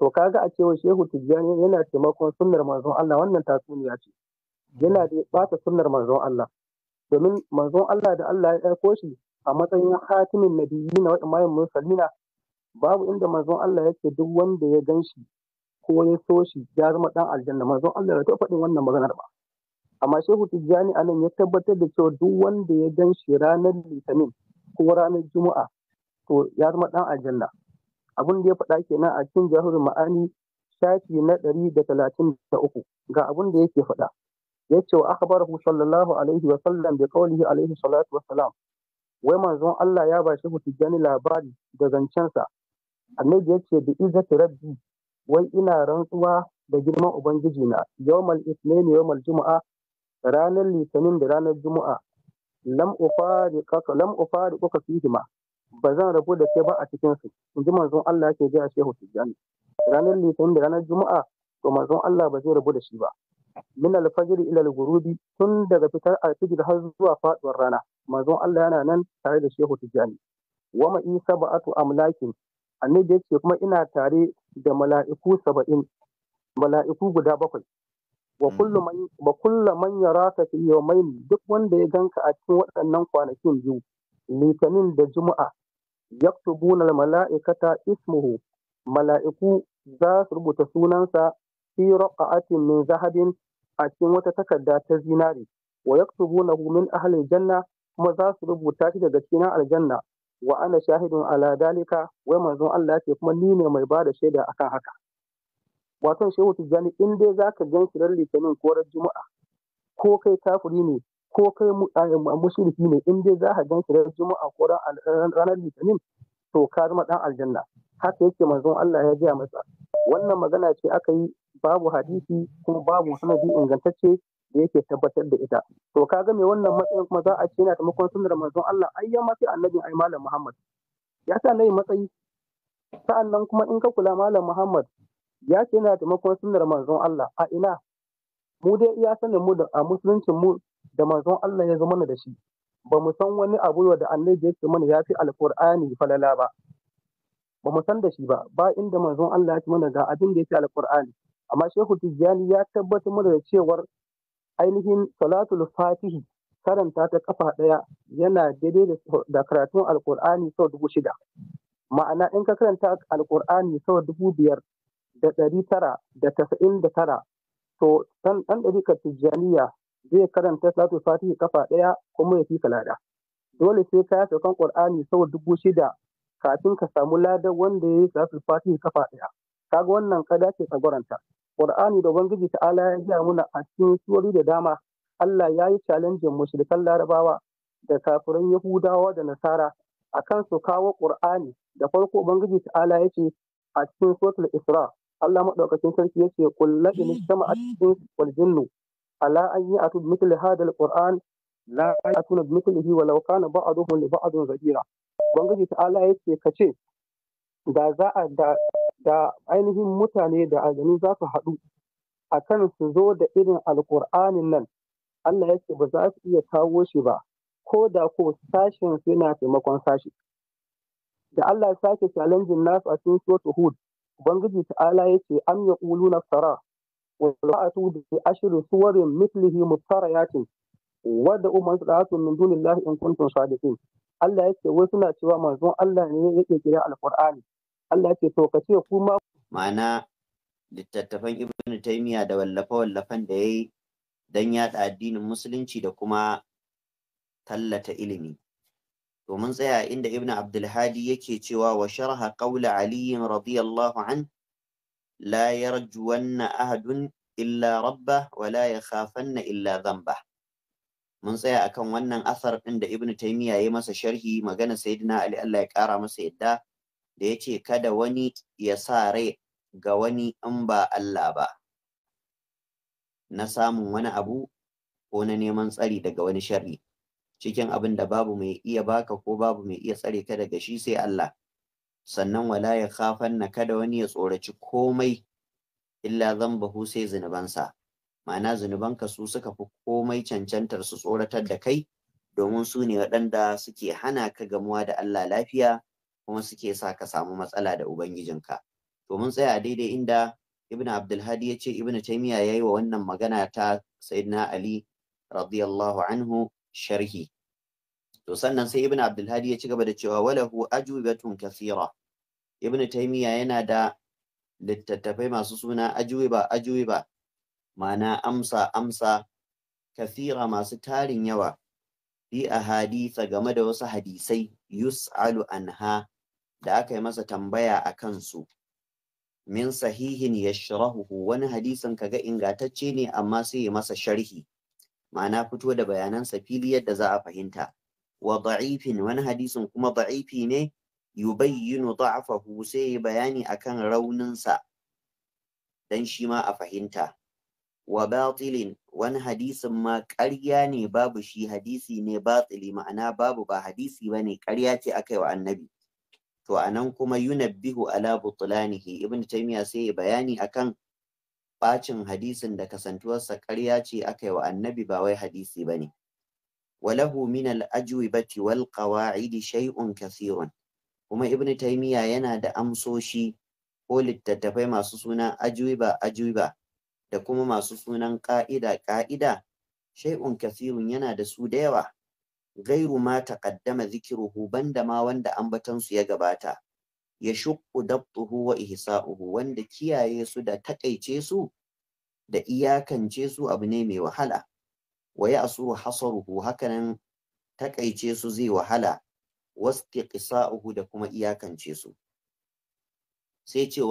to kaga a cewa shehu tijjani yana taimakon sunnar manzon Allah wannan tatsuniya ce yana da bata sunnar manzon Allah domin manzon Allah da Allah ya aiko shi a matsayin hatimin na wa imamin mursalina babu inda manzon Allah yake duk wanda ya gan shi ko ya so shi ya zama dan aljanna manzon Allah ya taɓa faɗin wannan maganar ba amma shehu tijjani anan ya tabbatar da cewa duk wanda ya gan shi ranar litinin ko ranar juma'a to ya zama dan aljanna abin da ya faɗa kenan a cikin jahar ma'ani shafi na ɗari da talatin da uku ga abin da yake faɗa Ya ce wa akhbarahu sallallahu alaihi wa sallam bi qawlihi alaihi salatu wa salam wai manzon Allah ya bashi hutujani labari da zancensa annabi yace bi izzati rabbi wai ina rantsuwa da girman ubangiji na yawmal ithnain yawmal jumu'a ranar litinin da ranar juma'a lam ufariqaka lam ufariquka fihima ba zan rabu da ke ba a cikin su in ji manzon Allah yake ji a shehu tijjani ranar litinin da ranar juma'a to manzon Allah ba zai rabu da shi ba min al-fajr ila gurubi. tun daga fitar al-fajr har zuwa faduwar rana manzon Allah yana nan tare da shehu tijjani wa ma isa ba'atu amlakin annabi yake kuma ina tare da mala'iku 70 mala'iku guda bakwai wa mm. kullu man ba kullu man yaraka fi yawmayn duk wanda ya ganka a cikin waɗannan kwanakin biyu litinin da juma'a yaktubuna almalaikata ismuhu mala'iku za su rubuta sunansa fi raqa'atin min zahabin a cikin wata takarda ta zinari wa yaktubunahu min ahli janna kuma za su rubuta shi daga cikin aljanna wa ana shahidun ala dalika wai manzon Allah ce kuma ni ne mai bada shaida akan haka wato shehu tijani in dai zaka gan shi ran litinin ko ran juma'a ko kai kafiri ne ko kai mushriki ne in dai za ka gan shi ranar juma'a ko ranar litinin to ka zama dan aljanna haka yake manzon Allah ya gaya masa wannan magana ce aka yi babu hadisi kuma babu sanadi ingantacce da yake tabbatar da ita to ka ga me wannan matsayin kuma za a ce yana taimakon sunnar manzon Allah ai ma sai annabi ai malam Muhammad ya sa nayi matsayi sa'annan kuma in ka kula malam Muhammad ya ce yana taimakon sunnar manzon Allah a ina mu dai iya sanin mu da a musuluncin mu da manzon Allah ya zama mana da shi ba mu san wani abu da annabi yake mana ya fi alƙur'ani falala ba ba mu san da shi ba ba inda manzon Allah ya ce mana ga abin da yake alƙur'ani amma shehu tijjani ya tabbatar mana da cewar ainihin salatul fatihi karanta ta kafa ɗaya yana daidai da karatun alƙur'ani sau dubu shida ma'ana in ka karanta alƙur'ani sau dubu biyar da ɗari tara da tasa'in da tara to ɗan ɗarikar tijjaniya zai karanta salatu fatihi kafa ɗaya kuma ya fi ka lada dole sai ka yasa kan qur'ani sau dubu shida kafin ka samu lada wanda ya yi salatu fatihi kafa ɗaya kaga wannan kada ce tsagoranta qur'ani da ubangiji ta'ala ya gaya muna a cikin suwari da dama Allah ya yi challenging mushrikan larabawa da kafirin yahudawa da nasara akan su kawo qur'ani da farko ubangiji ta'ala ya ce a cikin suratul isra Allah maɗaukacin sarki ya ce kullu in a cikin wal jinnu ala an yi atu mithl hada alquran la yatuna bi mithlihi walau kana ba'duhum ubangiji ta'ala yace kace da za a da da ainihin mutane da aljanu za su haɗu a kan su zo da irin alƙur'anin nan Allah ya ce ba za su iya kawo shi ba ko da ko sashen su yana taimakon sashi da Allah ya sake challenging nasu a cikin suratul hud ubangiji ta'ala ya ce am yaquluna sara والمرأة بعشر صور مثله مفتريات wadda umar su da min dunillahi in kuntum sadiqin Allah yake wai suna cewa manzon Allah ne yake kira alqur'ani Allah yake to kace ku ma ma'ana littattafan ibnu miya da wallafe wallafan da yayi dan yada addinin musulunci da kuma tallata ilimi to mun tsaya inda ibnu Abdulhadi yake cewa wa sharaha qawla ali radiyallahu an juwan na ahadun illa rabba wa la yakhafanna illa zamba. mun tsaya akan wannan asar ɗin da ibnu taymiya yayi masa sharhi magana sayyidina ali Allah ya kara masa yadda da yace kada wani ya sa rai ga wani in ba Allah ba na samun wani abu ko na neman tsari daga wani sharri cikin abin da babu mai iya baka ko babu mai iya tsare ka daga shi sai Allah sannan wala ya khafan na kada wani ya tsoraci komai illa zan bahu sai zunubansa ma'ana zunubanka su suka fi komai cancantar su tsoratar da kai domin su ne waɗanda suke hana ka gamuwa da Allah lafiya kuma suke sa ka samu matsala da ubangijinka to mun tsaya daidai inda ibn abdulhadi ya ce ibn taymiya ya yi wa wannan magana ta sayyidina ali radiyallahu anhu sharhi to sannan sai ibn abdulhadi ya ci gaba da cewa walahu ajubatun kasira ibn taymiya yana da littattafai masu suna ajuba ajuba ma'ana amsa amsa kasira masu tarin yawa fi ahadisa game da wasu hadisai yus'alu anha da aka yi masa tambaya a kansu min sahihin yashrahuhu wani hadisin kaga ingatacce ne amma sai ya masa sharhi ma'ana fito da bayanansa fili yadda za a fahimta wa da'ifin wani hadisin kuma da'ifi ne yubayyinu da'afahu sai bayani akan rauninsa dan shi ma a fahimta wa batilin wani hadisin ma ƙarya ne babu shi hadisi ne batili ma'ana babu ba hadisi ba ne ƙarya ce aka yi wa annabi to a nan kuma yunabbihu ala butlanihi ibn taymiya sai ya bayani akan bacin hadisin da kasantuwarsa ƙarya ce aka yi wa annabi ba wai hadisi ba ne walahu minal al-ajwibati wal qawa'idi kuma ibnu taymiya yana da amsoshi ko littattafai masu suna ajwiba ajwiba da kuma masu sunan ƙa'ida ka'ida shay'un kathirun yana da su da yawa gairu ma taqaddama zikruhu banda ma wanda ambaton su ya gabata ya shuqqu dabtuhu wa ihsa'uhu wanda kiyaye su da takaice su da iyakance su abu ne mai wahala wa ya'suru hasaruhu hakanan takaice su zai wahala ƙisa'uhu da kuma iyakance su sai ce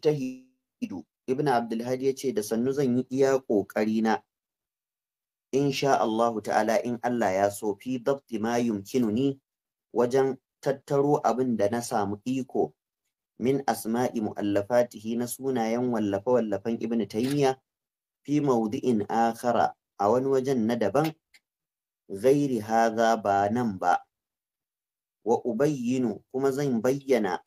ta hidu, ibnu Abdulhadi ya yace da sannu zan yi iya ƙoƙarina. na insha Allahu ta'ala in Allah ya so fi dabti ma yumkinuni wajen tattaro abin da na samu iko min asma'i mu'allafatihi na sunayen wallafe-wallafen Ibn Taymiyyah fi mawdi'in akhara a wani wajen na daban gairi haza ba nan ba wa ubayyinu kuma zan bayyana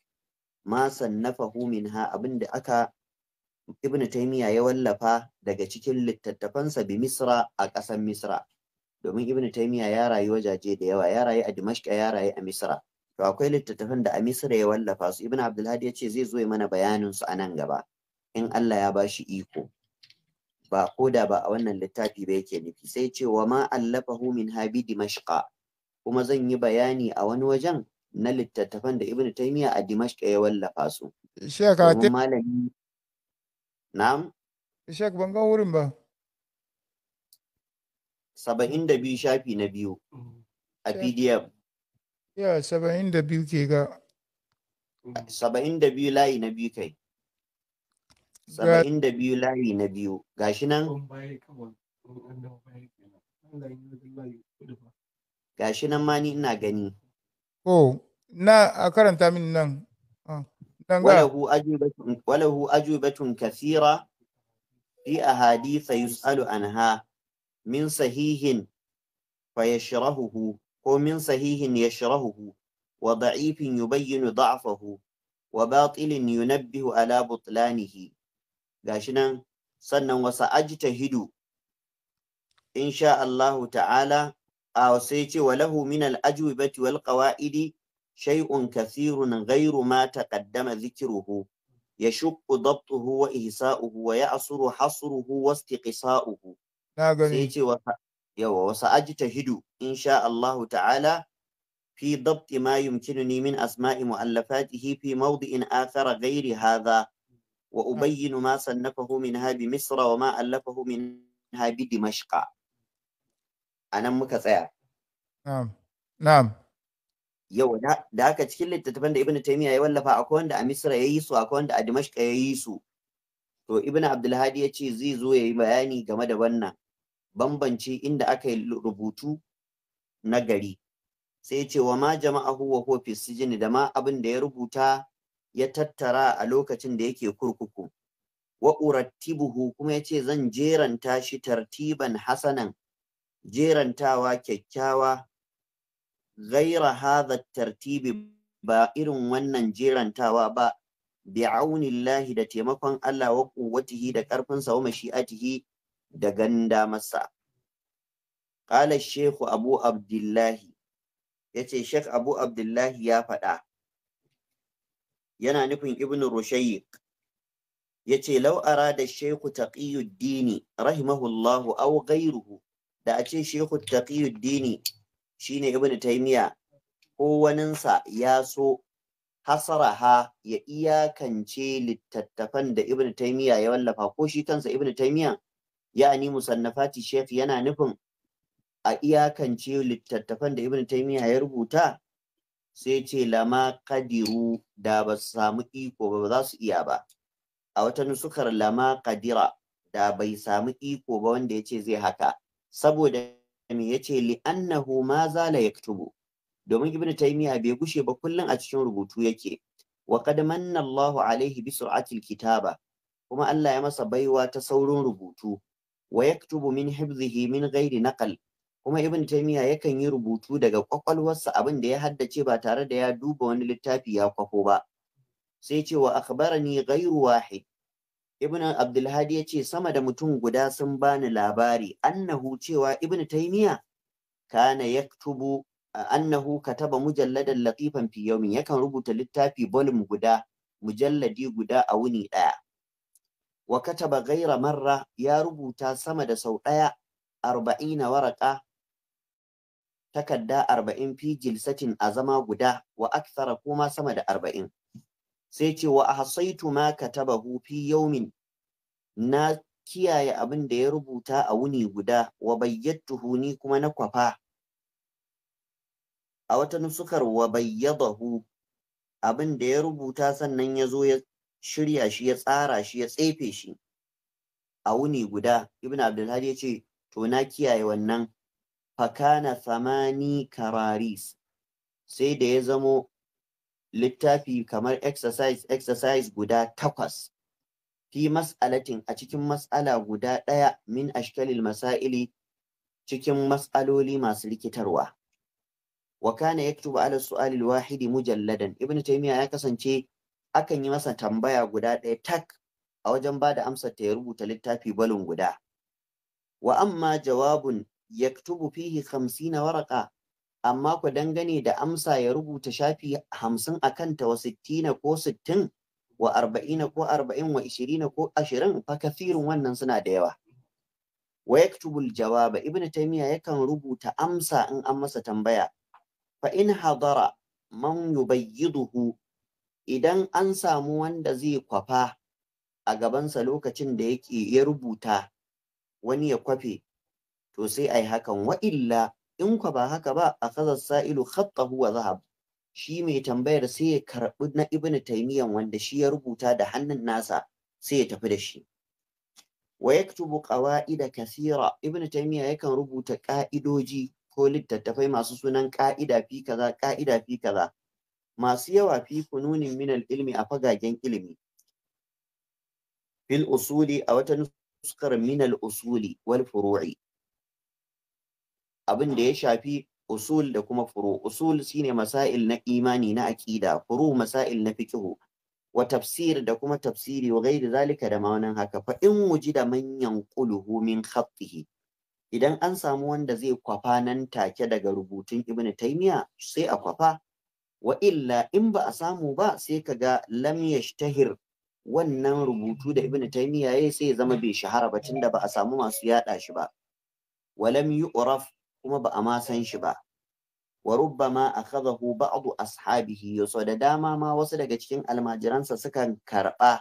ma sannafahu minha abinda aka ibnu taymiya ya wallafa daga cikin littattafansa bi misra a ƙasar misra domin ibnu taymiya ya rayu wajaje da yawa ya rayu a dimashq ya rayu a misra to akwai littattafan da a misra ya wallafa su ibnu abdulhadi ya ce zai zo mana bayanin su a nan gaba in Allah ya bashi iko ba ko da ba a wannan littafi ba yake nufi sai ce wa ma allafahu min habi dimashqa kuma zan yi bayani a wani wajen na littattafan da ibnu taymiya a dimashqa ya wallafa su shek malami na'am shek ban ga wurin ba saba'in da biyu shafi na biyu a pdf ya saba'in da biyu ke ga saba'in da biyu layi na biyu kai saba'in da biyu layi na biyu gashi nan gashi nan ma ni ina gani oh na a karanta min nan ah, walahu ajubatun kathira fi ahaditha yus'alu anha min sahihin fayashrahuhu ko min sahihin yashrahuhu wa da'ifin yubayyinu da'fahu wa batilin yunabbihu ala butlanihi gashi nan sannan wasa hidu insha Allahu ta'ala a wasu sai ce wa lahu min al-ajwibati wal qawaidi shay'un kathirun ghayru ma taqaddama dhikruhu yashqu dabtuhu wa ihsa'uhu wa ya'suru hasruhu wa istiqsa'uhu sai ce wasa yawa wasa hidu insha Allahu ta'ala في ضبط ما يمكنني من أسماء مؤلفاته في موضع آخر غير هذا وأبين ما صنفه منها بمصر وما ألفه منها بدمشق أنا مكثير نعم نعم yau da haka cikin littattafan da ibn taymiya ya wallafa akwai wanda a misra ya yi su akwai wanda a Dimashqa ya yi su to ibn abdulhadi ya ce zai zo ya yi bayani game da wannan bambance inda aka yi rubutu na gari sai ya wa ma jama'ahu wa huwa fi sijini da ma abin da ya rubuta ya tattara a lokacin da yake kurkuku wa urattibuhu kuma yace zan jeranta shi tartiban hasanan jerantawa kyakkyawa ghaira hadha tartibi ba irin wannan jerantawa ba Bi aunillahi da taimakon Allah wa quwwatihi da ƙarfinsa wa mashi'atihi da ganda masa qala shehu abu abdullahi yace shek abu abdullahi ya faɗa yana nufin ibn rushayyik yace law arada shaykhu taqiyuddin rahimahullahu aw ghayruhu da a ce shaykhu taqiyuddin shine ibn taymiya ko waninsa ya so hasaraha ya iyakance littattafan da ibn taymiya ya wallafa ko shi kansa ibn taymiya ya'ani musannafati shaykh yana nufin a iyakance littattafan da ibn taymiya ya rubuta sai ce lama kadiru da ba su samu iko ba za su iya ba a wata nusukar lama kadira da bai samu iko ba wanda ya ce zai haka saboda me ya ce li'annahu ma la yaktubu domin Ibn taymiya bai gushe ba kullum a cikin rubutu yake wa qad manna Allahu alaihi bi kita kitaba kuma Allah ya masa baiwa ta saurin rubutu wa yaktubu min hibzihi min ghairi naqal kuma ibn taimiya yakan yi rubutu daga kwakwalwarsa abin da ya haddace ba tare da ya duba wani littafi ya kwako ba sai ce wa akhbarani gairu wahid ibn abdulhadi ya ce sama da mutum guda sun bani labari annahu cewa ibn taimiya kana yaktubu annahu kataba mujalladan latifan fi yawmin yakan rubuta littafi volume guda mujalladi guda a wuni daya wa kataba ghaira marra ya rubuta sama da sau daya arba'ina waraka takarda arba'in fi jilsatin a zama guda wa akthara kuma sama da arba'in sai ce wa ahsaitu ma katabahu fi yawmin na kiyaye abin da ya rubuta a wuni guda wa bayyattuhu ni kuma na kwafa a wata nusukar wa bayyadahu abin da ya rubuta sannan ya zo ya shirya shi ya tsara shi ya tsefe shi a wuni guda ibn abdulhadi ya ce to na kiyaye wannan fakana samani kararis sai da ya zamo littafi kamar exercise exercise guda takwas fi mas'alatin a cikin mas'ala guda ɗaya min ashkalil masaili cikin mas'aloli masu rikitarwa wa kana yaktubu ala su'alil wahidi mujalladan ibn taymiya ya kasance akan yi masa tambaya guda ɗaya tak a wajen ba da amsar ta ya rubuta littafi balon guda wa amma jawabun yaktubu fihi khamsina waraka amma ku dangane da amsa ya rubuta shafi 50 akan ta wa 60 ko 60 wa 40 ko 40 wa 20 ko 20 fa kathirun wannan suna da yawa wa yaktubul jawaba ibnu taymiya yakan rubuta amsa in an masa tambaya fa in hadara man yubayyiduhu idan an samu wanda zai kwafa a gabansa lokacin da yake ya rubuta wani ya kwafe to sai ai hakan wa illa in kwa ba haka ba akhadha sa'ilu khattahu wa zahab shi mai tambayar sai ya karɓi na ibn taymiyan wanda shi ya rubuta da hannun nasa sai ya tafi da shi wa yaktubu qawaida kathira ibn taymiya yakan rubuta ka'idoji ko littattafai masu sunan ka'ida fi kaza ka'ida fi kaza masu yawa fi kununin min ilmi a fagagen ilimi fil usuli a wata nuskar min al usuli wal furu'i abin da ya shafi usul da kuma furu usul shine masail na imani na aqida furu masail na fiqh wa tafsir da kuma tafsiri wa gairi zalika da ma'anan haka fa in da manyan yanquluhu min khattihi idan an samu wanda zai kwafa nan take daga rubutun ibn taymiya sai a kwafa wa illa in ba a samu ba sai kaga lam yashtahir wannan rubutu da ibn taymiya yayi sai ya zama bai shahara ba tunda ba a samu masu yada shi ba walam yu'raf kuma ba a ma san shi ba wa rubbama akhadahu ba'du ashabihi yaso da dama ma wasu daga cikin almajiransa sukan karba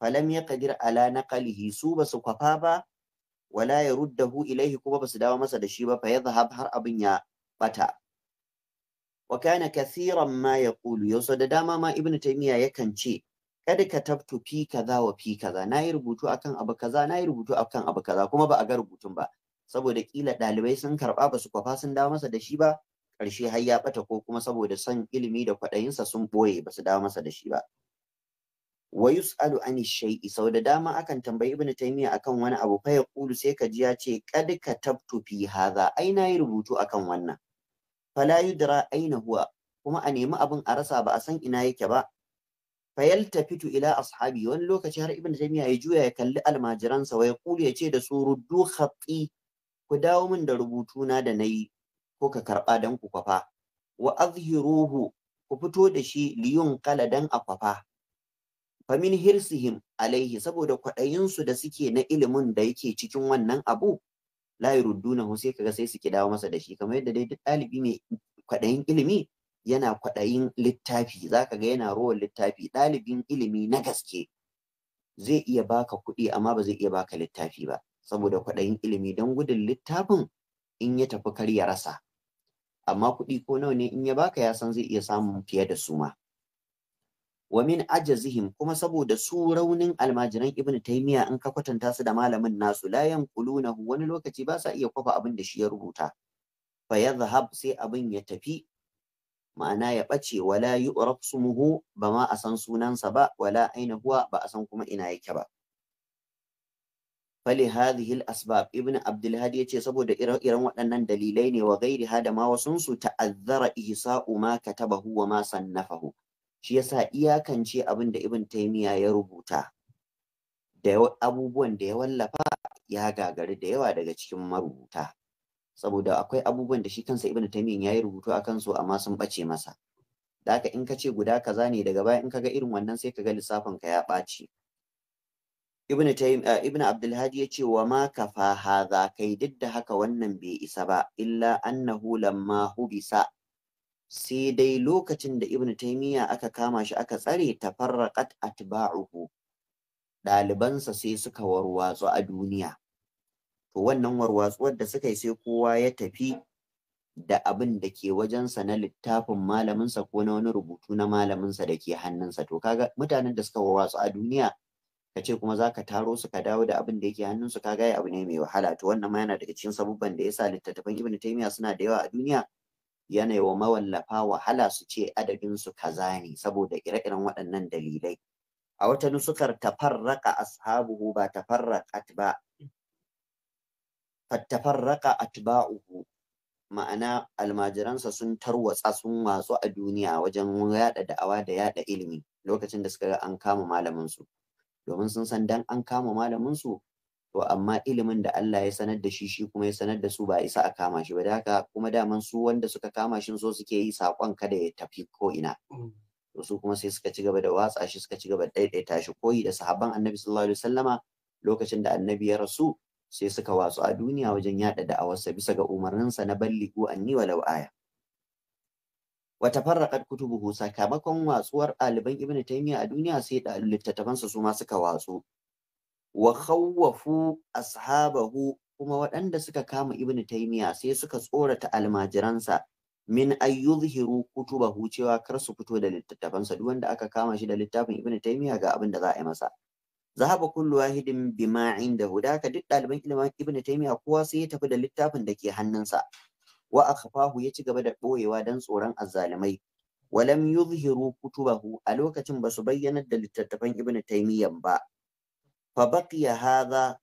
falam yaqdir ala naqalihi su basu kwafa ba wala ya ruddahu ilaihi kuma basu dawo masa da shi ba fa zahab har abin ya bata wa kana kathiran ma kulu. yaso da dama ma ibnu taymiya yakan ce kada ka tabtu fi kaza wa fi kaza nayi rubutu akan abu kaza nayi rubutu akan abu kaza kuma ba a ga rubutun ba saboda kila ɗalibai sun karɓa ba su kwafa sun dawo masa da shi ba ƙarshe har ya ɓata ko kuma saboda son ilimi da kwaɗayinsa sun ɓoye ba su dawo masa da shi ba wa yus'alu ani shay'i sau da dama akan tambayi ibnu taymiya akan wani abu fa yaqulu sai ka ji ya ce kad katabtu fi hadha ai yi rubutu akan wannan fala yudra aina huwa kuma a nemi abin a rasa ba a san ina yake ba fayaltafitu ila ashabi wani lokaci har ibn jami'a ya juya ya kalli almajiransa wa ya kulu ya ce da su ruddu khatti ku dawo min da rubutuna da na yi ko ka karɓa dan ku kwafa wa azhiruhu ku fito da shi liyun kala don a kwafa famin hirsihim alaihi saboda kwaɗayinsu da suke na ilimin da yake cikin wannan abu la yuruddunahu sai kaga sai su dawo masa da shi kamar yadda dai duk ɗalibi mai kwaɗayin ilimi yana kwaɗayin littafi zaka ga yana rowan littafi ɗalibin ilimi na gaske zai iya baka kuɗi amma ba zai iya baka littafi ba saboda kwaɗayin ilimi don gudun littafin in ya tafi karya rasa amma kuɗi ko nawa ne in ya baka ya san zai iya samun fiye da su ma wa min ajazihim kuma saboda su raunin almajiran ibnu taymiya in ka kwatanta su da malamin nasu la yanqulunahu wani lokaci ba sa iya kwafa abin da shi ya rubuta fa yadhhab sai abin ya tafi ma'ana ya ɓace wala yu'raf sumuhu ba ma a san sunansa ba wala aina huwa ba a san kuma ina yake ba fali hadhihi al-asbab ibn Abdulhadi ya yace saboda irin waɗannan dalilai ne wa gairi hada ma wasun su ta'azzara ihsa'u ma katabahu wa ma sannafahu shi yasa iyakance abin da ibn taymiya ya rubuta da abubuwan da ya wallafa ya gagari da yawa daga cikin marubuta saboda akwai abubuwan da shi kansa ibn taymiya ya rubutu akan su amma sun bace masa Daka in ka ce guda kaza ne daga baya in kaga irin wannan sai kaga lissafin ka ya ɓaci ibn eh, ibn ya yace wa ma kafa hadha kai duk da haka wannan bai isa ba illa annahu lamma hubisa sai dai lokacin da ibn taymiya aka kama shi aka tsare tafarraqat atba'uhu ɗalibansa sai suka warwatsu a duniya to wannan warwatsuwar da suka yi sai kowa ya tafi da abin da ke wajensa na littafin malaminsa ko na wani rubutu na malaminsa da ke hannunsa to kaga mutanen da suka warwatsu a duniya ka ce kuma za ka taro su ka dawo da abin da yake hannunsu ka gaya abu ne mai wahala to wannan ma yana daga cikin sabubban da yasa littattafan ibn taymiya suna da yawa a duniya yana wa mawallafa wahala su ce adabin su kaza ne saboda ire-iren waɗannan dalilai a wata nusukar tafarraka ashabuhu ba tafarraqat ba fattafarraka atba'uhu ma'ana almajiransa sun tarwatsa sun watsu a duniya wajen yada da'awa da yada ilimi lokacin da suka ga an kama malamin su domin sun san dan an kama su to amma ilimin da Allah ya sanar da shi shi kuma ya sanar da su ba isa a kama shi ba da haka kuma daman su wanda suka kama shi so suke yi sakon kada ya tafi ko ina mm. to su kuma sai suka ci gaba da watsa shi suka ci gaba da daidaita shi koyi da sahabban annabi sallallahu alaihi wasallama lokacin da annabi ya rasu sai suka watsu a duniya wajen yada da'awarsa bisa ga umarninsa na balligu anni walau aya wata farraƙar kutubuhu sakamakon watsuwar ɗaliban ibnu taymiya a duniya sai da littattafansa su ma suka watsu wa khawwafu ashabahu kuma waɗanda suka kama ibnu taymiya sai suka tsorata almajiransa min ay yuzhiru kutubahu cewa kar su fito da littattafansa duk wanda aka kama shi da littafin ibnu taymiya ga abin da za a yi masa zahaba kullu wahidin bima indahu da haka duk ɗaliban ilimin ibnu taymiya kowa sai ya tafi da littafin da ke hannunsa wa akhfahu ya ci gaba da ɓoyewa don tsoron azzalumai walam yuzhiru kutubahu a lokacin ba su bayyanar da littattafan ibnu taymiyyah ba fa baqiya hadha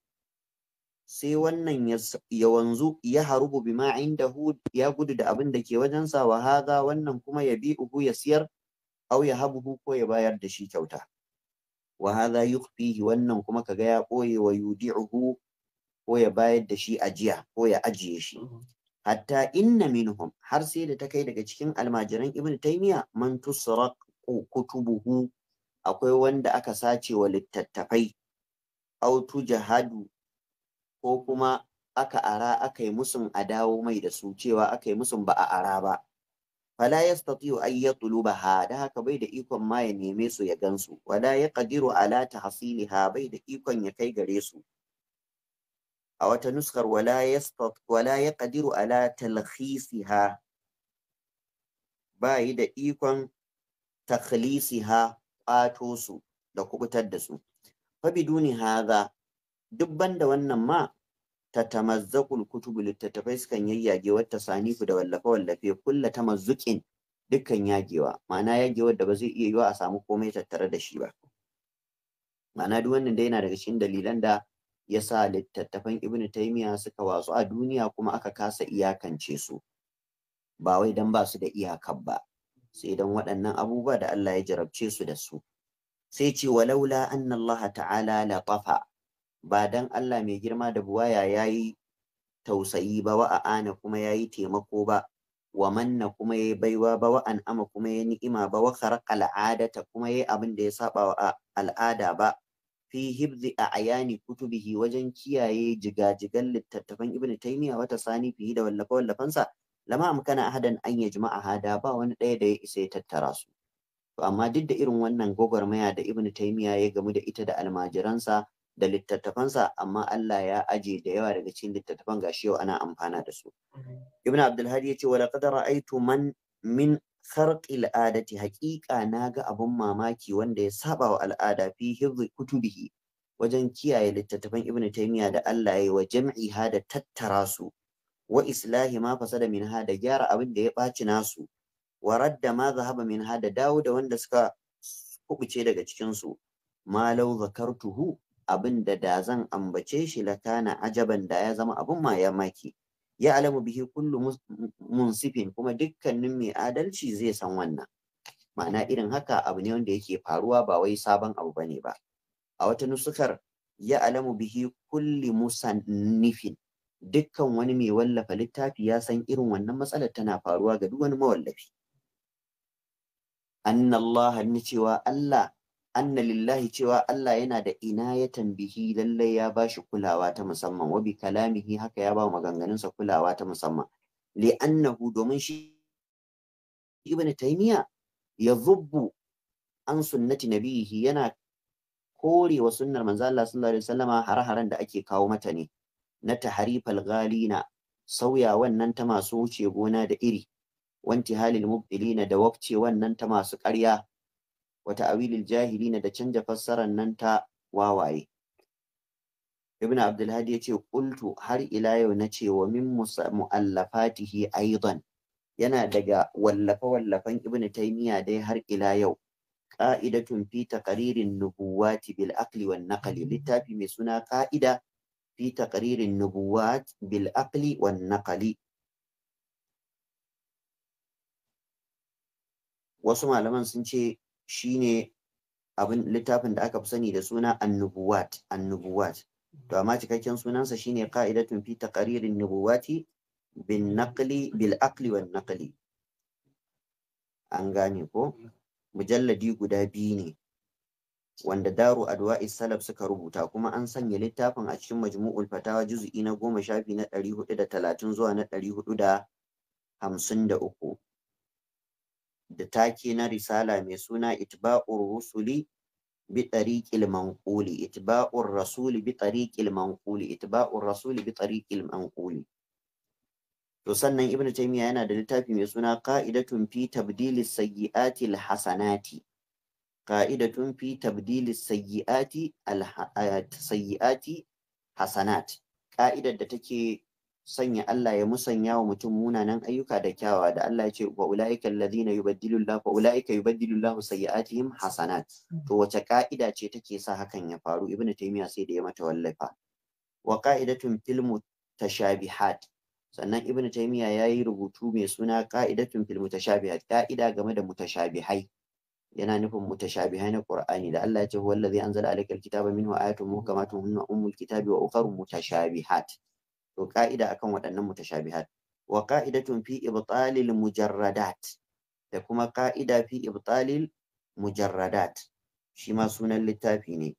sai wannan ya wanzu ya harubu bima indahu ya gudu da abin da ke wajensa wa hadha wannan kuma ya bi uhu ya siyar aw ya habuhu ko ya bayar da shi kyauta wa hadha yukhfihi wannan kuma kaga ya ɓoye wa yudi'uhu ko ya bayar da shi ajiya ko ya ajiye shi mhm. hatta inna minhum har sai da ta kai daga cikin almajiran ibnu taymiya man tusraq kutubuhu akwai wanda aka sace wa littattafai aw tujahadu ko kuma aka ara aka yi musun a dawo mai da su cewa aka yi musun ba a ara ba fala yastati'u an yatlubaha da haka bai da ikon ma ya neme su ya gansu wala ya yaqdiru ala tahsiliha bai da ikon ya kai gare su a wata nuskar wala kadiru ala yaqdiru ala ba yi da ikon taklisiha ƙato su da kubutar da su fa biduni hadha duk banda wannan ma ta tatamazzaqul kutubu littattafai sukan yayyage wata sanifu da wallafe wallafe kulla tamazzukin dukkan yagewa mana yagewar da ba zai iya yiwa a samu komai tattare da shi ba ma'ana duk wannan dai yana daga cikin dalilan da ya sa littattafan ibnu taimiya suka watsu a duniya kuma aka kasa iyakance su ba wai dan ba su da iyakar ba sai dan waɗannan abubuwa da Allah ya jarabce su da su sai ce walaula anna Allah ta'ala la tafa ba dan Allah mai girma da buwaya yayi tausayi ba wa ana kuma yayi taimako ba wa manna kuma yayi baiwa ba wa an'ama kuma yayi ni'ima ba wa kharaqa al'adata kuma yayi abin da ya saba wa al'ada ba fi hibzi a ayani kutubihi wajen kiyaye jigajigan littattafan ibn Taimiyya wata sani fi da wallafa wallafansa lama amkana ahadan an ya jima'a hada ba wani ɗaya da ya isa ya tattara su to amma duk da irin wannan gwagwarmaya da ibn Taimiyya ya gamu da ita da almajiransa da littattafansa amma Allah ya aje da yawa daga cikin littattafan gashi yau ana amfana da su mm-hmm. ibn Abdulhadi ya ce wa laqad ra'aytu man min kharqil haƙiƙa na ga abun mamaki wanda ya saba wa al'ada fi hifzi kutubihi wajen kiyaye littattafan ibnu taymiya da Allah ya yi wa jam'i da tattara su wa islahi ma fasada min da gyara abin da ya ɓaci nasu wa radda ma zahaba min da dawo da wanda suka kubuce daga cikin su ma law zakartuhu abin da da zan ambace shi lakana ajaban da ya zama abun mamaki ya alamu bihi kullu munsifin kuma dukkanin mai adalci zai san wannan ma'ana irin haka abu ne wanda yake faruwa ba wai sabon abu bane ba a wata nusukar ya alamu bihi kulli musannifin dukkan wani mai wallafa littafi ya san irin wannan matsalar tana faruwa ga duk wani mawallafi annallaha ni cewa Allah anna lillahi cewa Allah yana da ina inayatan bihi lallai ya bashi kulawa ta musamman wa bi kalamihi haka ya ba maganganunsa kulawa ta musamman li annahu domin shi ibn taymiya ya zubbu an sunnati nabihi yana kore wa sunnar manzo Allah sallallahu alaihi wasallama hare-haren da ake kawo mata ne na taharifal Ghalina, sauya wannan ta masu wuce gona da iri wanti halil mubtilina da wakce wannan ta masu ƙarya wa ta'awilil jahilina da canja fassarar nan ta wawaye ibn Abdulhadi ya ce, ƙultu har ila yau na wa min mu'allafatihi aidan yana daga wallafe wallafen ibn taimiya dai har ila yau ƙa'idatun fi taqririn nubuwati bil aqli wan naqli littafi mai suna ƙa'ida; fi taqririn nubuwat bil aqli wan naqli wasu malaman sun ce shine abin littafin da aka fi sani da suna annubuwat annubuwat to amma cikakken sunansa shine qa'idatun fi taqririn nubuwati bin naqli bil aqli wan naqli an gane ko mujalladi guda biyu ne wanda daru adwa'i salaf suka rubuta kuma an sanya littafin a cikin majmu'ul fatawa juz'i na goma shafi na ɗari hudu da talatin zuwa na ɗari hudu da hamsin da uku da take na risala mai suna itba'ur rusuli bi tariqil manquli itba'ur rasuli bi tariqil manquli itba'ur rasuli bi tariqil manquli to sannan ibnu taymiya yana da littafi mai suna qa'idatun fi tabdilis sayyiati hasanati qa'idatun fi tabdilis sayyiati alsayyati eh, hasanat ka'idar da take sanya Allah ya musanya wa mutum munanan ayyuka da kyawawa da Allah ya ce wa ulaika alladhina yubaddilu Allah wa ulaika yubaddilu Allah sayyi'atihim hasanat mm. to wace ka'ida ce take sa hakan ya faru ibnu taymiya sai da ya mata wallafa wa qa'idatun fil mutashabihat sannan ibnu taymiya yayi rubutu mai suna qa'idatun fil mutashabihat ka'ida game da mutashabihai yana nufin mutashabihai na Qur'ani da Allah ya ce huwallazi anzala alaykal kitaba minhu ayatun muhkamatun hunna ummul kitabi wa ukharu mutashabihat to ka'ida akan waɗannan mutashabihat wa ka'idatun fi ibtalil mujarradat da kuma ka'ida fi ibtalil mujarradat shi ma sunan littafi ne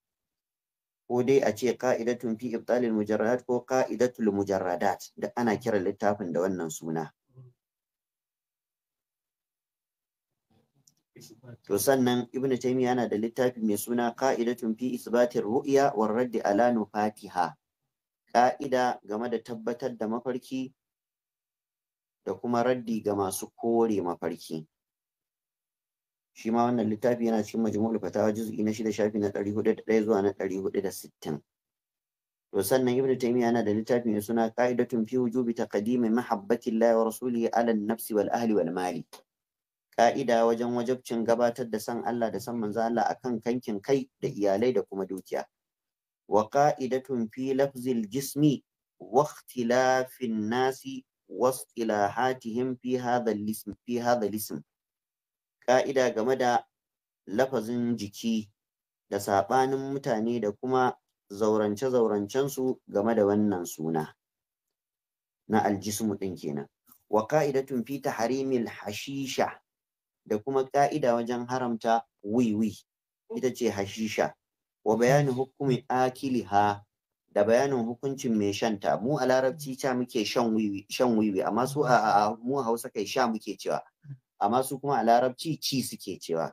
ko dai a ce ka'idatun fi ibtalil mujarradat ko ka'idatul mujarradat da ana kiran littafin da wannan suna To sannan Ibn Taymiyyah yana da littafi mai suna ka'idatun fi isbatir ru'ya war raddi ala nufatiha. ƙa'ida game da tabbatar da mafarki da kuma raddi ga masu kore mafarki shi ma wannan littafi yana cikin majmu'ul fatawa juz'i na shida shafi na ɗari hudu da ɗaya zuwa na ɗari hudu da sittin to sannan ibnu taymiya yana da littafi mai suna qa'idatun fi wujubi taqdimi mahabbatillahi wa rasulihi ala nafsi wal ahli wal mali ka'ida wajen wajabcin gabatar da san Allah da san manzo Allah akan kankin kai da iyalai da kuma dukiya وقائدة في لفظ الجسم واختلاف الناس واصطلاحاتهم في هذا الاسم في هذا الاسم قائدة جمدا لفظ جكي da saɓanin mutane da kuma zaurance-zaurancensu game da wannan suna na aljismu ɗin kenan wa ka'idatun fi taharimil hashisha da kuma ƙa'ida wajen haramta wiwi ita ce hashisha wa bayani hukumin ha da bayanin hukuncin mai ta mu a larabci ca muke shan wiwi amma su a mu hausa kai sha muke cewa amma su kuma a larabci ci suke cewa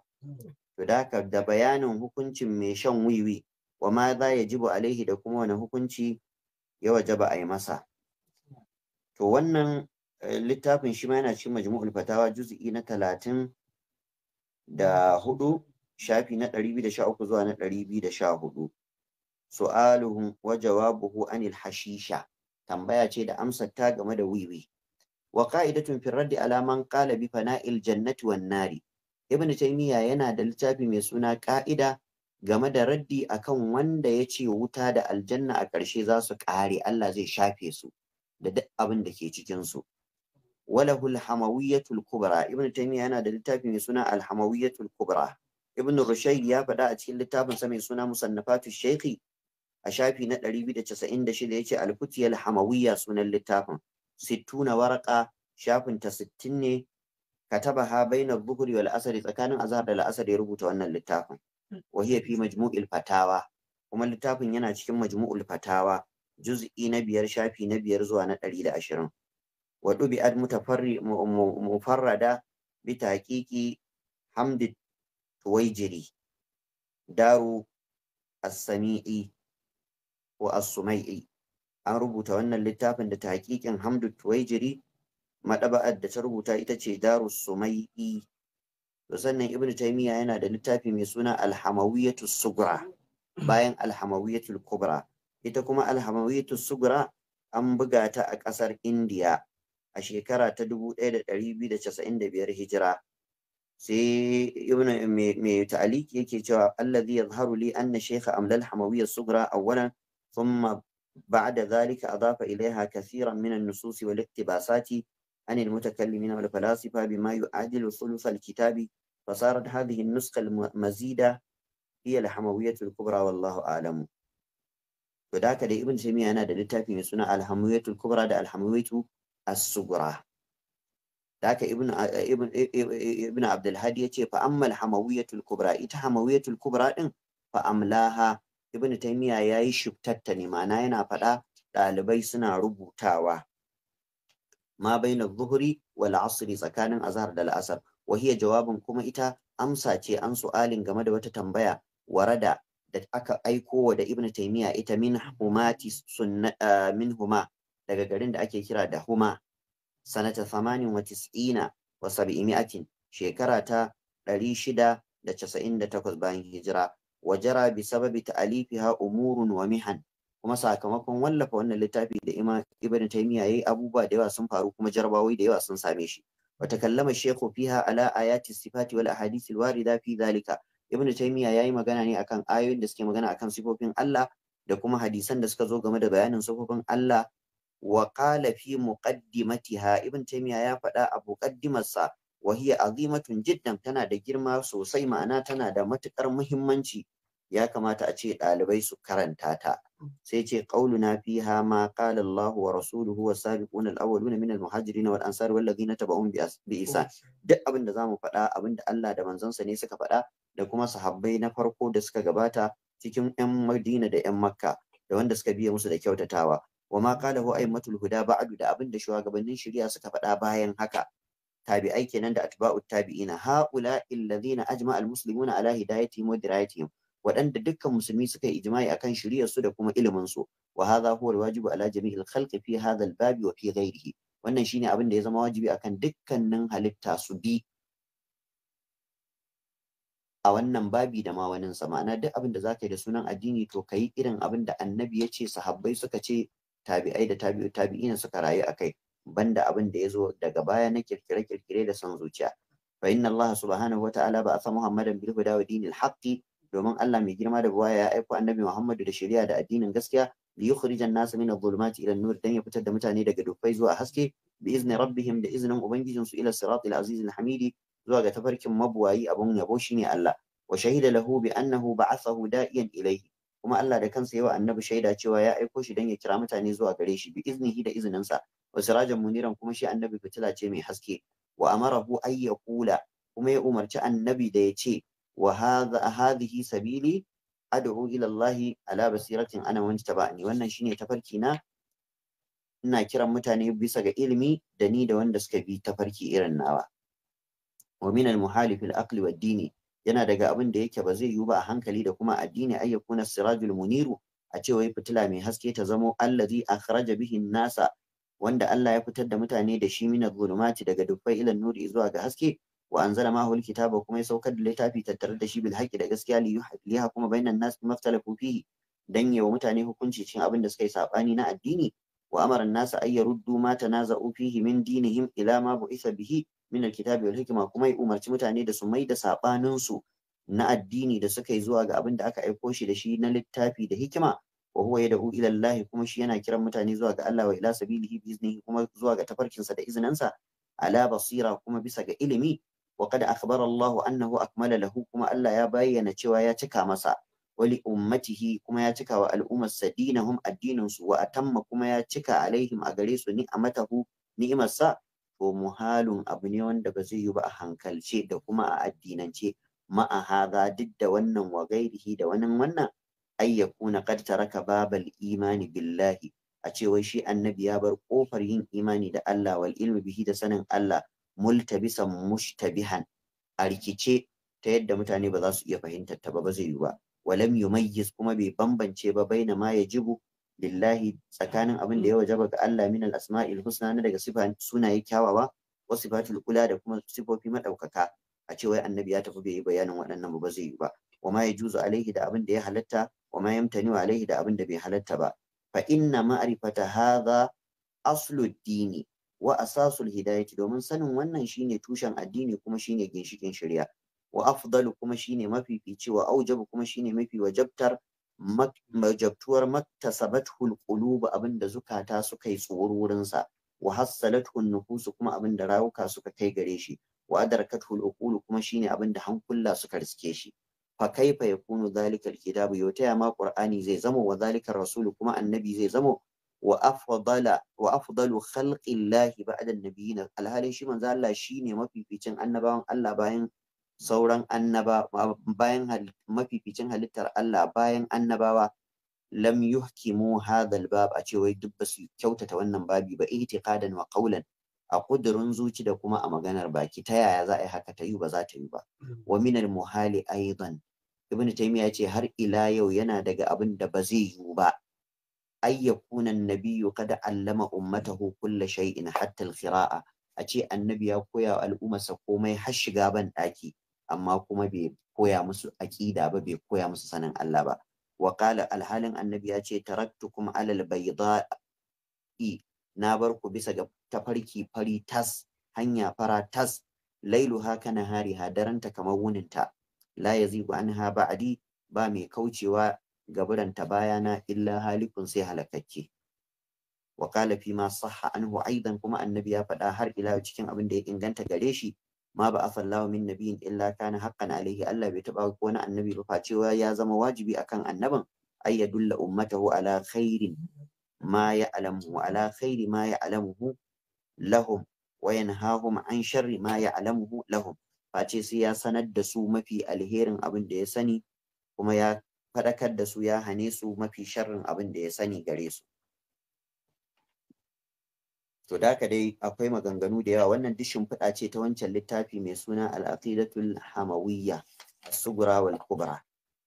to da haka da bayanin hukuncin mai shan wiwi wa ma za ya jibu alaihi da kuma wani hukunci ya wajaba a yi masa to wannan eh, littafin shi ma yana cikin majmu'ul fatawa juz'i na talatin da hudu shafi na 213 zuwa na 214 su'aluhum wa jawabuhu anil hashisha tambaya ce da amsar ta game da wiwi wa qa'idatun fi raddi ala man qala bi fana'il jannati wan nari ibnu taymiya yana da littafi mai suna ƙa'ida game da raddi akan wanda ya ce wuta da aljanna a ƙarshe za su ƙare Allah zai shafe su da duk abin da ke cikin su walahu hul hamawiyatul kubra ibnu taymiya yana da littafi mai suna al-hamawiyatul kubra ibn rushayd ya faɗa a cikin littafin sa mai suna musannafatu shaykhi a shafi na ɗari 296 yace al-futiyal hamawiyya sunan littafin sittuna Waraka. Shafinta sittin 60 ne katabaha baina buhri wal asri tsakanin azhar da al ya rubuta wannan littafin wa hiya fi majmu'il fatawa kuma littafin yana cikin majmu'ul fatawa juz'i na biyar shafi na biyar zuwa na ɗari da ashirin wa ɗubi'at mutafarri mufarrada bi taƙiƙi hamdi tuwaijiri daru as-sami'i ko sumaii an rubuta wannan littafin da tahqiqin hamdu tuwaijiri madaba'ar da ta rubuta ita ce daru sumai'i to sannan ibnu taymiya yana da littafi mai suna al-hamawiyatu sugra bayan al-hamawiyatu kubra ita kuma al-hamawiyatu sugra an buga ta a kasar indiya a shekara ta 1295 hijira sai ibn mai ta'aliki yake cewa allazi yadhharu li anna shaykha amla al-hamawiyya sughra awwalan thumma ba'da dhalika adafa ilayha kathiran min an-nusus wal iqtibasati an al-mutakallimin wal falasifa bima yu'adilu thuluth al-kitab fa sarat hadhihi an-nuskha al-mazida hiya al-hamawiyya al wallahu alamu guda da haka da ibn taymiya yana da littafi mai suna al-hamawiyya kubra da al-hamawiyya haka ibn abdulhadi abdul hadi yace fa ammal hamawiyatul kubra ita hamawiyatul kubra din fa amlaha ibn ya yi shubtatta ne ma'ana yana faɗa ɗalibai suna rubutawa ma na zuhuri wa la'asuri tsakanin azahar da la'asar wa hiya jawabin kuma ita amsa ce an su alin game da wata tambaya warada da aka aiko wa da ibn taimiyya ita min humati eh, min huma daga garin da ake kira da huma sanata samanin wa tis'ina wa sab'imi'atin shekara ta ɗari shida da casa'in da takwas bayan hijira wa jara bi sababi ta'alifiha umurun wa mihan kuma sakamakon wallafa wannan littafi da imam ibn taymiya yayi abubuwa da yawa sun faru kuma jarabawai da yawa sun same shi wa takallama shaykhu fiha ala ayati sifati wal ahadith warida fi dhalika ibn taymiya yayi magana ne akan ayoyin da suke magana akan sifofin Allah da kuma hadisan da suka zo game da bayanin sifofin Allah wa qala fi muqaddimatiha ibn taymiya ya faɗa a muƙaddimarsa, wahi hiya azimatun jiddan tana da girma sosai ma'ana tana da matukar muhimmanci ya kamata a ce ɗalibai su karanta ta sai ce qauluna fiha ma qala Allah wa rasuluhu wa sabiquna al-awwaluna min al-muhajirin wal ansar wal ladina tabauhum bi ihsan duk abinda da zamu faɗa abinda Allah da manzansa ne suka faɗa da kuma sahabbai na farko da suka gabata cikin 'yan Madina da 'yan Makka da wanda suka biya musu da kyautatawa wa ma qalahu a'immatul huda ba'du da abin da shugabannin shari'a suka faɗa bayan haka tabi'ai kenan da atba'ut tabi'ina haula alladhina ajma almuslimuna ala hidayatihim wa dirayatihim waɗanda dukkan musulmi suka yi jima'i akan shari'ar su da kuma ilimin su wa hadha huwa alwajibu ala jami'il khalqi fi hadha albabi wa fi ghayrihi wannan shine abin da ya zama wajibi akan dukkanin halitta su bi a wannan babi da mawaninsa, waninsa ma'ana duk abinda da za ka yi da sunan addini to ka yi irin abin da annabi ya ce sahabbai suka ce tabi'ai da tabi'u tabi'ina suka rayu a kai banda abin da ya zo daga baya na kirkire-kirkire da son zuciya fa inna Allah subhanahu wata'ala ba asa Muhammadan bil huda wa dinil haqqi domin Allah mai girma da buwaya ya aiko annabi Muhammadu da shari'a da addinin gaskiya li yukhrijan nas min adh-dhulumati ila an-nur dan ya fitar da mutane daga dufai zuwa haske bi izni rabbihim da iznin ubangijin su ila siratil azizil hamidi zuwa ga tafarkin mabuwayi abun yabo shine Allah wa shahida lahu bi annahu ba'athahu da'iyan ilayhi kuma Allah da kansa yawa annabi shaida cewa ya aiko shi don ya kira mutane zuwa gare shi bi iznihi da izininsa wa sirajan muniran kuma shi annabi fitila ce mai haske wa amarahu ay yaqula kuma ya umarci annabi da ya ce wa hadha hadhihi sabili ad'u ila Allah ala basiratin ana wa tabani wannan shine tafarki na ina kiran mutane bisa ga ilimi da ni da wanda suka bi tafarki irin nawa wa min al muhalif al aqli wad dini yana daga abin da yake ba zai yiwu ba a hankali da kuma addini ay kuna sirajul muniru a ce wai fitila mai haske ta zamo allazi akhraja bihi nasa wanda Allah ya fitar da mutane da shi mina zulumati daga dubbai ilan nuri zuwa ga haske wa anzala ma hul kitaba kuma ya saukar da littafi tattare da shi bil haqqi da gaskiya li yuhliha kuma bainan nas bi maftalafu fihi dan yawa mutane hukunci cikin abin da suka yi sabani na addini wa amara an-nasa ay yaruddu ma tanaza'u fihi min dinihim ila ma bu'isa bihi min alkitabi wal hikma kuma ya umarci mutane da su mai da sabanin su na addini da suka yi zuwa ga abin da aka aiko shi da shi na littafi da hikima wa huwa yad'u ila Allah kuma shi yana kiran mutane zuwa ga Allah wa ila sabilihi bi iznihi kuma zuwa ga tafarkin sa da izinin sa ala basira kuma bisa ga ilimi wa qad akhbara Allah annahu akmala lahu kuma Allah ya bayyana cewa ya cika masa wali ummatihi kuma ya cika wa al'ummar dinahum addinin su wa atamma kuma ya cika alaihim a gare su ni'amatahu ni'imarsa to muhalun abu ne wanda ba zai yi ba a hankalce da kuma a addinance ma'a haza duk da wannan wa gairihi da wannan wannan Ayyaku, yakuna qad taraka babal imani billahi a ce wai shi annabi ya bar kofar yin imani da Allah wal ilmi bihi da sanin Allah multabisan mushtabihan a rikice ta yadda mutane ba za su iya fahimtar ta ba ba zai yi ba walam yumayyiz kuma bai bambance ba baina ma yajibu lillahi tsakanin abin da ya wajaba ga Allah min al-asma'il husna na daga sifan sunaye kyawawa wa sifatul ula da kuma sifofi madaukaka a ce wai annabi ya tafi bai yi bayanin waɗannan ba zai yi ba wa ma yajuzu alaihi da abin da ya halatta wa ma yamtani alaihi da abin da bai halatta ba fa inna ma'rifata hadha aslud dini wa asasul hidayati domin sanin wannan shine tushen addini kuma shine ginshikin shari'a wa afdalu kuma shine mafi mafifici wa aujabu kuma shine mafi wajabtar majabtuwar maktasabatu abin abinda zukata suka yi tsoro sa wa hassalatu nufus kuma abinda rawuka suka kai gare shi wa adrakatu uqul kuma shine abinda hankula suka riske shi fa kaifa yakunu dhalika al-kitabu yutaya ma qur'ani zai zama wa dhalika rasul kuma annabi zai zama wa afdala wa afdalu khalqi ba'da an alhalin shi manzo Allah shine mafificin annabawan Allah bayan sauran annaba bayan mafificin halittar Allah bayan annabawa lam yuhkimu hadha albab a ce wai duk basu kyautata wannan babi ba i'tiqadan wa qawlan a kudurin zuci da kuma a maganar baki ta yaya za a yi haka ta yi ba za ta yi ba wa min muhali aidan ibn taymiya ce har ila yau yana daga abin da ba zai yiwu ba ay yakuna annabiyyu qad allama ummatahu kulla shay'in hatta kira'a. a ce annabi ya koya al'ummarsa komai har shiga ban daki amma kuma bai koya musu aƙida ba bai koya musu sanin Allah ba wa qala alhalin annabi ya ce taraktukum alal bayda'i na bar ku bisa ga tafarki fari tas hanya fara tas lailu haka hariha Hadaranta kamar wuninta la yazigu anha ba'di ba mai kaucewa gaburanta bayana illa halikun sai halakakke wa qala fi ma sahha anhu aidan kuma annabi ya faɗa har ila cikin abin da ya inganta gare shi ma ba afallahu min nabiyin illa kana haqqan alaihi Allah bai taba wani annabi ba facewa ya zama wajibi akan annabin ay yadulla ummatahu ala khairin ma ya'lamuhu ala khairi ma ya'lamuhu lahum wa yanhahum an sharri ma ya'lamuhu lahum face sai ya sanar da su mafi alherin abin da ya sani kuma ya faɗakar da su ya hane su mafi sharrin abin da ya sani gare su to da ka dai akwai maganganu da yawa wannan duk shimfiɗace ce ta wancan littafi mai suna al-aqidatul hamawiyya as-sughra wal kubra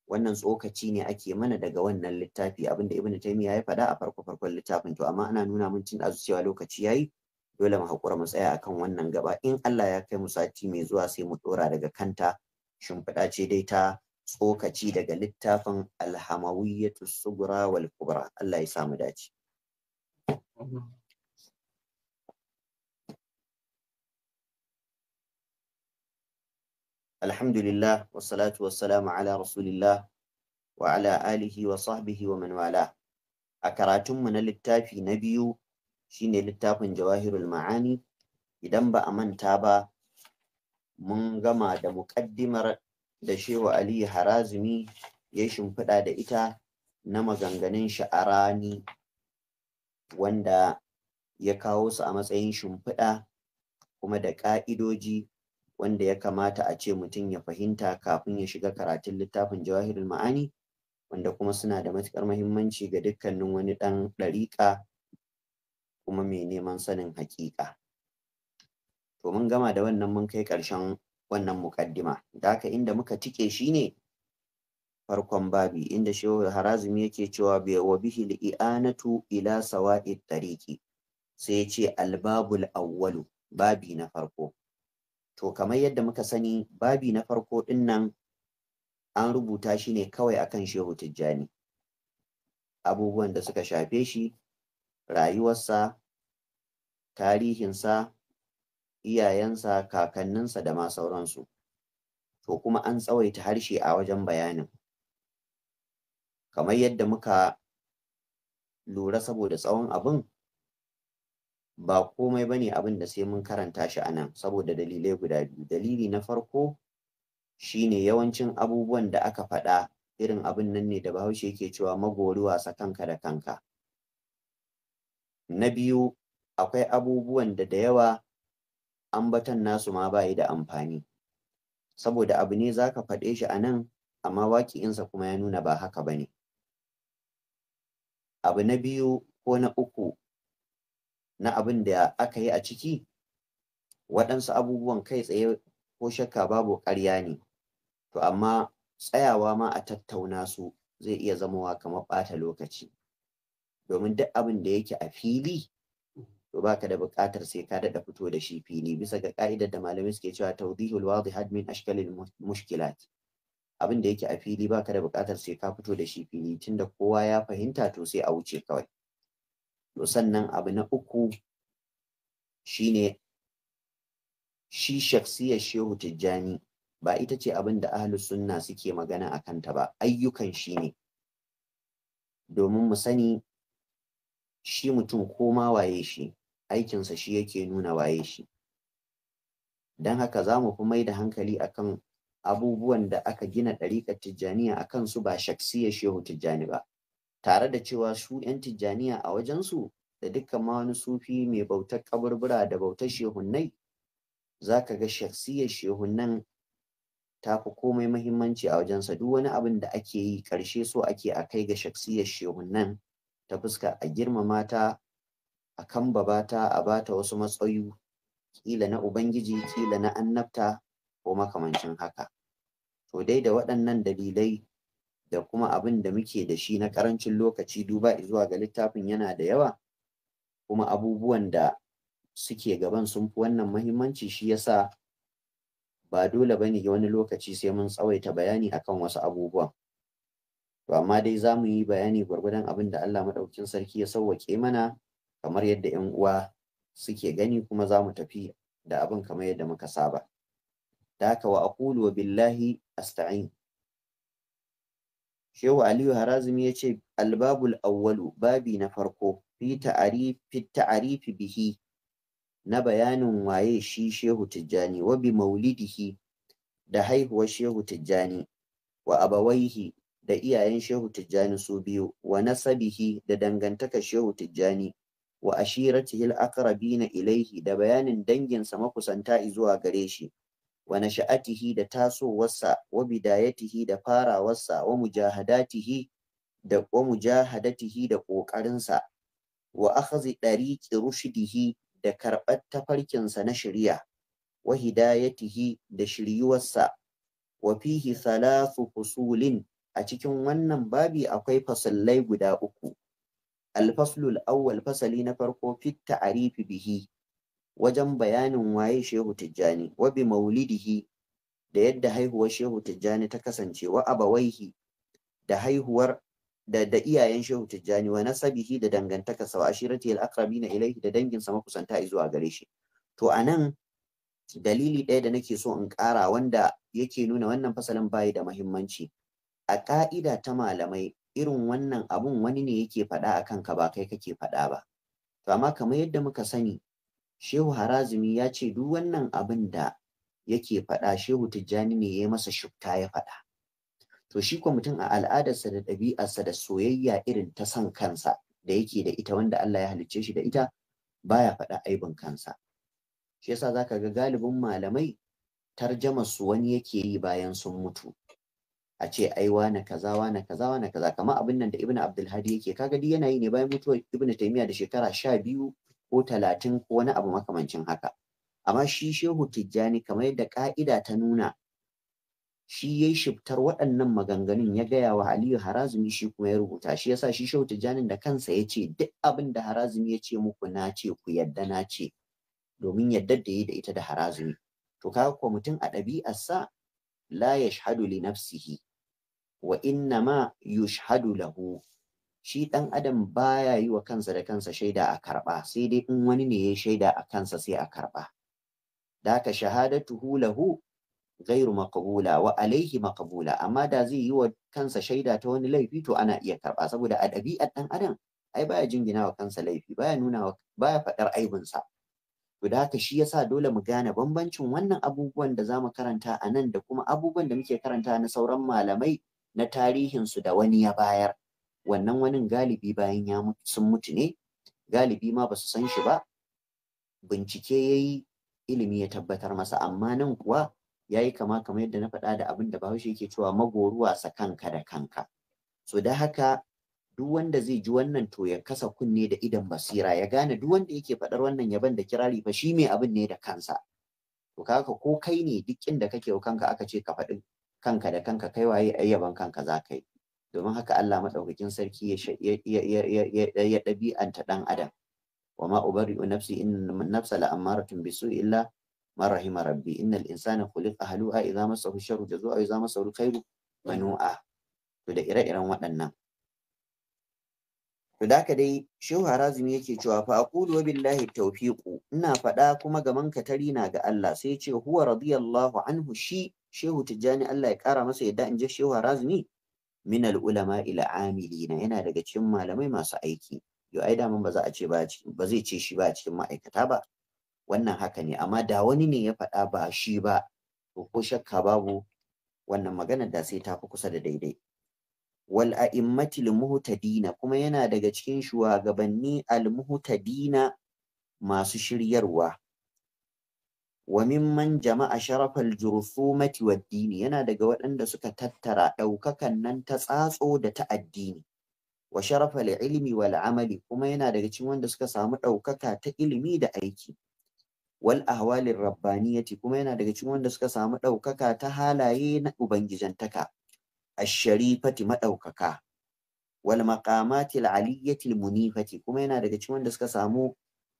wannan tsokaci ne ake mana daga wannan littafi abinda ibnu taymiya ya faɗa a farko farkon littafin to amma ana nuna mun cin azu cewa lokaci yayi dole mu hakura mu tsaya akan wannan gaba in Allah ya kai mu sati mai zuwa sai mu ɗora daga kanta shimfiɗa ce dai ta tsokaci daga littafin alhamawiyyatu sugra wal kubra Allah ya samu dace alhamdulillah wassalatu wassalamu ala rasulillah wa ala alihi wa sahbihi wa manwala wala a karatunmu na littafi na biyu shine littafin jawahirul ma'ani idan ba a manta ba mun gama da muƙaddimar da shewa Aliyu harazumi ya shimfiɗa da ita na maganganun sha'arani wanda ya kawo su a matsayin shimfiɗa kuma da ƙa'idoji wanda ya kamata a ce mutum ya fahimta kafin ya shiga karatun littafin jawahirin ma'ani wanda kuma suna da matukar mahimmanci ga dukkanin wani ɗan ɗariƙa kuma mai neman sanin haƙiƙa. To mun gama da wannan mun kai ƙarshen wannan muƙaddima. Da haka inda muka cike shi ne farkon babi inda shehu harazumi yake cewa bai wa bihi li'anatu ila sawa'i ɗariƙi sai ya ce albabul awwalu babi na farko to kamar yadda muka sani babi na farko din nan an rubuta shi ne kawai akan shehu tijjani abubuwan da suka shafe shi rayuwarsa tarihinsa iyayensa kakanninsa da ma sauransu to kuma an tsawaita harshe a wajen bayanin kamar yadda muka lura saboda tsawon abin ba komai bane abin da sai mun karanta shi a nan saboda dalilai guda biyu dalili na farko shine yawancin abubuwan da aka faɗa irin abin nan ne da bahaushe yake cewa magori wasa kanka da kanka na biyu akwai abubuwan da da yawa ambatan nasu ma bayi da amfani saboda abu ne za ka faɗe shi anan amma waƙi'insa kuma ya nuna ba haka bane abu na biyu ko na uku na abin da aka yi a ciki waɗansu abubuwan kai tsaye ko shakka babu ƙarya ne to amma tsayawa ma a tattauna su zai iya zamowa kamar ɓata lokaci domin duk abin da yake a fili to baka da buƙatar sai ka daɗa fito da shi fili bisa ga ƙa'idar da malamai suke cewa tawdihul had min ashkalil mushkilat abin da yake a fili baka da buƙatar sai ka fito da shi fili tunda kowa ya fahimta to sai a wuce kawai To sannan abu na uku shine shi shaksiyar shehu tijjani ba ita ce abin da ahlus sunna suke magana a kanta ba ayyukan shi ne domin mu sani shi mutum koma waye shi aikinsa shi yake nuna waye shi don haka za mu fi mai da hankali akan abubuwan da aka gina ɗariƙar tijjaniya a kansu ba shaksiyar shehu tijjani ba tare da cewa su 'yan tijjaniya a wajensu da dukkan ma wani sufi mai bautar kaburbura da bautar shehunnai za ka ga shaksiyar shehunnan ta fi komai mahimmanci a wajensa duk wani abin da ake yi ƙarshe so ake a kai ga shaksiyar shehunnan ta fuska a girmama ta a kan babata a bata wasu matsayu kila na ubangiji kila na annabta ko makamancin haka to dai da waɗannan dalilai da kuma abin da muke da shi na karancin lokaci duba zuwa ga littafin yana da yawa kuma abubuwan da suke gaban sun fi wannan mahimmanci shi yasa ba dole bane wani lokaci sai mun tsawaita bayani akan wasu abubuwan to amma dai za mu yi bayani gwargwadon abin da Allah maɗaukin sarki ya sauwaƙe mana kamar yadda 'yan uwa suke gani kuma za mu tafi da abin kamar yadda muka saba da haka wa aqulu billahi asta'in shehu aliyu harazumi ya ce albabul awwalu babi na farko fi ta'arifi bihi na bayanin waye shi shehu tijjani wa bi maulidihi da haihuwar shehu tijjani wa abawaihi da iyayen shehu tijjani su biyu wa nasabihi da dangantaka shehu tijjani wa ashiratihil aqrabina ilaihi da bayanin danginsa makusanta zuwa gare shi wa nasha'atihi da tasowarsa wa bidayatihi da farawarsa wa mujahadatihi da wa mujahadatihi da ƙoƙarinsa wa akhazi dariqi rushdihi da karɓar tafarkinsa na shari'a wa hidayatihi da shiryuwarsa wa fihi thalathu fusulin a cikin wannan babi akwai fasallai guda uku alfaslul awwal fasali na farko fit ta'arifi bihi wajen bayanin waye shehu tijjani wa bi maulidihi da yadda haihuwar shehu tijjani ta kasance wa abawaihi da haihuwar da da iyayen shehu tijjani wa nasabihi da dangantaka sa wa ashirati al-aqrabina ilayhi da dangin sa makusanta zuwa gare shi to anan dalili ɗaya da nake so in ƙara wanda yake nuna wannan fasalin bayi da muhimmanci, a ka'ida ta malamai irin wannan abun wani ne yake faɗa akan ka ba kai kake faɗa ba to amma kamar yadda muka sani shehu harazumi ya ce duk wannan abin da yake faɗa shehu tijjani ne ya masa shukta ya faɗa to shi kuma mutum a al'adarsa da ɗabi'arsa da soyayya irin ta san kansa da yake da ita wanda Allah ya halicce shi da ita baya faɗa aibin kansa shi yasa zaka ga galibin malamai tarjama su wani yake yi bayan sun mutu a ce ai wane kaza wane kaza wane kaza kamar abin nan da Ibn abdul hadi yake kaga duk yana yi ne bayan mutuwar ibn Taymiyyah da shekara sha biyu ko talatin ko wani abu makamancin haka amma shi shehu tijjani kamar yadda ka'ida ta nuna shi ya yi shiftar waɗannan maganganun ya gaya wa aliyu harazumi shi kuma ya rubuta shi yasa shi shehu tijjani da kansa ya ce duk abin da harazumi ya ce muku na ce ku yadda na ce domin yadda da yi da ita da harazumi to kaga ko mutum a ɗabi'arsa la yashhadu li nafsihi wa inna ma yushhadu lahu shi ɗan adam baya yi wa kansa da kansa shaida a karɓa sai dai in wani ne ya shaida a kansa sai a karɓa da ka shahadatuhu lahu gairu makabula wa alaihi makabula amma da zai yi wa kansa shaida ta wani laifi to ana iya karɓa saboda a ɗabi'ar ɗan adam ai baya jingina wa kansa laifi baya nuna wa baya faɗar aibinsa to da haka shi yasa dole mu gane bambancin wannan abubuwan da zamu karanta a nan da kuma abubuwan da muke karanta na sauran malamai na tarihinsu da wani ya bayar wannan wani galibi bayan ya mutu sun mutu ne galibi ma ba su san shi ba bincike ya yi ilimi ya tabbatar masa amma nan kuwa ya yi kama kamar yadda na faɗa da abin da bahaushe yake cewa magoruwa sa kanka da kanka so da haka duk wanda zai ji wannan to ya kasa kunne da idan basira ya gane duk wanda yake faɗar wannan yaban da kirari fa shi mai abin ne da kansa to kaka ko kai ne duk inda kake kanka aka ce ka faɗi kanka da kanka kai waye yaban kanka za ka yi domin haka Allah maɗaukakin sarki ya ɗabi'anta ɗan adam wa ma ubari nafsi inna nafsa la'ammaratun bisu illa man rahima rabbi innal insana khuliqa halu'a idza massahu sharru jazua idza massahu khairu manu'a to da ire-iren waɗannan to da ka dai shehu harazimi yake cewa fa aqulu billahi tawfiqu ina faɗa kuma gaman tari na ga Allah sai ya ce huwa radiyallahu anhu shi shehu tijjani Allah ya kara masa yadda in je shehu harazimi min ulama ila amilina yana daga cikin malamai masu aiki yo ai da ba za a ce ba zai ce shi ba cikin ma'aikata ba wannan haka ne amma da wani ne ya faɗa ba shi ba to ko shakka babu wannan maganar da sai ta fi kusa da daidai wal al muhtadina kuma yana daga cikin shugabanni al muhtadina masu shiryarwa wa mimman jama'a sharafal jursumati wa dini yana daga waɗanda suka tattara ɗaukakan nan ta tsatso da ta addini wa sharafal ilmi wal amali kuma yana daga cikin wanda suka samu ɗaukaka ta ilimi da aiki wal ahwalir rabbaniyati kuma yana daga cikin wanda suka samu ɗaukaka ta halaye na ubangijantaka asharifati maɗaukaka wal maqamatil aliyatil munifati kuma yana daga cikin wanda suka samu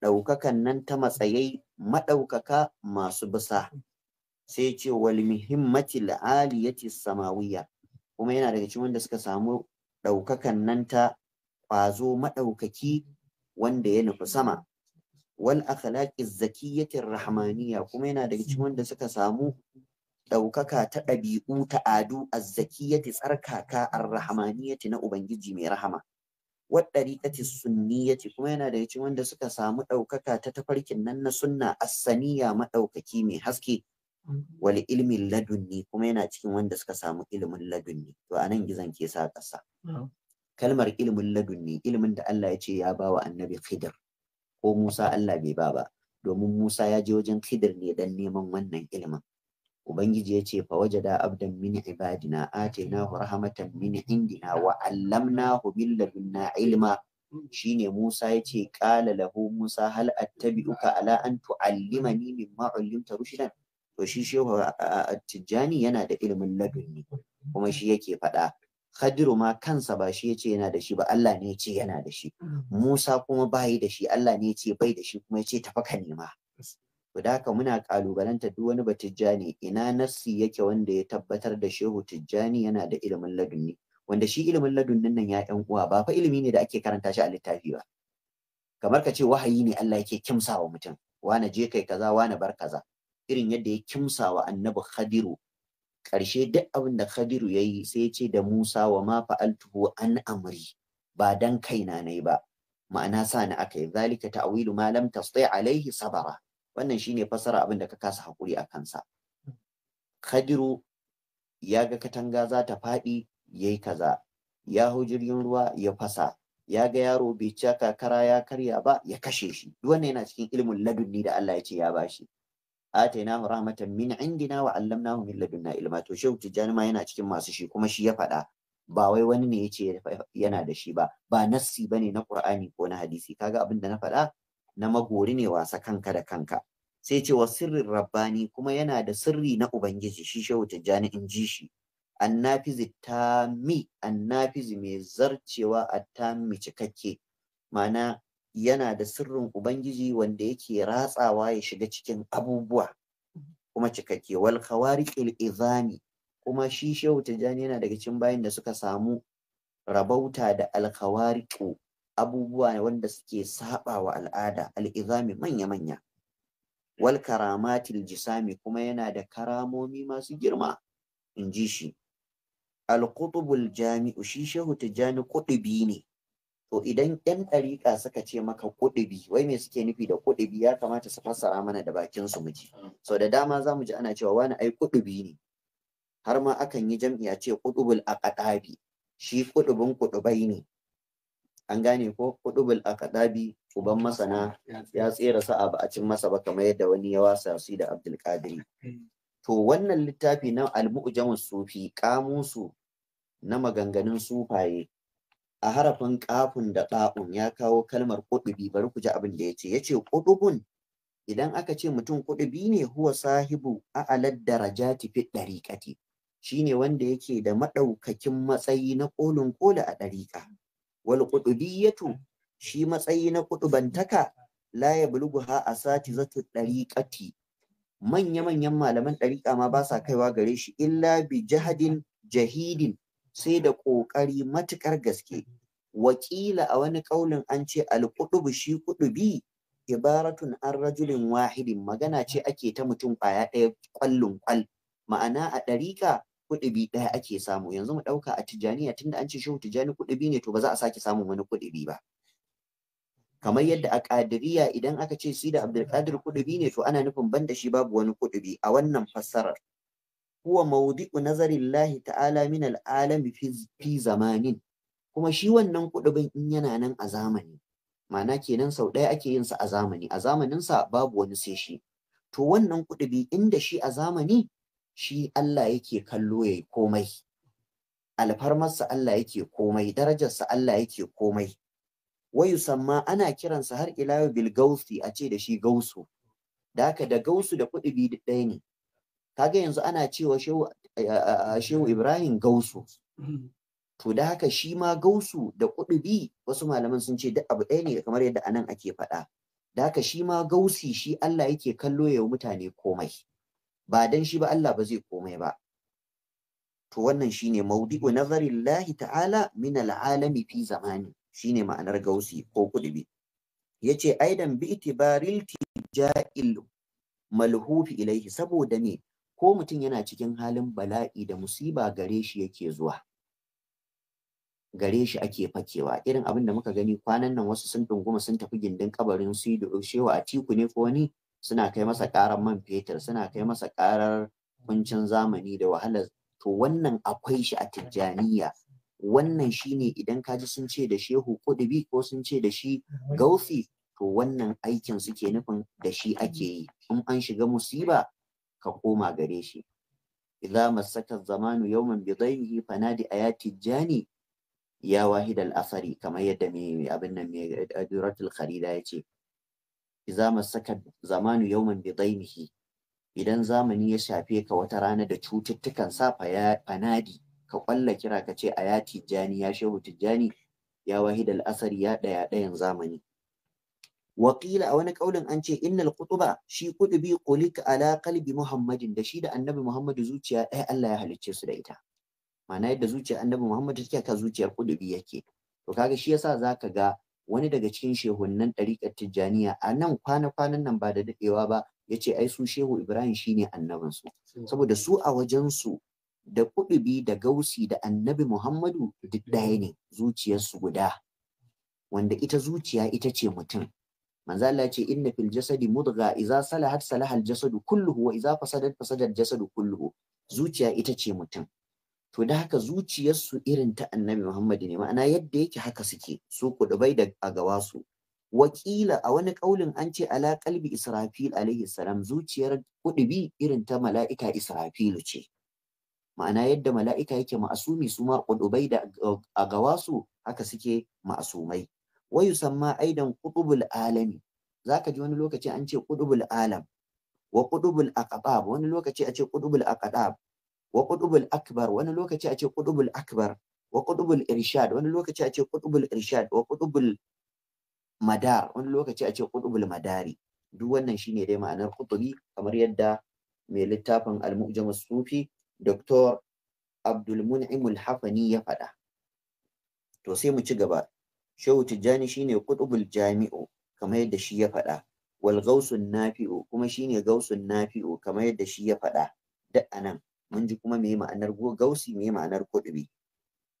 ɗaukakan nan ta matsayai maɗaukaka masu bisa sai ce wal muhimmati aliyati samawiya kuma yana daga cikin wanda suka samu ɗaukakan nan ta ƙwazo maɗaukaki wanda ya nufi sama wal akhlaqi zakiyyati rahmaniya kuma yana daga cikin wanda suka samu ɗaukaka ta ɗabi'u ta adu azzakiyyati tsarkaka arrahmaniyati na ubangiji mai rahama waɗariƙati sunniyati kuma yana da cikin wanda suka samu ɗaukaka ta tafarkin nan na sunna asaniya maɗaukaki mai haske wal ilmin ladunni kuma yana cikin wanda suka samu ilimin ladunni to anan gizon ke sa ƙasa kalmar ilimin ladunni ilimin da Allah ya ce ya ba wa annabi Khidir ko Musa Allah bai ba ba domin Musa ya je wajen Khidir ne dan neman wannan ilimin ubangiji ya ce fa wajada abdan min ibadina atainahu rahmatan min indina wa allamnahu min ladunna ilma shine Musa ya ce qala lahu Musa hal attabi'uka ala an tu'allimani mimma 'allimta rushdan to shi shehu Tijjani yana da ilimin ladunni kuma shi yake faɗa Khadiru ma kansa ba shi yace yana da shi ba Allah ne yace yana da shi mm. Musa kuma bai da shi Allah ne yace bai da shi kuma yace ce ka nema to da haka muna kalubalanta duk wani batijjani ina nassi yake wanda ya tabbatar da shehu tijjani yana da ilimin ladunni wanda shi ilimin ladunnin nan ya yan uwa ba fa ilimi ne da ake karanta shi a littafi ba kamar ka ce wahayi ne Allah yake kimsawa mutum wane je kai kaza wane bar kaza irin yadda ya kimsawa annabi khadiru Karshe duk abin da khadiru ya yi sai ya ce da musa wa ma fa'altuhu an amri ba dan kaina nayi ba ma'ana sa ni aka yi zalika ta'wilu ma lam tasti alaihi sabara wannan shine fasara abin da ka kasa hakuri a kansa hmm. kadiru ya ga katanga za ta faɗi ya yi kaza ya hau jirgin ruwa ya fasa ya ga yaro bai ci kakara ya karya ba ya kashe shi duk wannan yana cikin ilimin ladunni da Allah ya ce ya bashi atainahu rahmatan min indina wa allamnahu min ladunna ilma to shehu tijjani ma yana cikin masu shi kuma shi ya faɗa ba wai wani ne yace yana da shi ba ba nassi bane na qur'ani ko na hadisi kaga abin da na faɗa na magori ne wasa kanka da kanka sai ce wa sirrin rabbani kuma yana da sirri na ubangiji shi shehu tijjani in ji shi annafizi tami annafizi mai zarcewa a tami cikakke Mana yana da sirrin ubangiji wanda yake ratsawa ya shiga cikin abubuwa kuma cikakke wal khawariqil izami kuma shi shehu tijjani yana daga cikin bayan da suka samu rabauta da alkhawariqu abubuwa wanda suke saba wa al'ada al'izami manya-manya wal karamatil jisami kuma yana da karamomi masu girma in ji shi al jami'u shi shehu tijani kudubi ne to idan yan ɗariƙa suka ce maka kudubi, wai me suke nufi da kudubi? ya kamata su fassara mana da bakin su muji so da dama zamu ji ana cewa wani ai kudubi ne har ma akan yi jam'i a ce kudubul aqtabi shi kudubin kudubai ne an gane ko kudubul akadabi uban masana ya tsera sa'a ba a cin masa ba kamar yadda wani ya wasa su da abdul qadiri to wannan littafi na al-mu'jamus sufi kamusu na maganganun sufaye a harafin kafin da ɗa'un ya kawo kalmar kudubi bari ku ji abin da yace yace kudubun idan aka ce mutum kudubi ne huwa sahibu alad darajati fi dariqati shine wanda yake da madaukakin matsayi na kolin kola a dariqa wal shi matsayi na kutubantaka la sati zatu dariqati manya manyan malaman dariqa ma ba sa kaiwa gare shi illa bi jahadin jahidin sai da ƙoƙari matuƙar gaske wakila a wani kaulin an ce al shi ƙuɗubi? ibaratun an rajulin wahidin magana ce ake ta mutum kwaya ɗaya kwallon kwal ma'ana a ɗariƙa kuɗubi ɗaya ake samu yanzu mu ɗauka a tijaniya tunda an ce shehu tijani kuɗubi ne to ba za a sake samun wani kuɗubi ba kamar yadda a ƙadiriya idan aka ce sida abdulkadir kuɗubi ne to ana nufin banda shi babu wani kuɗubi a wannan fassarar huwa mawdi'u nazarillahi ta'ala min al'alami fi zamanin kuma shi wannan kuɗubin in yana nan a zamani ma'ana kenan sau ɗaya ake yin sa a zamani a zamanin sa babu wani sai shi to wannan kuɗubi inda shi a zamani shi Allah yake kallo yayi komai alfarmarsa Allah yake komai darajarsa Allah yake komai wayu samma ana kiransa har ila bil gausi a ce da shi gausu da haka da gausu da kuɗi duk ɗaya ne kaga yanzu ana cewa eh, shehu ibrahim gausu to da haka shi ma gausu da kuɗi wasu malaman sun ce duk abu ɗaya ne kamar yadda anan ake faɗa da haka shi ma gausi shi Allah yake kallo ya mutane komai ba dan shi ba Allah ba zai komai ba to wannan shine maudi'u nazarillahi ta'ala min al'alami fi zamani shine ma'anar gausi ko kudubi yace aidan bi itibaril tija'il malhufi ilaihi saboda me ko mutum yana cikin halin bala'i da musiba gare shi yake zuwa gare shi ake fakewa irin abin da muka gani kwanan nan wasu sun dunguma sun tafi gindin kabarin su yi a tiku ne ko wani suna kai masa ƙarar man fetur suna kai masa ƙarar kuncin zamani da wahala. to wannan akwai shi a tijjaniya wannan shine idan ka ji sun ce da shehu kudubi ko sun ce da shi gaufi to wannan aikin suke nufin da shi ake yi in an shiga musiba ka koma gare shi idza masaka zamanu yawman bi dhayhi fanadi ayati jani ya wahid asari kamar yadda mai abin nan mai aduratul kharida yace idza saka zamanu yawman bi idan zamani ya shafe ka wata rana da cututtukan sa fanadi ka kwalla kira ka ce ayati jani ya shehu tijjani ya wahidal asari ya daya ɗayan zamani Wakila a wani kaulin an ce innal qutuba shi kutubi qulika ala qalbi muhammadin da shi da annabi muhammadu zuciya ɗaya Allah ya halicce su da ita ma'ana yadda zuciyar annabi muhammadu take ka zuciyar kutubi yake to kaga shi yasa zaka ga wani daga cikin shehunnan ɗariƙar tijjaniya a nan kwana-kwanan nan ba da daɗewa ba ya ce ai su shehu ibrahim shine annabinsu saboda su a wajensu da kuɗubi da gausi da annabi muhammadu duk ɗaya ne zuciyarsu guda wanda ita zuciya ita ce mutum manzo Allah ce inna fil jasadi mudgha idza salahat salahal jasadu kulluhu wa idza fasadat fasadat jasadu kulluhu zuciya ita ce mutum to da haka zuciyarsu irin ta annabi Muhammadu ne ma'ana yadda yake haka suke su kudubai da a gawa su wakila a wani kaulin an ce ala kalbi israfil alaihi salam zuciyar kudubi irin ta mala'ika israfilu ce ma'ana yadda mala'ika yake ma'asumi su ma kudubai da a gawa su haka suke ma'asumai wa yusamma aidan qutubul alami zaka ji wani lokaci an ce qutubul alam wa qutubul aqtab wani lokaci a ce qutubul aqtab wa qutubul akbar wani lokaci a ce qutubul akbar wa qutubul irshad wani lokaci a ce qutubul irshad wa qutubul madar wani lokaci a ce qutubul madari duk wannan shine dai ma'anar qutubi kamar yadda mai littafin al-mu'jam sufi Dr. Abdul Mun'im al-Hafani ya faɗa to sai mu ci gaba Shehu tijani shine qutubul jami'u kamar yadda shi ya faɗa wal gausun nafi'u kuma shine gausun nafi'u kamar yadda shi ya faɗa duk anan mun ji kuma me ma'anar gausi me ma'anar kudubi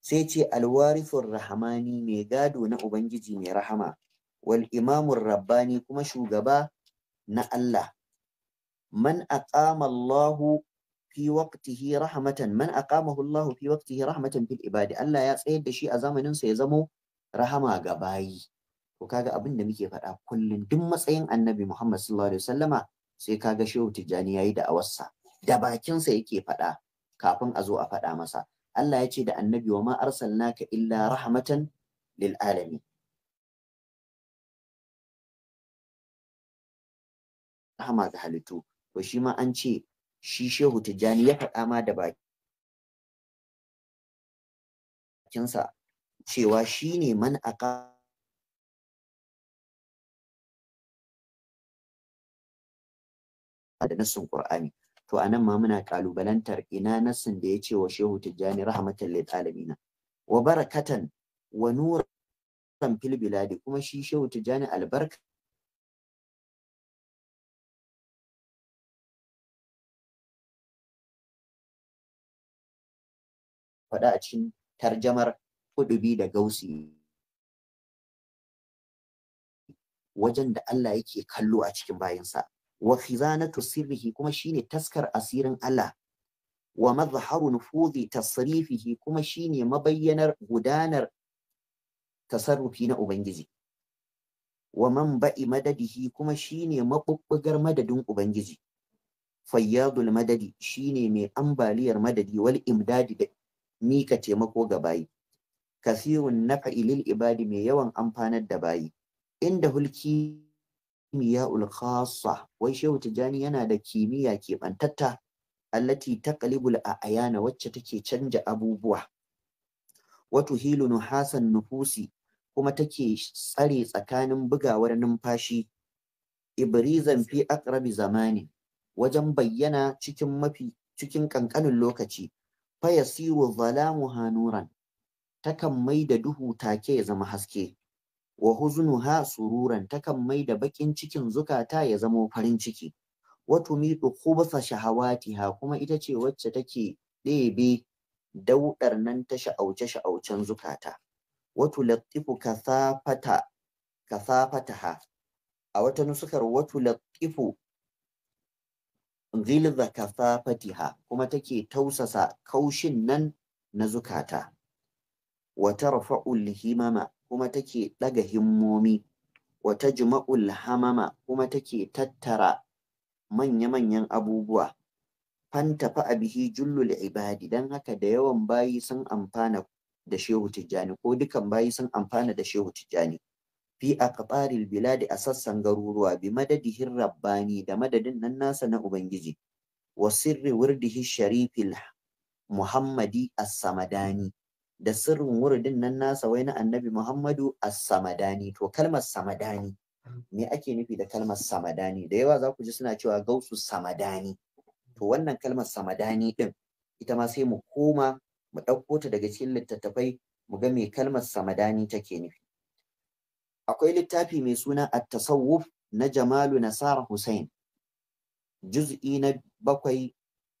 sai ce alwarithur rahmani mai gado na ubangiji mai rahama wal imamur rabbani kuma shugaba na Allah man aqama Allah fi waqtihi rahmatan man aqamahu Allah fi waqtihi rahmatan fil ibadi Allah ya tsayar da shi a zamanin sa ya zamo rahama ga bayi to kaga abin da muke faɗa kullun duk matsayin annabi Muhammad sallallahu alaihi wasallama sai kaga shehu tijjani yayi da awarsa da bakinsa yake faɗa kafin a zo a faɗa masa Allah ya ce da annabi wa ma arsalnaka illa rahmatan lil alamin rahama ga halittu to shi ma an ce shi shehu tijjani ya faɗa ma da bakinsa cewa shi ne man aka da nassin Qur'ani to anan ma muna kalubalantar ina nassin da ya ce wa shehu tijjani rahmatan lil alamin wa barakatan wa nuran fil biladi kuma shi shehu tijjani albarka faɗa a cikin tarjamar kudubi da gausi wajen da Allah yake kallo a cikin bayansa wa sirrihi kuma shine taskar asirin Allah wa mazharu nufudhi tasrifihi kuma shine mabayyanar gudanar tasarrufi na ubangiji wa man ba'i madadihi kuma shine mabubbugar madadin ubangiji fayyadul madadi shine mai ambaliyar madadi wal imdadi da mika taimako ga bayi kasirun naf'i lil ibadi mai yawan amfanar da bayi inda hulki kimiyya khassa wai shehu tijani yana da kimiyya keɓantatta allati taqlibul a'yana wacce take canja abubuwa wato hilu nuhasan nufusi kuma take tsare tsakanin bugawar numfashi ibrizan fi aqrabi zamani wajen bayyana cikin mafi cikin kankanin lokaci fayasiru zalamuha Hanuran, takan mai da duhu take ya zama haske wa huznuha sururan takan mai da bakin cikin zukata ya zamo farin ciki wa tumitu khubsa shahawatiha kuma ita ce wacce take ɗebe daudar nan ta sha'auce sha'aucen zukata wa tulattifu kasafata kasafataha a wata nusukar wa tulattifu zilza kasafatiha kuma take tausasa kaushin nan na zukata wa tarfa'u himama kuma take ɗaga himmomi wa juma'ul hamama kuma take tattara manya-manyan abubuwa fantafa abihi jullul ibadi dan haka da yawan bayi sun amfana da shehu tijjani ko dukan bayi sun amfana da shehu tijjani fi aqbaril biladi a sassan garuruwa bi madadihin rabbani da madadin nan nasa na ubangiji wa sirri wurdihi sharifil muhammadi as-samadani da sirrin wuridin nan nasa wai na annabi Muhammadu as-samadani to kalmar samadani me ake nufi da kalmar samadani da yawa za ku ji suna cewa gausu samadani to wannan kalmar samadani din ita ma sai mu koma mu ɗauko ta daga cikin littattafai mu ga me kalmar samadani take nufi akwai littafi mai suna at-tasawuf na Jamalu Nasara Hussein juz'i na bakwai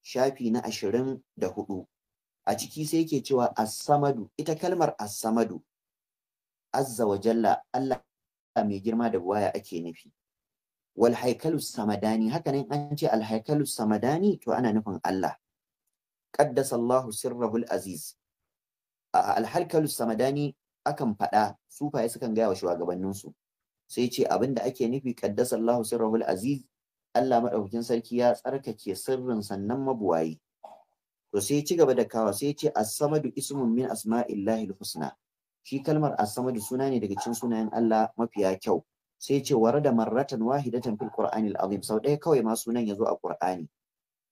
shafi na ashirin da hudu a ciki sai yake cewa as-samadu ita kalmar as-samadu azza wa jalla Allah mai girma da buwaya ake nufi wal haikalu samadani haka ne an ce al haikalu samadani to ana nufin Allah qaddasa Allahu sirrahul aziz al haikalu samadani akan faɗa sufaye sukan gaya wa su sai ce abinda da ake nufi qaddasa Allahu sirrahul aziz Allah madaukakin sarki ya tsarkake sirrin sannan mabuwayi to sai ci gaba da kawa sai ce as-samadu ismun min asma'illahi husna shi kalmar as suna ne daga cikin sunayen Allah mafiya kyau sai ce warada marratan wahidatan fil qur'ani al-azim sau ɗaya kawai ma sunan yazo a qur'ani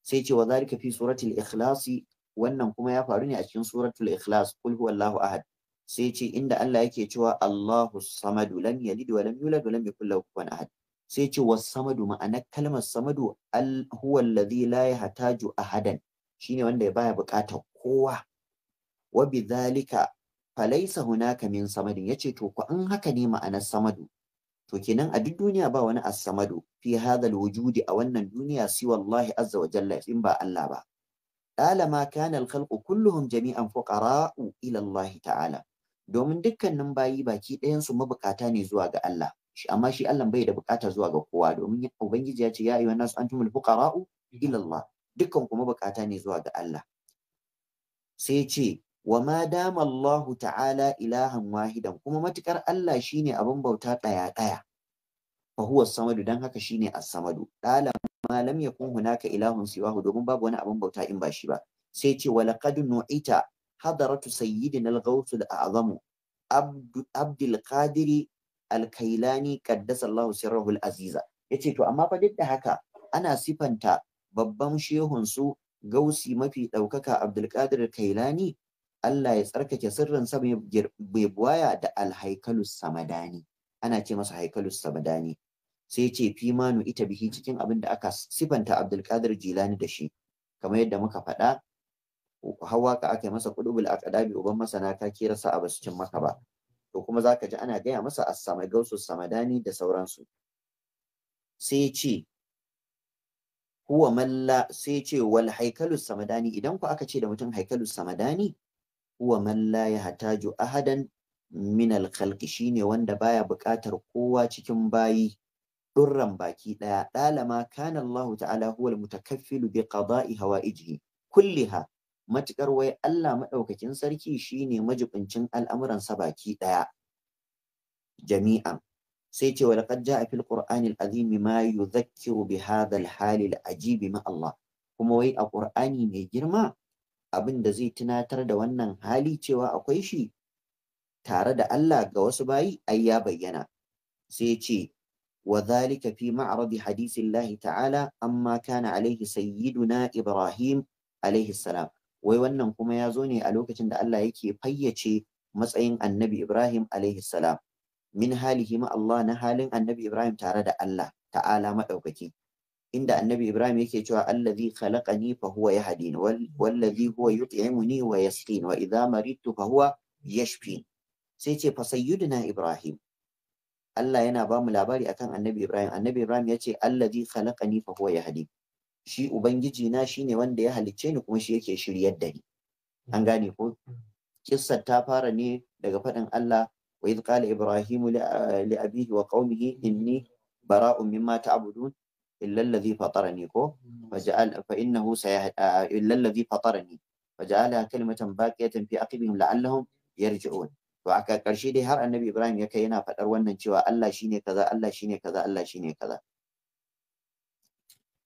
sai ce wa zalika fi suratil ikhlasi wannan kuma ya faru ne a cikin suratul ikhlas kul huwallahu ahad sai ce inda Allah yake cewa Allahu samadu lam yalid wa lam yulad wa lam yakul lahu kufuwan ahad sai ce was samadu ma'ana kalmar samadu al huwa alladhi la yahtaju ahadan shine wanda ya baya buƙatar kowa wa bidhalika falaisa hunaka min samadin yace to ku an haka ne ma'anar samadu to kenan a duk duniya ba wani as-samadu fi hadha wujudi a wannan duniya si wallahi azza wa jalla in ba Allah ba ma kana al-khalqu kulluhum jami'an fuqara'u ila Allah ta'ala domin dukkanin bayi baki ɗayan su mabukata ne zuwa ga Allah amma shi Allah bai da bukata zuwa ga kowa domin ubangiji ya ce ya ayyuhan nas antumul fuqara'u ila Allah dukkan kuma bukata ne zuwa ga Allah sai ce wa ma dama Allahu ta'ala ilahan wahidan kuma matukar Allah shine abin bauta ɗaya-ɗaya. daya fa huwa samadu dan haka shine a samadu dala ma lam yakun hunaka ilahun hu domin babu wani abin bauta in ba shi ba sai ce wa laqad nu'ita hadaratu sayyidina al ghawthul al-a'zam abdul qadir al-kailani qaddasa Allahu sirruhu aziza yace to amma fa duk da haka ana sifanta babban su gausi mafi ɗaukaka abdulkadir kailani Allah ya tsarkake sirrin sa mai buwaya da alhaikalus samadani ana ce masa haikalus samadani sai ce fimanu ita bihi cikin abin da aka sifanta abdulkadir jilani da shi kamar yadda muka faɗa hawa ka aka yi masa kudubul aqdabi uban masana ka kirasa a basu cin maka ba to kuma zaka ji ana gaya masa as-samai gausus samadani da sauransu sai ce huwa malla sai ce wal haikalu samadani idan ku aka ce da mutum haikalu samadani huwa malla ya hataju ahadan min al khalqi shine wanda baya buƙatar kowa cikin bayi durran baki daya dalama kana Allah ta'ala huwa al mutakaffilu bi qada'i hawaijihi kulliha matukar wai Allah madaukakin sarki shine majibincin al'amuransa baki daya jami'an sai ce wa laqad jaa fil qur'ani al azim ma yudhakkiru bi hadha al hal al ajib ma Allah kuma wai a qur'ani mai girma abin da zai tunatar da wannan hali cewa akwai shi tare da Allah ga wasu bayi ai ya bayyana sai ce wa dhalika fi ma'radi hadisi Allah ta'ala amma kana alaihi sayyiduna Ibrahim alaihi salam wai wannan kuma ya zo ne a lokacin da Allah yake fayyace matsayin annabi Ibrahim alaihi salam min halihi ma Allah na halin annabi Ibrahim tare da Allah ta'ala maɗaukaki inda annabi Ibrahim yake cewa allazi khalaqani fa huwa yahdin wallazi huwa yut'imuni wa yasqin wa idza maridtu fa huwa yashfin sai ce fa sayyidina Ibrahim Allah yana ba mu labari akan annabi Ibrahim annabi Ibrahim ya ce allazi khalaqani fa huwa yahdin shi ubangiji na shine wanda ya halicce ni kuma shi yake shiryar da ni an gane ko mm. kissa ta fara ne daga faɗin Allah وإذ قال إبراهيم لأبيه وقومه إني براء مما تعبدون إلا الذي فطرني كو فجعل فإنه إلا الذي فطرني فجعلها كلمة باقية في عقبهم لعلهم يرجعون to a karshe dai har annabi ibrahim ya kai yana faɗar wannan cewa allah shine kaza allah shine kaza allah shine kaza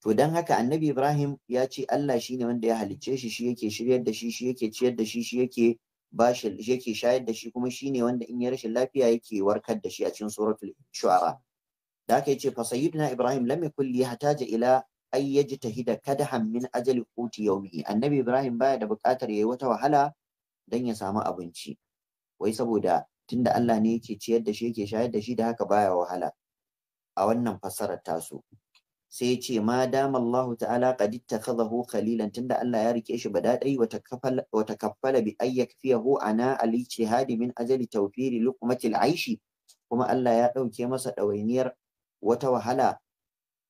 to dan haka annabi ibrahim ya ce allah shine wanda ya halicce shi shi yake shiryar da shi shi yake ciyar da shi shi yake ba shi yake shayar da shi kuma shine wanda in ya rashin lafiya yake warkar da shi a cikin suratul shu'ara da aka yace fa sayyidina ibrahim lam yakul li hataja ila ay yajtahida kada min ajali quti yawmihi annabi ibrahim baya da buƙatar yayi wata wahala dan ya samu abinci wai saboda tunda Allah ne yake ciyar da shi yake shayar da shi da haka baya wahala a wannan fassarar tasu sai ce ma dama Allah ta'ala qad ittakhadahu khalilan tunda Allah ya rike shi ba daɗai takaffala wa takaffala bi ayyakfiyahu ana ali ijtihadi min ajali tawfiri luqmatil aishi kuma Allah ya dauke masa dawainiyar wata wahala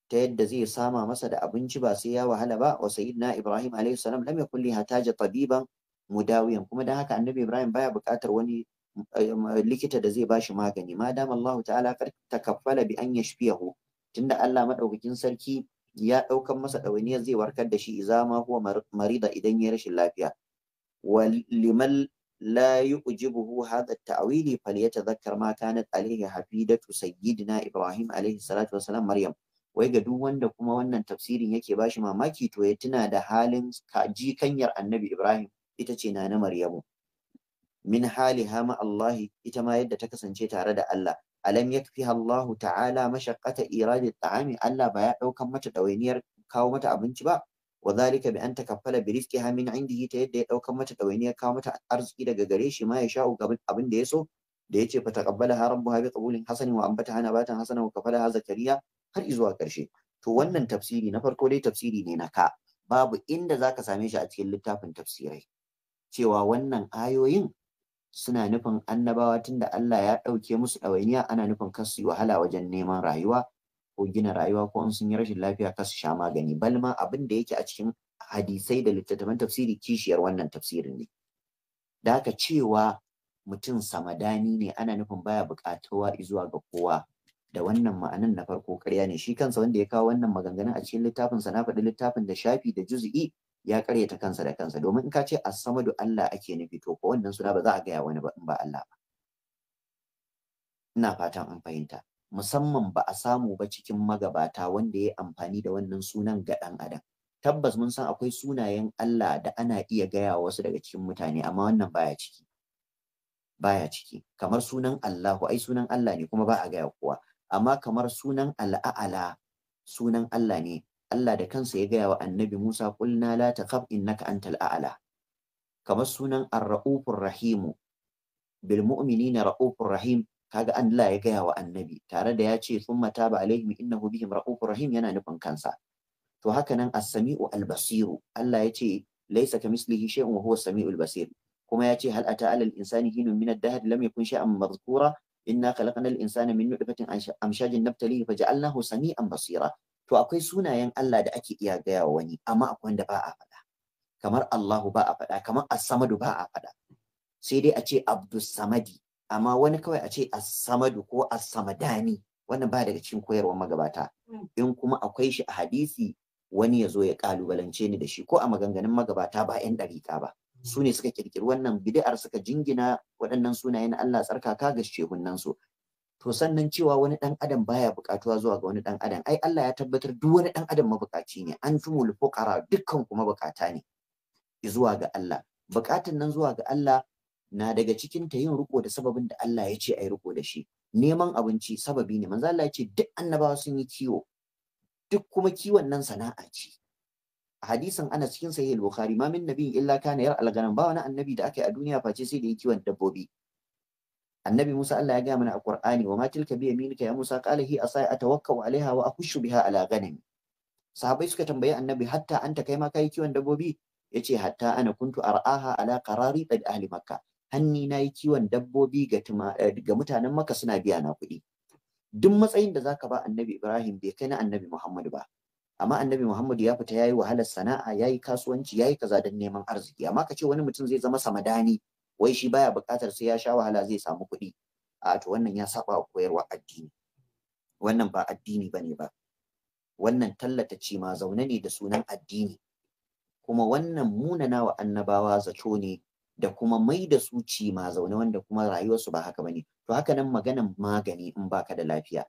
ta yadda zai sama masa da abinci ba sai ya wahala ba wa sayyidina Ibrahim alayhi salam lam yakun li hataja tabiban mudawiyan kuma dan haka annabi Ibrahim baya buƙatar wani eh, likita da zai bashi magani ma dama Allah ta'ala qad takaffala bi an yashfiyahu tunda Allah madaukakin sarki ya ɗaukan masa ɗawainiyar zai warkar da shi iza ma huwa marida idan ya rashin lafiya wa liman la yujibuhu hadha at-ta'wili falyatadhakkar ma kanat alayhi hafidatu sayyidina Ibrahim alayhi salatu wassalam Maryam wai ga duk wanda kuma wannan tafsirin yake bashi mamaki to ya tuna da halin kanyar annabi Ibrahim ita ce na na Maryamu min haliha ma Allah ita ma yadda ta kasance tare da Allah alam yakfiha Allahu ta'ala mashaqqata iradi ta'ami Allah ba ya daukan mata dawainiyar kawo mata abinci ba wa zalika bi an takaffala bi rizqiha min indihi ta yadda ya daukan mata dawainiyar kawo mata arziki daga gare shi ma ya sha'u abin da ya so da yace fa taqabbalaha rabbuha bi qabulin hasanin wa ambataha nabatan hasanan wa kafalaha zakariya har izuwa karshe to wannan tafsiri na farko dai tafsiri ne na ka babu inda zaka same shi a cikin littafin tafsirai cewa wannan ayoyin suna nufin annabawa tunda Allah ya ɗauke musu ɗawainiya ana nufin kar su yi wahala wajen neman rayuwa ko gina rayuwa ko in sun yi rashin lafiya kar su sha magani balma abin da yake a cikin hadisai da littattafan tafsiri kishiyar wannan tafsirin ne da haka cewa mutum samadani ne ana nufin baya buƙatuwa zuwa ga kowa da wannan ma'anan na farko ƙarya ne shi kansa wanda ya kawo wannan maganganun a cikin littafin sa na faɗi littafin da shafi da juz'i ya karyata kansa da kansa domin in ka ce a sama da Allah ake nufi to ko wannan suna ba za a gaya wani ba in ba Allah ba ina fatan an fahimta musamman ba a samu ba cikin magabata wanda ya amfani da wannan sunan ga ɗan adam tabbas mun san akwai sunayen Allah da ana iya gaya wasu daga cikin mutane amma wannan baya ciki baya ciki kamar sunan Allahu ai sunan Allah ne kuma ba a gaya kowa amma kamar sunan al'ala sunan Allah ne Allah da kansa ya gaya wa annabi Musa kulna la takhaf innaka antal a'la kamar sunan ar-raufur rahim bil mu'minina raufur rahim kaga Allah ya gaya wa annabi tare da ya ce thumma taba alaihim innahu bihim raufur rahim yana nufin kansa to haka nan as-sami'u al-basiru Allah ya ce laysa kamislihi shay'un wa huwa as-sami'ul basir kuma ya ce hal ata alal insani hinu min ad-dahr lam yakun shay'an madhkura inna khalaqnal insana min nutfatin amshajin nabtalihi faja'alnahu sami'an basira to akwai sunayen Allah da ake iya gaya wa wani amma akwai wanda ba a faɗa kamar Allahu ba a faɗa kamar As-Samadu ba a faɗa sai dai a ce Abdus Samadi amma wani kawai a ce As-Samadu ko As-Samadani wannan ba daga cikin koyarwar magabata hmm. in kuma akwai shi a hadisi wani ya zo ya kalubalance ni da shi ko a maganganun magabata ba 'yan dariƙa ba su ne suka kirkiri wannan bid'ar suka jingina waɗannan sunayen Allah tsarkaka ga nan su to sannan cewa wani dan adam baya bukatuwa zuwa ga wani dan adam ai Allah ya tabbatar duk wani dan adam mabukaci ne an antumul fuqara dukkan kuma bukata ne zuwa ga Allah bukatun nan zuwa ga Allah na daga cikin ta yin riko da sababin da Allah ya ce ai riko da shi neman abinci sababi ne manzo Allah ya ce duk annabawa sun yi kiwo duk kuma kiwon nan sana'a ce hadisin ana cikin sahih al-bukhari ma min illa kana yar al-ganam ba wani annabi da aka yi a duniya face sai da yi kiwon dabbobi annabi Musa Allah ya gaya mana a Kur'ani. wa ma tilka bi yaminika ya Musa qala hi asai atawakkau alaiha wa ahushu biha ala ghanami sahabbai suka tambayi annabi hatta anta kai ma yi kiwon dabbobi yace hatta ana kuntu ar'aha ala qarari qad ahli makka hanni nayi kiwon dabbobi ga eh, mutanen maka suna biya na kuɗi duk matsayin da zaka ba annabi Ibrahim bai kai na annabi Muhammad ba amma annabi Muhammad ya fita ya yi wahalar sana'a yayi kasuwanci yayi kaza don neman arziki amma kace wani mutum zai zama samadani wai shi baya buƙatar sai ya sha wahala zai samu kuɗi a to wannan ya saba wa koyarwa addini wannan ba addini bane ba wannan tallata ce ma zaune ne da sunan addini kuma wannan munana wa annabawa zato ne da kuma mai da su ci ma zaune wanda kuma rayuwarsu ba haka bane to haka nan maganan magani in baka da lafiya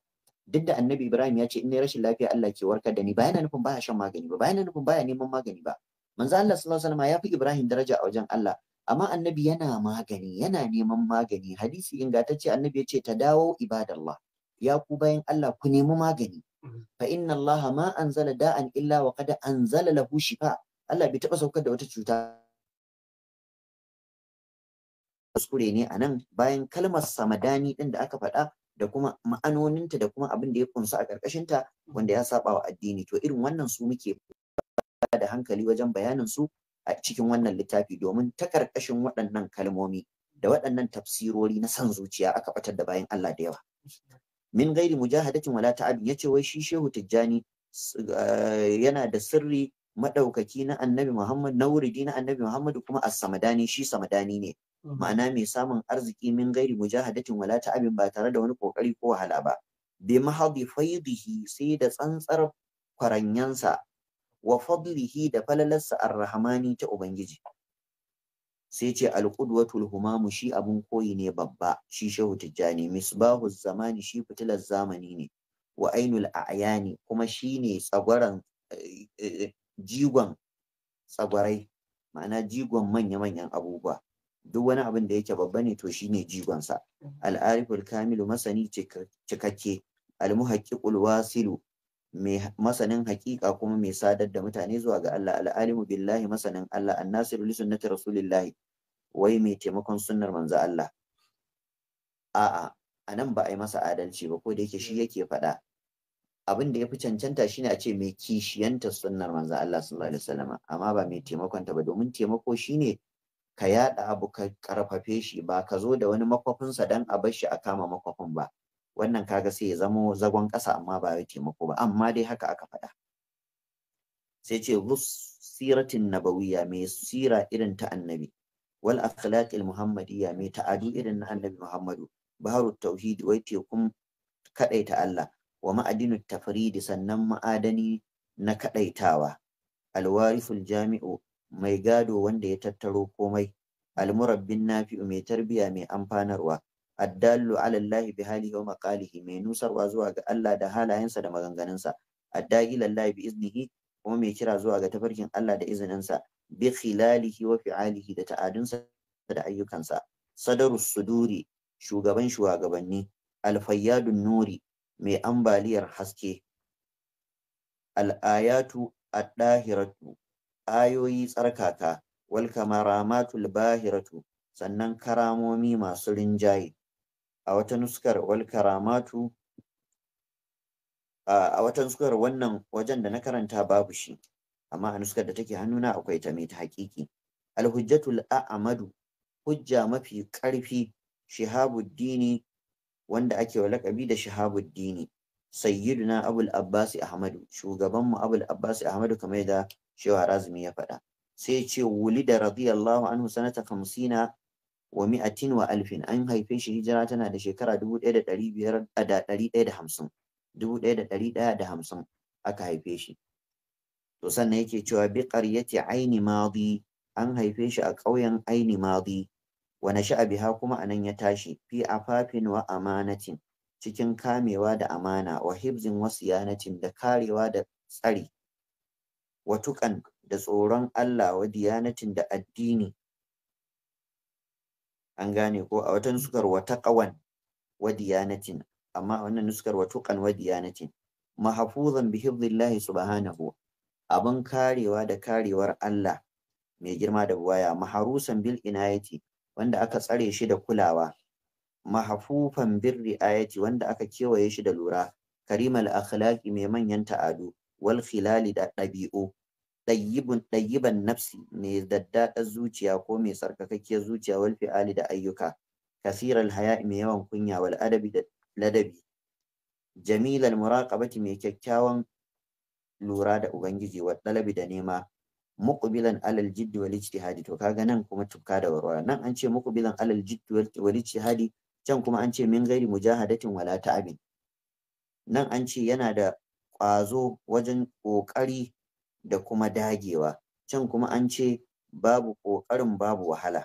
duk da annabi ibrahim ya ce in nayi rashin lafiya Allah ke warkar da ni ba yana nufin baya shan magani ba ba yana nufin baya neman magani ba manzo Allah sallallahu alaihi wasallam ya fi ibrahim daraja a wajen Allah amma annabi yana magani yana neman magani hadisi ingantacce annabi ya ce ta dawo ibadallah ya ku bayan Allah ku nemi magani mm. fa inna Allah ma anzala da'an illa wa qad anzala lahu shifa Allah bai taba saukar da wata cuta kuskure ne a nan bayan kalmar samadani din da aka faɗa da kuma ma'anoninta da kuma abin da ya kunsa a ƙarƙashinta wanda ya saba wa addini to irin wannan su muke da hankali wajen bayanin su a cikin wannan littafi domin ta karkashin waɗannan kalmomi da waɗannan tafsirori na san zuciya aka batar da bayan Allah da yawa min gairi mujahadatin wala ta'ab ce wai shi Shehu Tijjani eh, yana da sirri madaukaki na Annabi Muhammad na wuridi na Annabi Muhammad kuma as-samadani shi samadani ne ma'ana mai samun arziki min gairi mujahadatin wala ta'abin ba tare da wani kokari ko wahala ba bi mahadi faidihi sai da tsantsar kwaranyansa wa fadlihi da falalarsa arrahmani ta ubangiji sai ce al-qudwatul humamu shi abun koyi ne babba shi shehu tijjani misbahu zamani shi fitilar zamani ne wa ainul a'yani kuma shi ne tsagwaran eh, eh, jigon tsagwarai ma'ana jigon manya-manyan abubuwa duk wani abin da yake babba ne to shine jigonsa al al'ariful kamilu masani cikakke al al-muhaqqiqul wasilu mai masanin hakika kuma mai sadar da mutane zuwa ga Allah al'alimu billahi masanin Allah annasiru li sunnati rasulillahi wai mai taimakon sunnar manzo Allah a'a anan ba a yi masa adalci ba ko da yake shi yake faɗa abin da ya fi cancanta shine a ce mai kishiyanta sunnar manzo Allah sallallahu alaihi wasallam amma ba mai taimakon ta ba domin taimako shine ka yada abu ka karfafe shi ba ka zo da wani makwafinsa dan a bar shi a kama makwafin ba wannan kaga sai ya zamo zagon ƙasa amma ba ya taimako ba amma dai haka aka faɗa sai ce bus siratin nabawiyya mai sira irin ta annabi wal akhlaqil muhammadiyya mai ta'adu irin na annabi muhammadu baharut tauhid wai tekun kadaita Allah wa ma'adinu tafridi sannan ma'adani na kadaitawa Alwariful jami'u mai gado wanda ya tattaro komai almurabbin nafi'u mai tarbiya mai amfanarwa addallu ala Allah bi halihi wa maqalihi mai nusarwa zuwa ga Allah da halayensa da maganganunsa addagi lallahi bi iznihi kuma mai kira zuwa ga tafarkin Allah da izininsa bi khilalihi wa fi'alihi da ta'adunsa da ayyukansa sadarus suduri shugaban shugabanni alfayyadun nuri mai ambaliyar haske al'ayatu addahiratu ayoyi tsarkaka wal kamaramatul bahiratu sannan karamomi masu rinjaye a wata nuskar wal karamatu a wata nuskar wannan wajen da na karanta babu shi amma a nuskar da take hannuna akwai ta mai ta haƙiƙi alhujjatul Ahmadu, hujja mafi ƙarfi shihabuddini wanda ake wa laƙabi da shihabuddini sayyiduna abul abbasi ahmadu shugabanmu abul abbasi ahmadu kamar da shewa razumi ya faɗa sai ce wulida radiyallahu anhu sanata 50 wa mi'atin wa alfin an haife shi hijira tana da shekara dubu ɗaya da ɗari biyar da ɗari ɗaya da hamsin dubu ɗaya da ɗari ɗaya da hamsin aka haife shi to sannan yake cewa bi qaryati aini madi an haife shi a ƙauyen aini madi wa sha'abi biha kuma anan ya tashi fi afafin wa amanatin cikin kamewa da amana wa hibzin wa siyanatin da karewa da tsari wa da tsoron Allah wa diyanatin da addini an gane ko a wata nuskar wata taqawan wa diyanatin amma a wannan nuskar wa tuqan wa diyanatin mahfuzan bi hifdillah subhanahu abin karewa da karewar Allah mai girma da buwaya maharusan bil inayati wanda aka tsare shi da kulawa mahafufan bir riayati wanda aka kewaye shi da lura karimal akhlaqi mai manyan ta'adu wal khilali da ɗabi'u ɗayyibun ɗayyiban nafsi mai daddaɗar zuciya ko mai sarkakakkiyar zuciya wal fi'ali da ayyuka kasiral haya mai yawan kunya wal adabi da ladabi jamilal muraqabati mai kyakkyawan lura da ubangiji wa ɗalabi da nema muqbilan alal jidd wal ijtihadi to kaga nan kuma tukka da warwara nan an ce muqbilan alal jidd wal ijtihadi can kuma an ce min ghairi mujahadatin wala ta'abin nan an ce yana da ƙwazo wajen ƙoƙari da kuma dagewa can kuma an ce babu ƙoƙarin babu wahala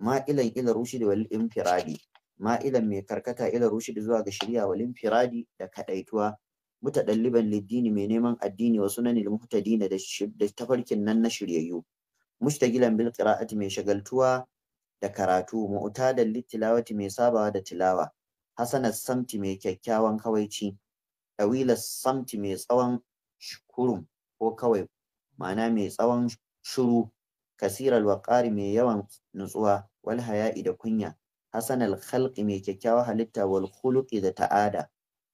ma'ilan ila rushidi wal infiradi ma'ilan mai karkata ila rushidi zuwa ga shirya wal infiradi da kadaituwa mutadalliban liddini mai neman addini wasu na sunanil muhtadina da tafarkin nan na shiryayyu mustagilan bil qira'ati mai shagaltuwa da karatu mu'tadan littilawati mai sabawa da tilawa hasanas samti mai kyakkyawan kawaici ɗawilas samti mai tsawon kurum ko kawai ma'ana mai tsawon shuru kasir alwaqari mai yawan nutsuwa wal haya'i da kunya hasan alkhalqi mai kyakkyawar halitta wal khuluqi da ta'ada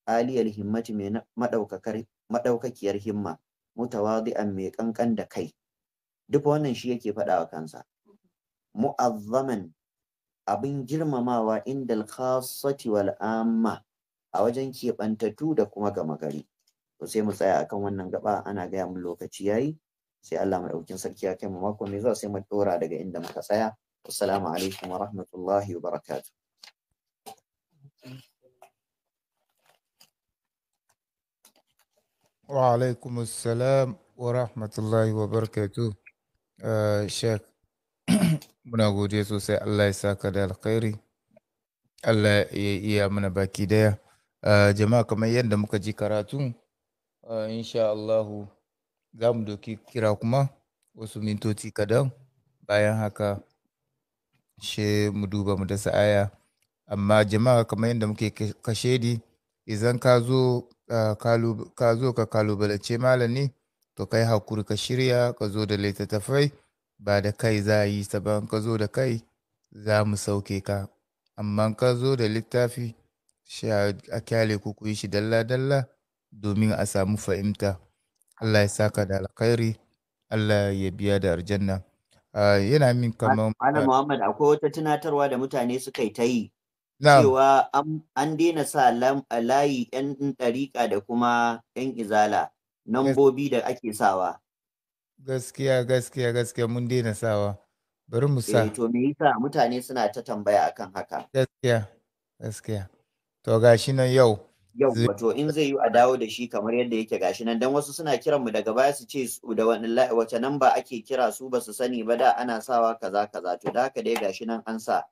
Aliyar alhimmati mai madaukakar madaukakiyar himma mutawadi'an mai kankan da kai duk wannan shi yake faɗawa kansa mu'azzaman abin girmamawa inda alkhassati wal amma a wajen keɓantattu da kuma gama gari sai mu tsaya akan wannan gaba ana gaya mun lokaci yayi sai Allah maɗaukin sarki ya kai mu mako mai zuwa sai mu dora daga inda muka tsaya assalamu alaikum wa rahmatullahi wa barakatuh wa alaikum assalam wa rahmatullahi wa barakatuh eh, sheikh muna godiya sosai Allah ya saka da alkhairi Allah ya iya mana baki daya eh, jama'a kamar yadda muka ji karatu Uh, insha Allahu za mu doki kira kuma wasu mintoci kadan bayan haka she mu duba mu dasa aya amma jama'a kamar yadda muke di idan ka zo uh, ka zo kalubalace malami to kai hakuri ka shirya ka zo da littattafai ba da kai za a yi saban ka zo da kai za mu sauke ka amma ka zo da littafi a kyale ku ku yi shi dalla-dalla domin a samu fahimta Allah ya saka da alkhairi Allah ya biya da aljanna yana min kamar Malam Muhammad akwai wata tunatarwa da mutane suka yi ta yi cewa an daina sa layi yan ɗariƙa da kuma yan izala nambobi da ake sawa gaskiya gaskiya gaskiya mun daina sawa bari mu sa eh, to me yasa mutane suna ta tambaya akan haka gaskiya gaskiya to gashi nan yau Yau wato in zai yi a dawo da shi kamar yadda yake gashi nan dan wasu suna kiran mu daga baya su ce da wani wace nan ba ake kira su ba su sani ba da ana sawa kaza kaza to da haka dai gashi nan an sa.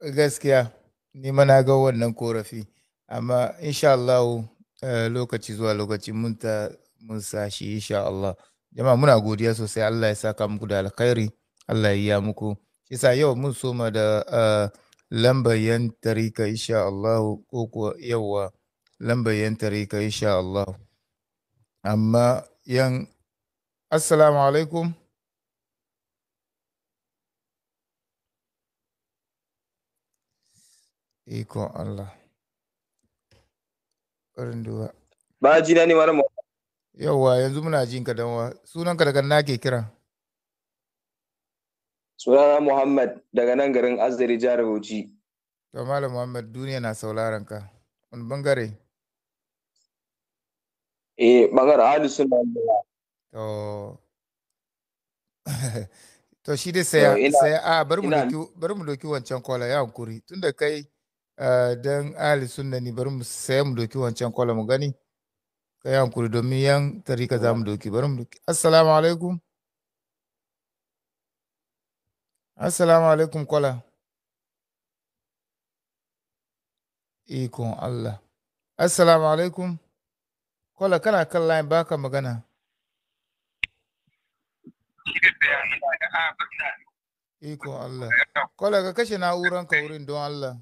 Gaskiya ni ma na ga wannan korafi amma insha Allah eh, lokaci zuwa lokaci mun ta mun sa shi insha Allah. Jama'a muna godiya sosai Allah ya saka muku da alkhairi Allah ya yi muku. Shi yau mun soma da eh, lambar yan tarika insha Allah ko kuwa yawa. lambar tarika insha Allah amma yan assalamu alaikum iko Allah ƙarin duwa ba ji na ne malamu yauwa yanzu muna jin ka danwa sunanka daga na ke kira sunana muhammad daga nan garin azari jihar bauchi to malam muhammad duniya na sauraron ka wani bangare eh bangaren ahli suna to to shi dai sai a bari mu doki bari mu doki wancan kola ya hankuri tunda kai don ahli sunna ne bari mu sai mu doki wancan kola mu gani kai hankuri domin yan tarika za mu doki bari mu doki assalamu alaikum assalamu alaikum kola ikon Allah assalamu alaikum Kola kana kan line baka magana. Iko Allah. Kola ka kashe na'uran ka wurin don Allah.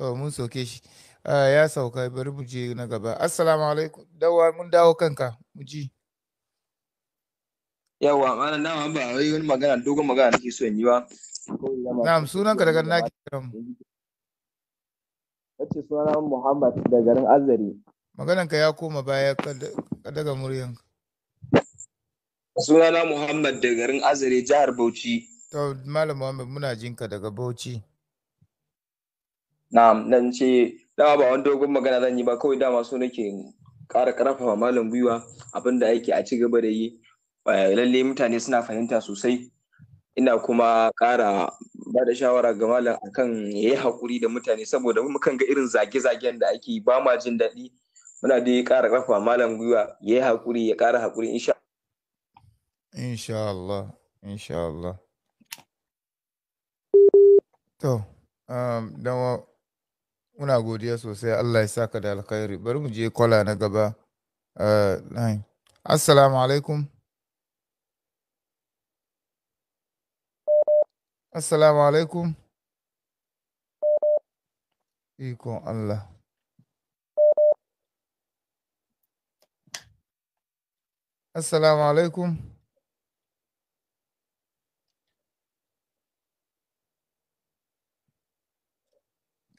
To mun soke shi. ya sauka bari mu je na gaba. Assalamu alaikum. Dawa mun dawo kanka mu ji. Yawa mana na ba wai wani magana dogon magana nake so in yi ba. Na'am sunanka daga naki kiran mu. sunan Muhammad daga garin Azari. Magananka ya koma baya ka daga muryanka. Sunana Muhammad da garin Azare jihar Bauchi. To Malam Muhammad muna jinka daga Bauchi. Na'am nan ce dama ba wani dogon magana zan yi ba kawai dama so nake kara karfafa malam gwiwa abinda ake a ci gaba da yi eh, lalle mutane suna fahimta sosai ina kuma kara ba da shawara ga malam akan ya yi haƙuri da mutane saboda mukan ga irin zage-zagen da ake ba ma jin daɗi muna da ƙara ƙarfafa malam gwiwa ya yi haƙuri ya ƙara haƙuri insha insha Allah insha Allah to um, dan muna godiya sosai Allah ya saka da alkhairi bari mu je kwala na gaba uh, assalamu alaikum assalamu alaikum ikon Allah Assalamu alaikum.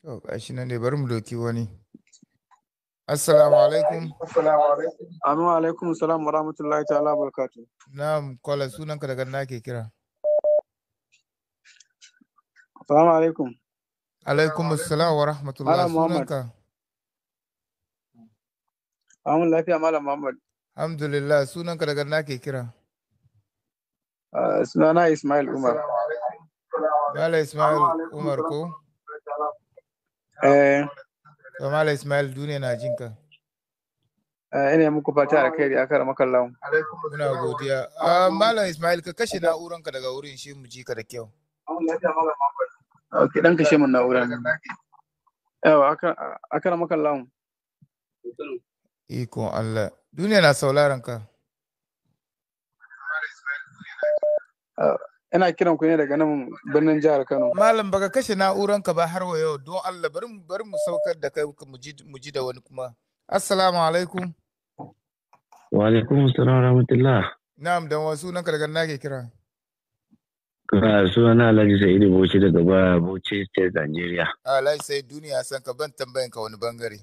To, gashi nan dai bari mu doki wani. Assalamu alaikum. Assalamu alaikum. Amin alaikum salam wa rahmatullahi ta'ala barakatuh. Na'am, kola sunanka daga na ke kira. Assalamu alaikum. Alaikum assalam wa rahmatullahi sunanka. Amin lafiya malam Muhammad. Alhamdulillah sunanka daga na ke kira. Uh, sunana Ismail Umar. Mala Ismail Umar ko? Eh. To Mala Ismail duniya na jinka. Uh, ina muku fata da kai akar makallahu. Muna godiya. Ah, Mala Ismail ka kashe na'uranka daga wurin shi mu ji ka da kyau. Ok, dan kashe mun na'uran. Yawa akar makallahu. Iko Allah. Duniya na sauraron ka. Ah, ina kiran ku ne daga nan birnin jihar Kano. Malam baka kashe na'uran ka ba har wa yau don Allah bari mu bari mu saukar da kai mu ji da wani kuma. Assalamu alaikum. Wa alaikum assalam rahmatullah. Na'am dan sunan nan daga nake ke kira. Ka suna Alhaji Sa'id Bauchi daga Bauchi State Nigeria. Alhaji Sa'id duniya san ka ban tambayan ka wani bangare.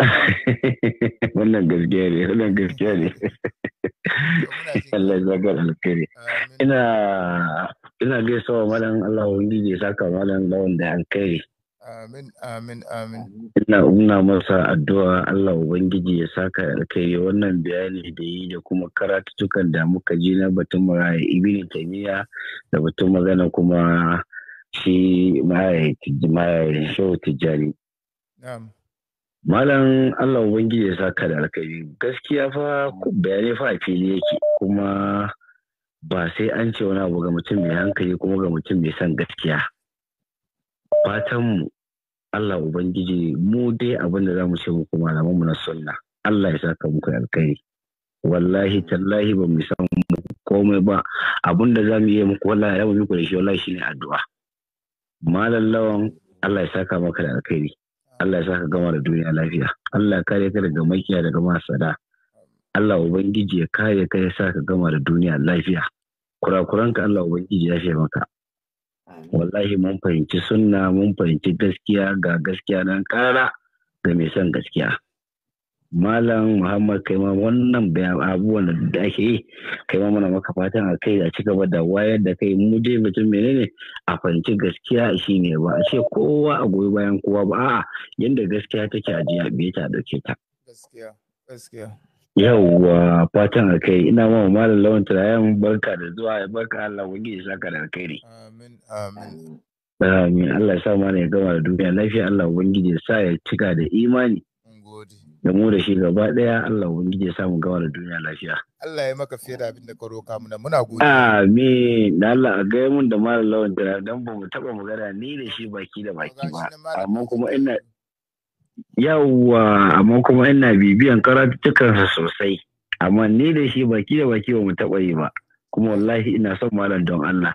wannan gaskiya ne wannan gaskiya ne Allah ya zaka alkhairi ina ina gaisawa malam Allah wani ya saka malam wanda da kai Amin, amin, amin. Ina umna masa addu'a Allah Ubangiji ya saka alkai wannan bayani da yi da kuma karatutukan da muka ji na batun maraya ibini taimiyya da batun magana kuma shi maraya shehu tijjani. Na'am. Malam Allah Ubangiji ya sa ka da alkhairi gaskiya fa bayanai fa a fili yake kuma ba sai an ce wani abu ga mutum mai hankali kuma ga mutum mai son gaskiya. Fatan Allah Ubangiji mu dai abin da za mu ce muku malaman mu na sunna Allah ya sa ka muku alkhairi. Wallahi tallahi ba mu san komai ba abin da za mu iya muku wallahi ya muku da shi wallahi shine addu'a. Malam lawan Allah ya saka maka da alƙali. Allah ya saka gama da duniya lafiya Allah ya kare ka daga makiya daga masada Allah ubangiji ya kare ka ya saka gama da duniya lafiya kurakuranka Allah ubangiji ya fi maka wallahi mun fahimci sunna mun fahimci gaskiya ga gaskiya nan kara ga mai son gaskiya Malam Muhammad kai ma wannan abubuwan da ake yi kai ma muna maka fatan a kai a ci gaba da wayar da kai mu dai mutum menene a fahimci gaskiya shi ne ba a ce kowa a goyi bayan kowa ba a'a yadda gaskiya take a jiya bai ta dauke ta. Gaskiya gaskiya. Yawwa fatan a kai ina ma malam lawan turayen barka da zuwa barka Allah wani ya saka da alkhairi. Amin amin. Amin Allah ya sa ne ya gama da duniya lafiya Allah wani ya sa ya cika da imani. da mu da shi gaba daya Allah wani ya samu gawa da duniya lafiya Allah ya maka fiye da abin da ka roka muna muna gode amin da Allah a gaya mun da malam lawan jira don ba mu taba magana ni da shi baki da baki ba amma kuma ina yawwa amma kuma ina bibiyan karatukansa sosai amma ni da shi baki da baki ba mu taba yi ba kuma wallahi ina son malam don Allah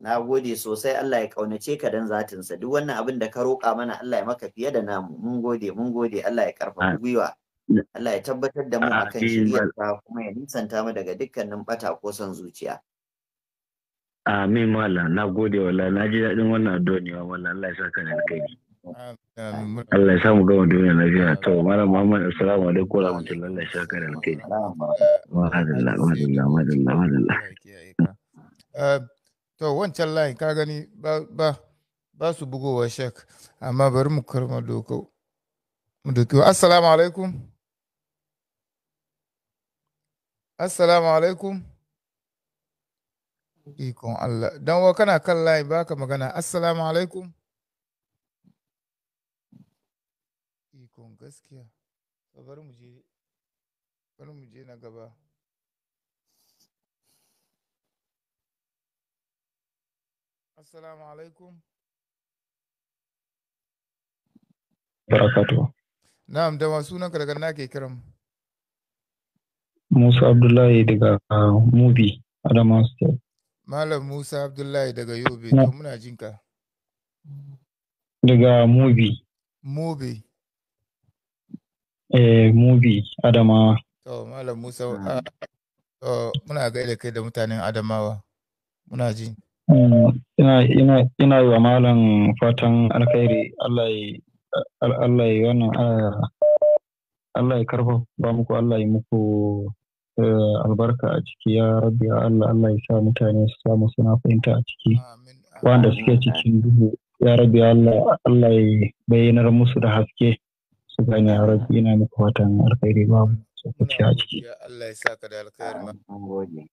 na gode sosai Allah ya kaunace ka dan zatinsa duk wannan abin da ka roƙa mana Allah ya maka fiye da namu mun gode mun gode Allah ya karfafa gwiwa Allah ya tabbatar da mu akan shiriyar ta kuma ya nisanta mu daga dukkanin bata ko son zuciya Amin mallam na gode wallahi. na ji daɗin wannan addu'a wallahi. Allah ya saka da alkhairi Allah ya samu gama duniya lafiya to mala Muhammad assalamu alaikum wa rahmatullahi Allah ya saka da alkhairi wa hadallah wa hadallah wa hadallah to wancan layin ka gani ba ba ba su bugowa shek amma bari mu karma doko mu doki assalamu alaikum assalamu alaikum ikon Allah dan wa kana kan layi baka magana assalamu alaikum ikon gaskiya bari mu je bari mu je na gaba assalamu alaikum na'am da masu nan daga na ke kiran Musa Abdullahi daga uh, Mubi Adama Malam Musa Abdullahi daga Yobe muna jinka daga Mubi Mubi eh Mubi Adama to Malam Musa uh, uh, muna gaida kai da mutanen Adamawa muna jin Eh, ina yi wa malam fatan alkhairi Allah ya wannan Allah ya karfafa muku Allah ya muku eh, albarka a ciki ya rabbi ya Allah Allah ya sa mutane su samu suna fahimta a ciki wanda suke cikin duhu ya rabbi ya Allah Allah ya bayyanar musu da haske su gani ya rabbi ina muku fatan alkhairi babu su a ciki Allah ya saka da alkhairi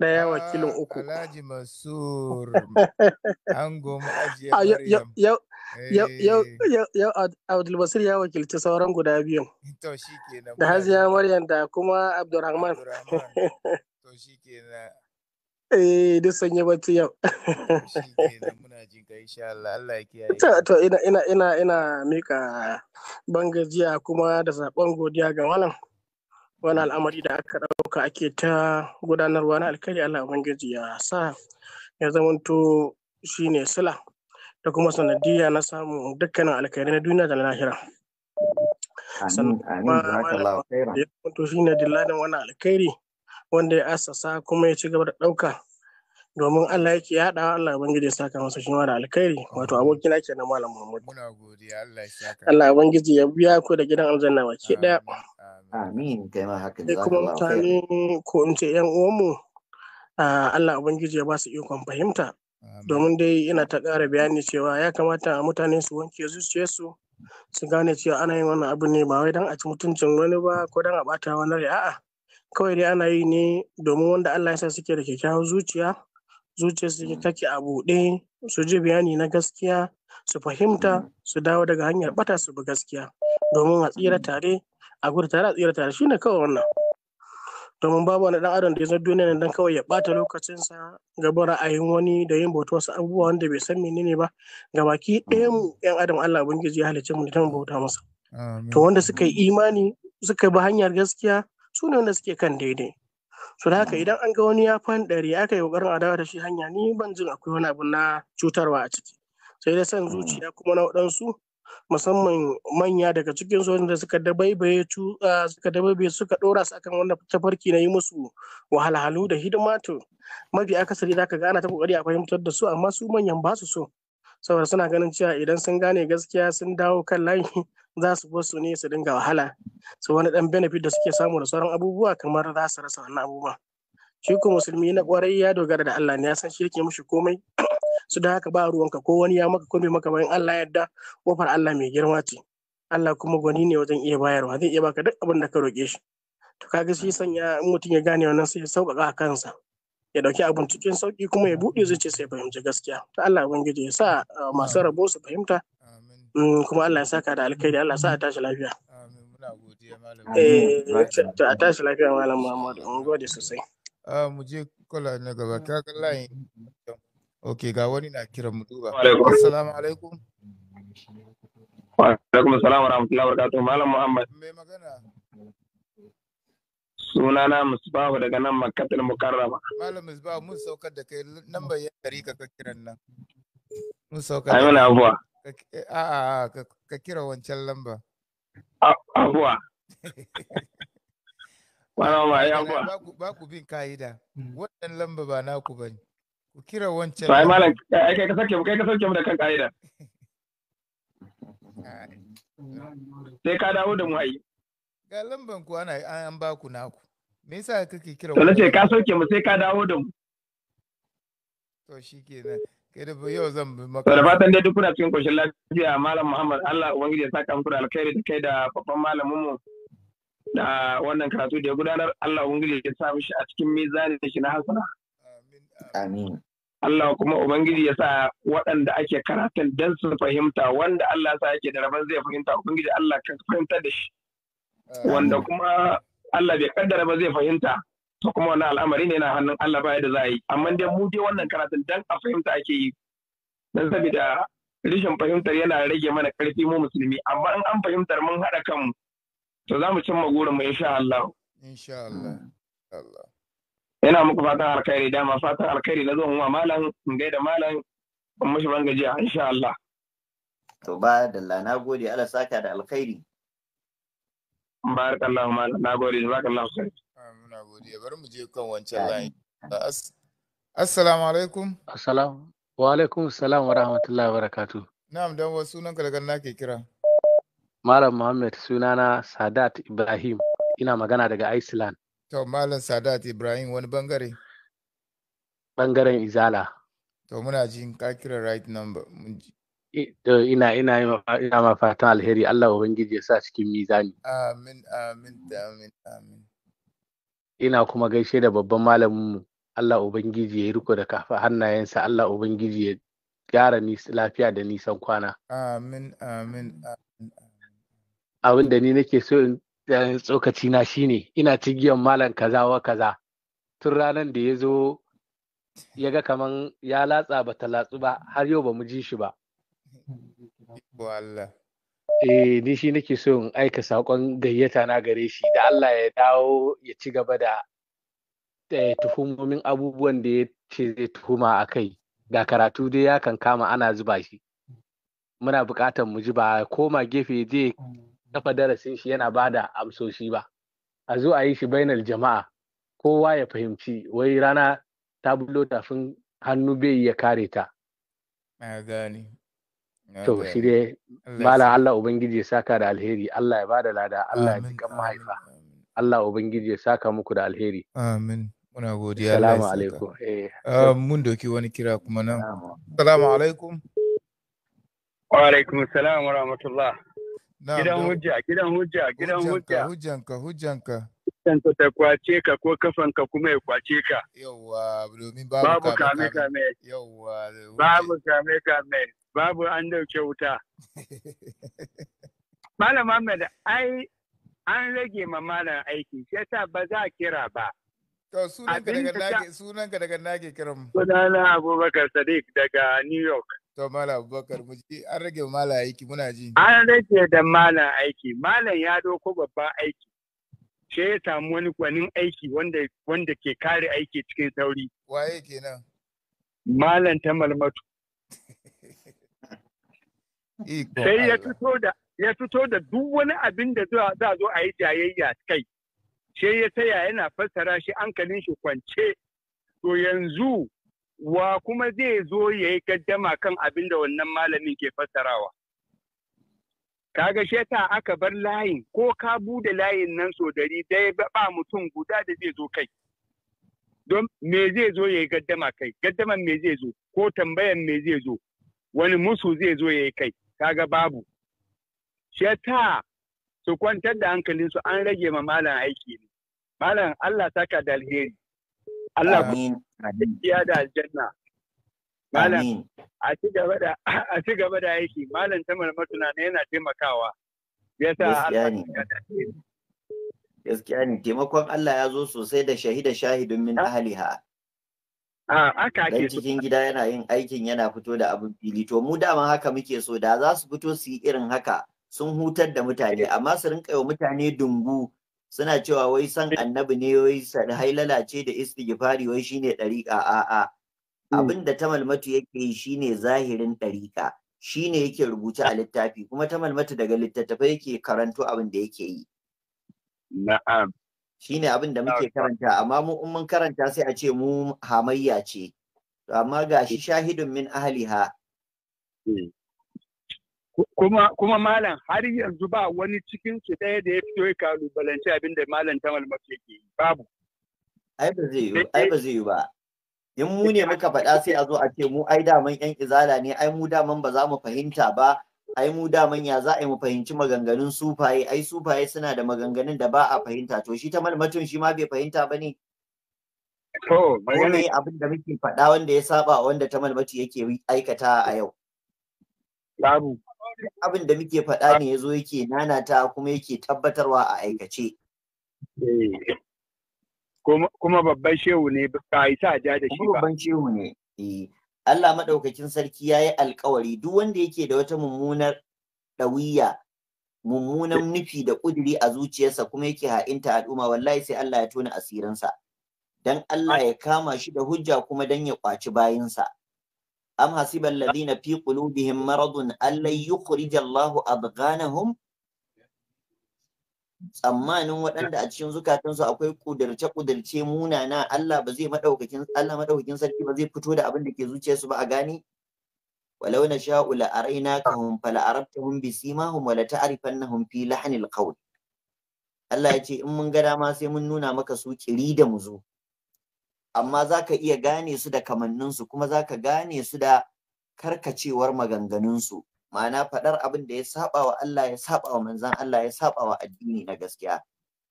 ɗaya wa ah, kilo uku. Alhaji Masur, an goma ango ma'ajiyar ah, Yau eh. Abdulbasir ya wakilci sauran guda biyun. Da Haziya Maryam da kuma Abdulrahman. To shi Eh duk sun yi bacci yau. To ina ina ina ina mika bangajiya kuma da saɓon godiya ga malam. wani al'amari da aka ɗauka ake ta gudanarwa na alkali Allah Ubangiji ya sa ya zamanto shi ne Sula da kuma sanadiyya na samun dukkanin alkhairi na duniya da lahira. Sannan ya zamanto shi ne dillalin wanda ya asasa kuma ya ci gaba da ɗauka domin Allah yake yaɗa Allah Ubangiji ya saka masa shima da alkhairi wato abokina kenan Malam Muhammad. Allah Ubangiji ya biya ku da gidan aljanna baki ɗaya. Amin kai ma kuma mutane ko in ce yan uwanmu Allah ubangiji ya ba su ikon fahimta domin dai ina ta ƙara bayani cewa ya kamata mutane su wanke zuciyarsu su su gane cewa ana yin wannan abu ne ba wai don a ci mutuncin wani ba ko don a ɓata wani rai a'a kawai dai ana yi ne domin wanda Allah ya sa suke da kyakkyawar zuciya zuciyar su mm. take a buɗe su ji bayani na gaskiya su fahimta mm. su dawo daga hanyar bata su bi gaskiya domin a tsira mm. tare a gudu tare a tsira tare shine kawai wannan domin babu wani dan adam da ya zo duniya nan dan kawai ya bata lokacinsa gaba ra'ayin wani da yin bauta wasu abubuwa wanda bai san menene ba ga baki ɗaya mu yan adam Allah ubangiji ya halicce mu da bauta masa to wanda suka yi imani suka bi hanyar gaskiya su ne wanda suke kan daidai Su da haka idan an ga wani ya ɗari aka yi ƙoƙarin adawa da shi hanya ni ban jin akwai wani abu na cutarwa a ciki sai dai san mm. zuciya kuma na waɗansu musamman manya daga cikin wanda suka dabaibaye suka dabaibaye suka dora su akan wannan tafarki na yi musu wahalhalu da hidima to mafi akasari zaka ga ana ta kokari a fahimtar da su amma su manyan ba su so saboda suna ganin cewa idan sun gane gaskiya sun dawo kan layi za su bar su ne su dinga wahala su wani dan benefit da suke samu da sauran abubuwa kamar za su rasa wannan abubuwa shi ko musulmi na kwarai ya dogara da Allah ne ya san shi yake mushi komai su da haka ba ruwanka ko wani ya maka kome maka bayan Allah yadda kofar Allah mai girma ce Allah kuma gwani ne wajen iya bayarwa zai iya baka duk abin da ka roƙe shi to kaga shi sanya in mutum ya gane wannan sai ya sauƙaƙa kansa ya dauki abin cikin sauƙi kuma ya buɗe zuci sai fahimci gaskiya ta Allah ubangiji ya sa uh, masu rabo su fahimta mm, kuma Allah ya saka da alkhairi Allah ya sa a tashi lafiya eh, a tashi lafiya malam Muhammadu. mun gode sosai ah, mu je kula na gaba ka layin Ok, ga wani na kiran mu duba. Assalamu alaikum. Wa alaikum assalam wa rahmatullahi wa barakatuh. Malam Muhammad. Me magana? Sunana Musbahu daga nan Makkatul Mukarrama. Malam Musbahu mun saukar da kai nan ya dari ka ka kiran nan. Mun saukar. Ai mana abuwa. A'a eh, ka kira wancan lamba. Abuwa. Wannan Ba ya abuwa. Ba ku bin ka'ida. Wannan lamba ba naku bane. Ku kira wancan. Sai malam eh, kai ka sake mu kai ka sake mu da kan ka'ida. Sai ka dawo da mu ai. Ga lamban ku ana an ba ku naku. Me yasa kake kira wancan? sai ka sauke mu sai ka dawo da mu. To shikenan. Kai da yau zan bi maka. Da fatan dai duk kuna cikin koshin lafiya Malam Muhammad Allah Ubangiji ya saka muku da alkhairi da kai da babban malamin mu. da wannan karatu da ya gudanar Allah Ubangiji ya sa shi a cikin mizanin shi na hasana Amin. Allah kuma Ubangiji ya sa waɗanda ake karatun don su fahimta wanda Allah sa yake da rabon zai fahimta Ubangiji Allah kan fahimta da shi. Wanda kuma Allah bai kaddara ba zai fahimta to kuma wani al'amari ne na hannun Allah baya da za a yi amma dai mu dai wannan karatun don a fahimta ake yi don saboda rashin fahimtar yana rage mana ƙarfi mu musulmi amma in an fahimtar mun haɗa kanmu to za mu cimma gurin mu insha Allah. Insha Allah. Allah. Yana muku fatan alkhairi dama fatan alkhairi na zuwan wa malam in gaida malam in mushi bangaji a insha Allah. To ba da la na gode Allah saka da alkhairi. Barakallahu malam na gode barakallahu sai. Muna gode bari mu je kan wancan layin. Assalamu alaikum. Assalamu wa alaikum salam wa rahmatullahi wa barakatuh. Na'am dan wasu nan ka daga nake kira. Malam Muhammad sunana Sadat Ibrahim ina magana daga Iceland. To Malam Sadat Ibrahim wani bangare? Bangaren Izala. To muna jin ka kira right number. To ina ina ina ma fatan alheri Allah Ubangiji ya sa cikin mizani. Amin amin amin amin. Ina kuma gaishe da babban malaminmu Allah Ubangiji ya riko da kafa hannayensa Allah Ubangiji ya gyara lafiya da nisan kwana. Amin amin amin. Abin da ni nake so in tsokaci na shine ina cigiyan malam kaza wa kaza tun ranar da ya zo ya ga kaman ya latsa ba ta latsu ba har yau ba mu ji shi ba eh ni shi nake so in aika sakon gayyata na gare shi da Allah ya dawo ya ci gaba da eh, tuhumomin abubuwan da ya ce zai tuhuma a kai ga karatu dai ya kan kama ana zuba shi muna buƙatan mu ji ba koma gefe zai dafa darasin shi yana ba da amsoshi ba a zo a yi shi bainar jama'a kowa ya fahimci wai rana ta bullo tafin hannu bai ya kare ta to shi dai malam Allah ubangiji ya saka da alheri Allah ya bada lada Allah ya ji kan mahaifa Allah ubangiji ya saka muku da alheri amin muna godiya salamu alaikum eh, ah, mun doki wani kira kuma nan salamu alaikum wa alaikum salam wa rahmatullah Na, Gidan hujja, gidan hujja, gidan hujja. Hujjanka, hujjanka. Hujjanka ta kwace ka ko kafanka kuma ya kwace ka. Yawwa, domin babu kame kame. Yawwa. Babu kame kame. Babu an dauke wuta. Malam Ahmed, ai an rage ma malam aiki, sai sa ba za a kira ba. sunanka daga nage, sunanka daga Sunana Abubakar Sadiq daga New York. To mala Abubakar mu ji an rage mala aiki muna ji. An rage da Malam aiki. Malam ya doko babban aiki. Sai ya samu wani gwanin aiki wanda wanda ke kare aiki cikin sauri. Waye kenan? Malam ta malmatu. Sai ya fito da ya fito da duk wani abin da za zo a yi jayayya kai. Sai ya taya yana fassara shi hankalin shi kwance. To yanzu wa kuma zai zo ya yi gaddama kan abin da wannan malamin ke fassarawa. Kaga sheta aka bar layin ko ka bude layin nan so dari dai ba mutum guda da zai zo kai. Don me zai zo ya yi gaddama kai, gaddaman me zai zo, ko tambayan me zai zo, wani musu zai zo ya yi kai, kaga babu. Sheta su kwantar da hankalinsu an rage ma malam aiki ne. Malam Allah saka da alheri. Allah ku gaskiya da aljanna malam a ci gaba da a ci gaba da aiki malam tamar matuna ne yana taimakawa yasa Allah ya gaskiya ne taimakon Allah ya zo sosai da shahida shahidun min ah. ahliha ah, Dan cikin gida yana yin aikin yana fito da abin fili to mu dama haka muke so da za su fito su yi irin haka sun hutar da mutane eh. amma su rinka wa mutane dungu suna cewa wai san eh. annabi ne wai hailala ce da istighfari wai shine dariƙa a'a hmm. abin da tamalmatu yake yi shine zahirin dariƙa shine yake rubuta a littafi kuma tamalmatu daga littattafai yake karanto abin da yake yi na'am shine abin da muke karanta amma mu in mun karanta sai a ce mu hamayya ce to amma gashi eh. shahidun min ahliha eh. kuma kuma malam har yanzu ba wani cikin su ɗaya da ya fito ya kalubalanci abin da malam tamal mafi ke yi babu ai ba zai yi ai ba zai yi ba in mu ne muka faɗa sai a zo a ce mu ai daman yan izala ne ai mu daman ba za mu fahimta ba ai mu daman ya za a yi mu fahimci maganganun sufaye ai sufaye suna da maganganun da ba a fahimta to shi ta malmatun shi ma bai fahimta ba ne to ne abin da muke faɗa wanda ya saba wanda ta malmatu yake aikata a yau babu abin da muke faɗa ne ya zo yake nanata kuma yake tabbatarwa a aikace. Eh. Kuma babban shehu ne ba yi sa ja da shi ba. Babban shehu ne. Eh. Allah maɗaukakin sarki ya yi alkawari duk wanda yake da wata mummunar ɗawiya mummunan nufi da ƙudiri a zuciyarsa kuma yake ha'inta al'umma wallahi sai Allah ya tona asirinsa. Dan Allah ya kama shi da hujja kuma dan ya kwaci bayinsa. am hasiba alladhina fi qulubihim maradun allan yukhrij Allahu adghanahum tsammanin waɗanda a cikin zukatansu akwai kudirce kudirce munana Allah ba zai Allah sarki ba zai fito da abin da ke su ba a gani walau na sha'u la arainakahum fala arabtahum bisimahum wala ta'rifannahum fi lahnil qawl Allah ya ce in mun ga dama sai mun nuna maka su kiri da mu zo amma za ka iya gane su da kamanninsu kuma za ka gane su da karkacewar maganganunsu ma'ana faɗar abin da ya saba wa Allah ya saba wa manzan Allah ya saba wa addini na gaskiya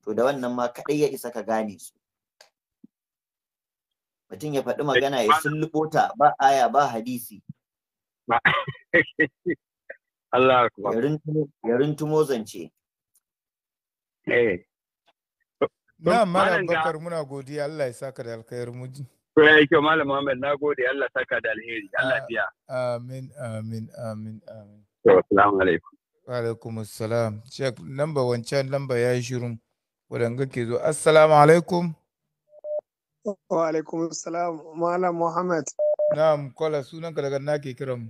to da wannan ma kaɗai ya isa ka gane su mutum ya faɗi magana ya sulluɓo ta ba aya ba hadisi Allah ya runtumo zance eh. Na Malam Bakar muna godiya Allah ya saka da alkhairi mu. To eh, ya kyau Malam Muhammad na gode Allah saka da alheri Allah biya. Amin amin amin amin. To assalamu alaikum. Wa alaikum assalam. Sheikh lamba wancan lamba ya yi shirin wadanga ke zo. Assalamu alaikum. Wa alaikum assalam Malam Muhammad. Na'am kola ka daga na ke kiran mu.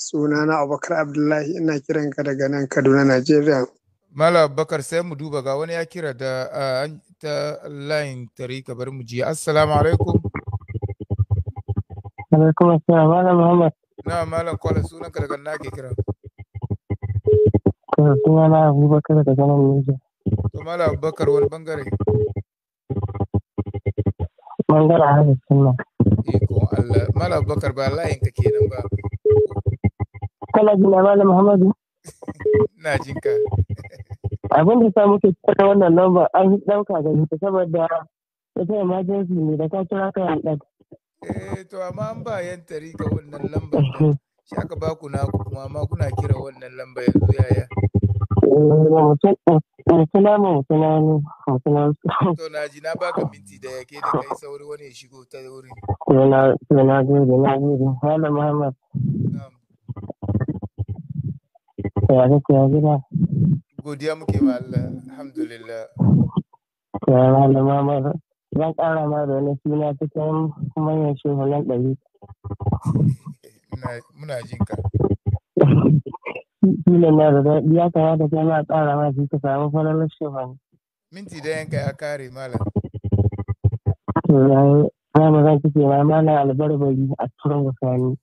Sunana Abubakar Abdullahi ina kiranka daga nan Kaduna Najeriya. Mala Bakar sai mu duba ga wani ya kira da ta layin tari ka bar mu ji. Assalamu alaikum. Alaikum assalam Malam Muhammad. Na Malam Kwala sunan ka daga nake kira. Eh, suna na Abubakar daga nan Nijar. To Mala Bakar wani bangare. Bangaren hannun suna. Iko Allah. Mala Bakar ba layin ka kenan ba. Kana jina Mala Muhammadu? Na jinka. abin da sa muke kira wannan lamba an ɗauka ga ita saboda ita emergency ne da ka kira ka yan eh to amma an ba yan tari ga wannan lamba shi aka ba ku naku kuma amma kuna kira wannan lamba yanzu yaya to na ji na baka minti da yake da kai sauri wani shigo ta wuri to na na gode na gode hala muhammad ya kake ya gida godiya muke ba Allah alhamdulillah ya da wani suna cikin manyan na da daɗi ya kamata ma ƙara ma shi ka samu shugaban. Minti da ma mana albarbari a turan wasani.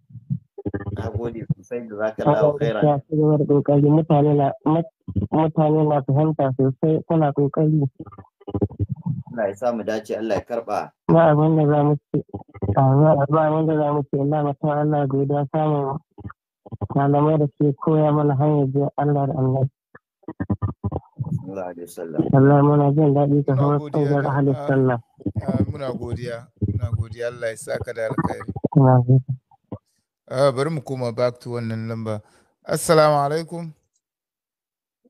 na gode sosai da zaka dawo kaira ya ci kokari mutane na mutane na fahimta sosai kuna kokari Allah ya sa dace Allah ya karba ba abin da za mu ba abin da Allah mata Allah godiya malamai da ke koya mana hanyar jiya Allah da Allah Allah muna jin daɗi ka hawa kan jar ahalin sallah. Muna godiya, muna godiya Allah ya da alkhairi. bari mu koma back to wannan lamba assalamu alaikum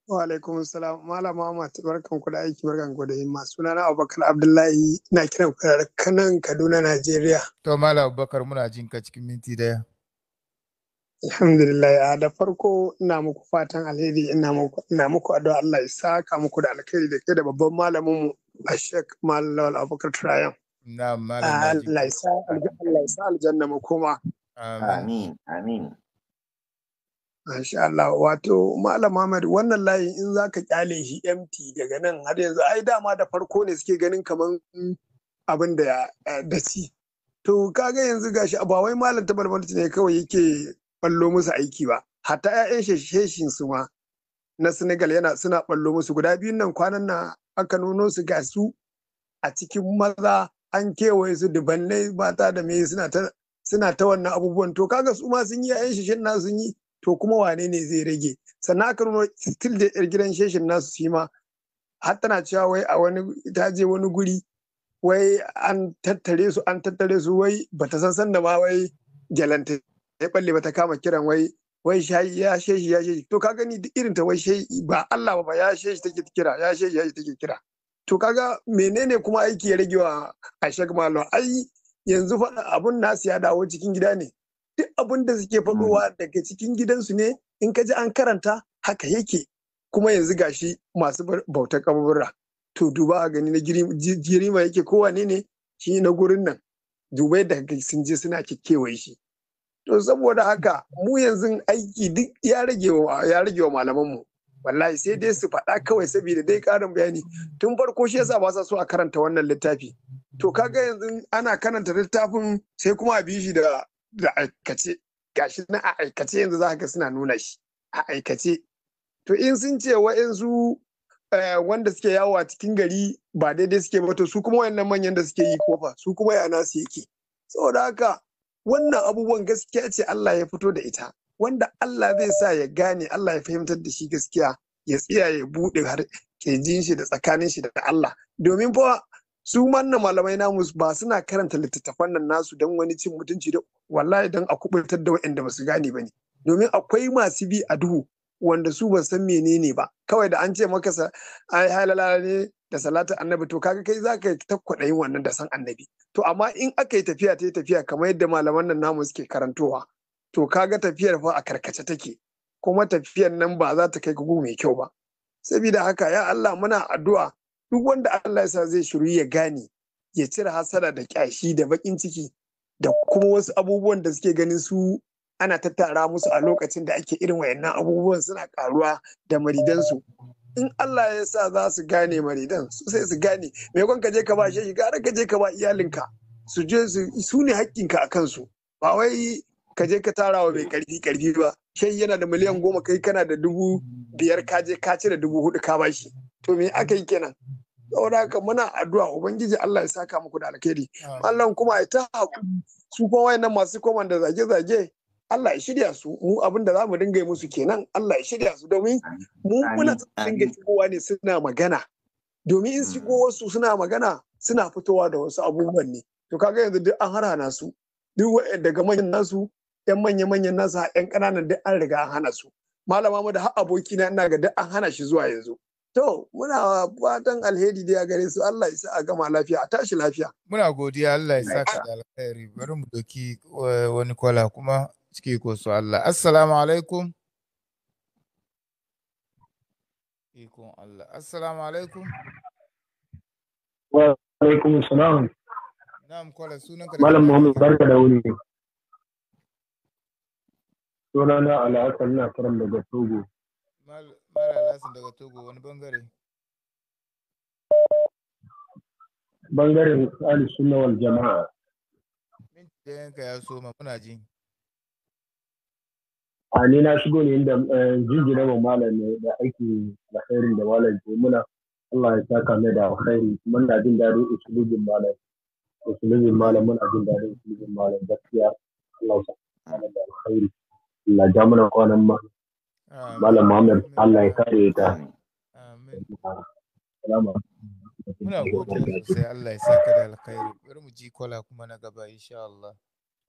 wa alaikum assalam malam muhammad barkan ku da aiki barkan ku da himma sunana abubakar abdullahi ina kiran ku da kanan kaduna najeriya to malam abubakar muna jin ka cikin minti daya Alhamdulillah da farko ina muku fatan alheri ina muku ina muku addu'a Allah ya saka muku da alkhairi da ke da babban malamin mu Sheikh Malam Abubakar Trayan. Na malam. Allah ya sa aljanna mu koma. Amin. Amin. Allah wato Malam Ahmad wannan layin in za ka kyale shi MT daga nan har yanzu ai dama da farko ne suke ganin kamar abin da eh, da si. To kaga yanzu gashi ba wai malam ta barbanci ne kawai yake ballo musu aiki ba. Hatta 'ya'yan sheshin su ma na Senegal yana suna ballo musu guda biyun nan kwanan nan aka nuno su ga su a cikin maza an kewaye su dubannai mata da me suna ta suna ta wannan abubuwan to kaga su ma sun yi yayan sheshin na sun yi to kuma wane ne zai rage sannan aka nuna still da yar gidan sheshin nasu shi ma har tana cewa wai a wani ta je wani guri wai an tattare su an tattare su wai bata san san da ma wai jalanta ya balle bata kama kiran wai wai shayi ya sheshi ya sheshi to ka gani duk irin ta wai shayi ba Allah ba ya sheshi take kira ya sheshi ya take kira to kaga menene kuma aiki ya rage wa Aisha Malo ai yanzu faɗa abun nasu ya dawo cikin gida ne duk abun da suke faɗowa mm. daga cikin gidansu ne in ka ji an karanta haka yake kuma yanzu gashi masu bauta kaburra to duba a gani na girima yake kowane ne shi na gurin nan dubai da sun je suna kekewa shi to saboda haka mu yanzu aiki duk ya rage wa malaman mu. wallahi sai dai su faɗa kawai saboda dai ƙarin bayani tun farko shi yasa ba sa so a karanta wannan littafi to kaga yanzu ana karanta littafin sai kuma a bi shi da aikace gashi na a aikace yanzu za ga suna nuna shi a aikace to in sun ce wa'insu eh, wanda suke yawo a cikin gari ba daidai suke ba to su kuma wayannan manyan da suke yi kofa su kuma yana su yake saboda haka wannan abubuwan gaskiya ce Allah ya fito da ita wanda Allah zai sa ya gane Allah ya fahimtar da shi gaskiya ya tsaya ya buɗe har kejin shi da tsakanin shi da Allah domin fa su manna malamai namu ba suna karanta littattafan nan nasu don wani cin mutunci da wallahi don a kubutar da waɗanda ba su gane ba ne domin akwai masu bi a duhu wanda su ban san menene ba kawai da an ce maka ai halala ne da salatu annabi to kaga kai zaka yi takwada yin wannan da san annabi to amma in aka yi tafiya ta yi tafiya kamar yadda malaman nan namu suke karantowa to kaga tafiyar fa a karkace take kuma tafiyar nan ba za ta kai gugu mai kyau ba saboda haka ya Allah muna addu'a duk wanda Allah ya sa zai shiru ya gane ya cire hasara da kyashi da bakin ciki da kuma wasu abubuwan da suke ganin su ana tattara musu a lokacin da ake irin wayannan abubuwan suna karuwa da maridansu in Allah ya sa za su gane maridan su sai su gane maimakon ka je ka ba shi gara ka je ka ba iyalinka su je su ne hakkinka a kansu ba wai ka je ka tara wa mai karfi karfi ba shai yana da miliyan goma kai kana da dubu biyar ka je ka cire dubu hudu ka bashi to me aka yi kenan saboda haka muna addu'a ubangiji Allah ya saka muku da alkhairi Allah kuma ya ta su kuma wayannan masu koman da zage-zage Allah ya shirya su mu abin da zamu dinga yi musu kenan Allah ya shirya su domin mu muna dinga shigowa ne suna magana domin in shigo wasu suna magana suna fitowa da wasu abubuwan ne to kaga yanzu duk an harana su duk daga manyan nasu yan manya-manyan nasa yan ƙananan duk an riga an hana su malama mu da har aboki na ina ga duk an hana shi zuwa yanzu to muna fatan alheri da ya gare su Allah ya sa a gama lafiya a tashi lafiya muna godiya Allah ya saka da alheri bari mu doki eh, wani kwala kuma ciki ko su Allah assalamu alaikum ikon Allah assalamu alaikum wa alaikum salam na'am kwala sunan ka malam Muhammad barka da wuni sunana alhassan na karan daga togo mara alhassan daga togo wani bangare bangaren ali sunna wal jama'a minti da yanka ya soma muna ji a ni na shigo ne inda eh, jingina ma malam ne da aiki da alkhairin da malam ke muna Allah ya saka mai da alkhairi muna jin daɗin usulubin malam usulubin malam muna jin daɗin usulubin malam gaskiya Allah ya saka mai da alkhairi Allah ja mana kwanan ma Malam Muhammad Allah ya kare ta muna godiya sai Allah ya saka da alkhairi bari mu ji kwala kuma na gaba insha Allah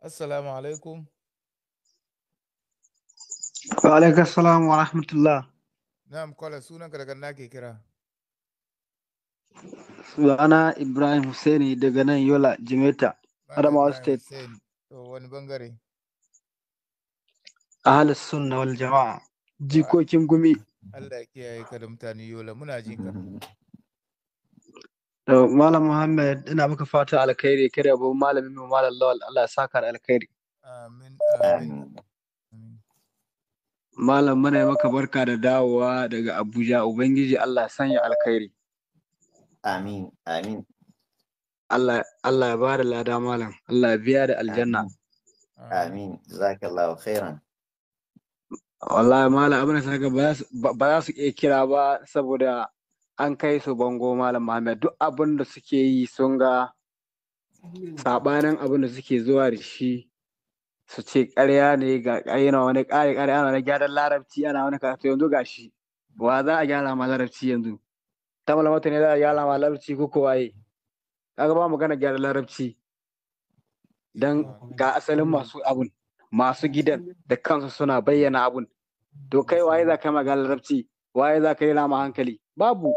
assalamu alaikum wa alaikum assalam wa rahmatullah na'am kwala sunan ka daga nake kira sunana Ibrahim Hussaini daga nan Yola Jimeta Adamawa State wani bangare ahalis sunna wal jama'a jikokin gumi Allah ya kiyaye ka da mutane yola muna jin ka Malam Muhammad ina maka fata alkhairi kada abu malamin mu malam Lawal Allah ya saka alkhairi amin Malam muna maka barka da dawowa daga Abuja Ubangiji Allah sanya alkhairi Amin amin Allah Allah ya bada lada malam Allah ya biya da aljanna Amin wallahi malam abin da saka ba za su iya kira ba saboda an kai su bango malam Muhammad duk abin da suke yi sun ga sabanin abin da suke zuwa da shi su ce ƙarya ne ga ƙayyana wani ƙari ƙari ana wani gyaran larabci ana wani karatu yanzu ga shi wa za a gyara ma larabci yanzu ta malamata ne za a gyara ma larabci ko yi kaga ba magana gyaran larabci dan ga asalin masu abun masu gidan da kansu suna bayyana abun to kai waye za ka yi magana larabci waye za ka yi nama hankali babu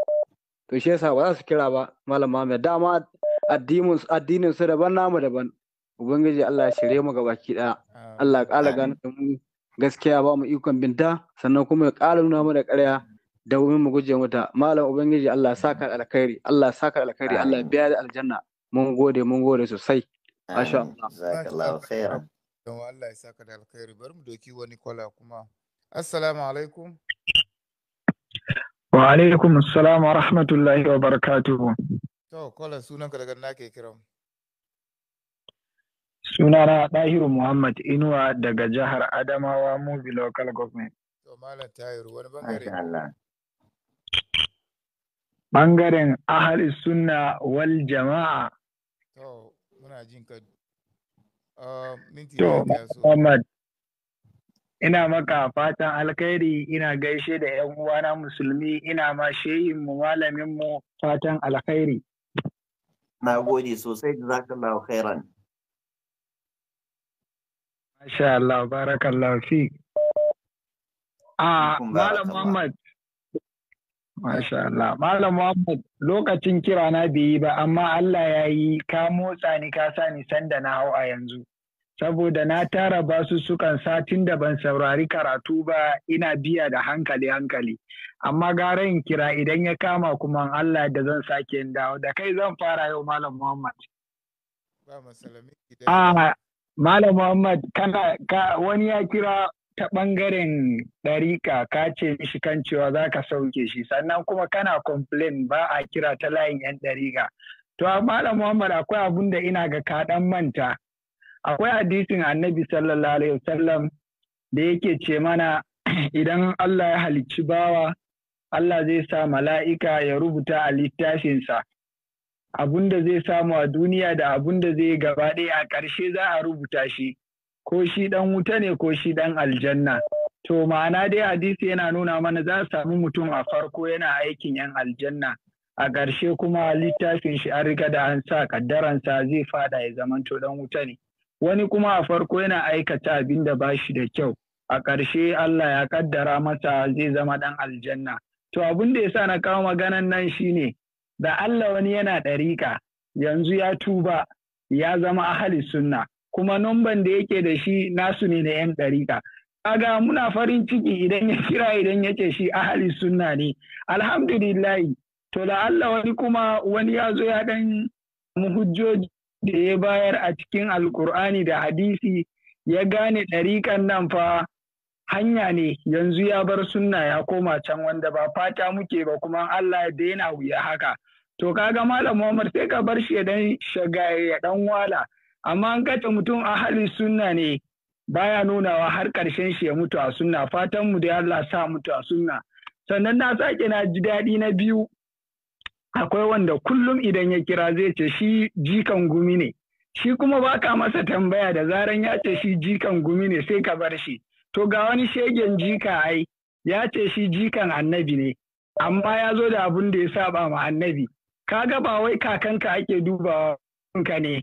to shi yasa ba za su kira ba malam Muhammad dama addinin addinin su daban namu daban ubangiji Allah ya shirye mu gabaki daya Allah ya ƙara gane da mu gaskiya ba mu ikon binta sannan kuma ya ƙara nuna mu da ƙarya da mu guje muta malam ubangiji Allah ya saka alkhairi Allah ya saka alkhairi Allah ya biya da aljanna mun gode mun gode sosai masha Allah don Allah ya saka da alkhairi bari mu doki wani kwala kuma assalamu alaikum wa alaikum assalam wa rahmatullahi wa barakatuhu to kwala sunan ka daga na ke suna na dahiru muhammad inuwa daga jihar adamawa mubi local government to malam tahiru wani bangare Allah bangaren ahli sunna wal jama'a to muna jin ka Um, ina maka fatan alkhairi ina gaishe da ‘yan uwana musulmi ina ma shehinmu malaminmu fatan alkhairi. Na gode sosai da za ka khairan. Masha Allah, barakallahu fi. Ah, Malam Muhammad, Masha Allah. Malam Muhammad lokacin kira na bai yi ba amma Allah ya yi ka motsa ni ka sa ni sanda na hau a yanzu. Saboda na tara basu sukan satin da ban saurari karatu ba ina biya da hankali hankali. Amma gara in kira idan ya kama kuma Allah da zan sake yin dawo da kai zan fara yau Malam Muhammad. Ba ah, Malam Muhammad wani ya kira ta ɓangaren ɗariƙa ka ce mishi kan cewa za ka sauke shi sannan kuma kana complain ba a kira ta layin 'yan ɗariƙa. To Malam Muhammad akwai abun da ina ga kaɗan manta. Akwai hadisin annabi sallallahu alaihi wasallam da yake ce mana idan Allah ya halicci bawa Allah zai sa mala'ika ya rubuta a littafinsa. Abun da zai samu a duniya da abun da zai gaba ɗaya a ƙarshe za a rubuta shi. ko shi dan wuta ne ko shi dan aljanna to ma'ana dai hadisi yana nuna mana za a samu mutum a farko yana aikin yan aljanna a ƙarshe kuma littafin shi an riga da an sa kaddaransa zai fada ya zamanto dan wuta ne wani kuma a farko yana aikata abin da ba shi da kyau a ƙarshe Allah ya kaddara masa zai zama ɗan aljanna to abin da ya sa na kawo maganan nan shine da Allah wani yana ɗariƙa yanzu ya tuba ya zama ahali sunna kuma numban da yake da shi nasu ne na 'yan ɗarika. Kaga muna farin ciki idan ya kira idan yake shi ahali sunna ne. Alhamdulillahi, to da Allah wani kuma wani ya zo ya ɗan muhujjoji da ya bayar a cikin alkur'ani da hadisi ya gane ɗarikan nan fa hanya ne yanzu ya bar sunna ya koma can wanda ba fata muke ba kuma Allah ya daina wuya haka. To kaga Malam Muhammad sai ka bar shi ya dan shagaye ya dan wala amma an kace mutum a hali sunna ne baya nunawa har karshen shi ya mutu a sunna fatan mu da Allah sa mutu a sunna sannan na sake na ji daɗi na biyu akwai wanda kullum idan ya kira zai ce shi jikan gumi ne shi kuma baka masa tambaya da zaran ya ce shi jikan gumi ne sai ka bar shi to ga wani shegen jika ai ya ce shi jikan annabi ne amma ya zo da abun da ya saba ma annabi kaga ba wai kakanka ake dubawa ka ne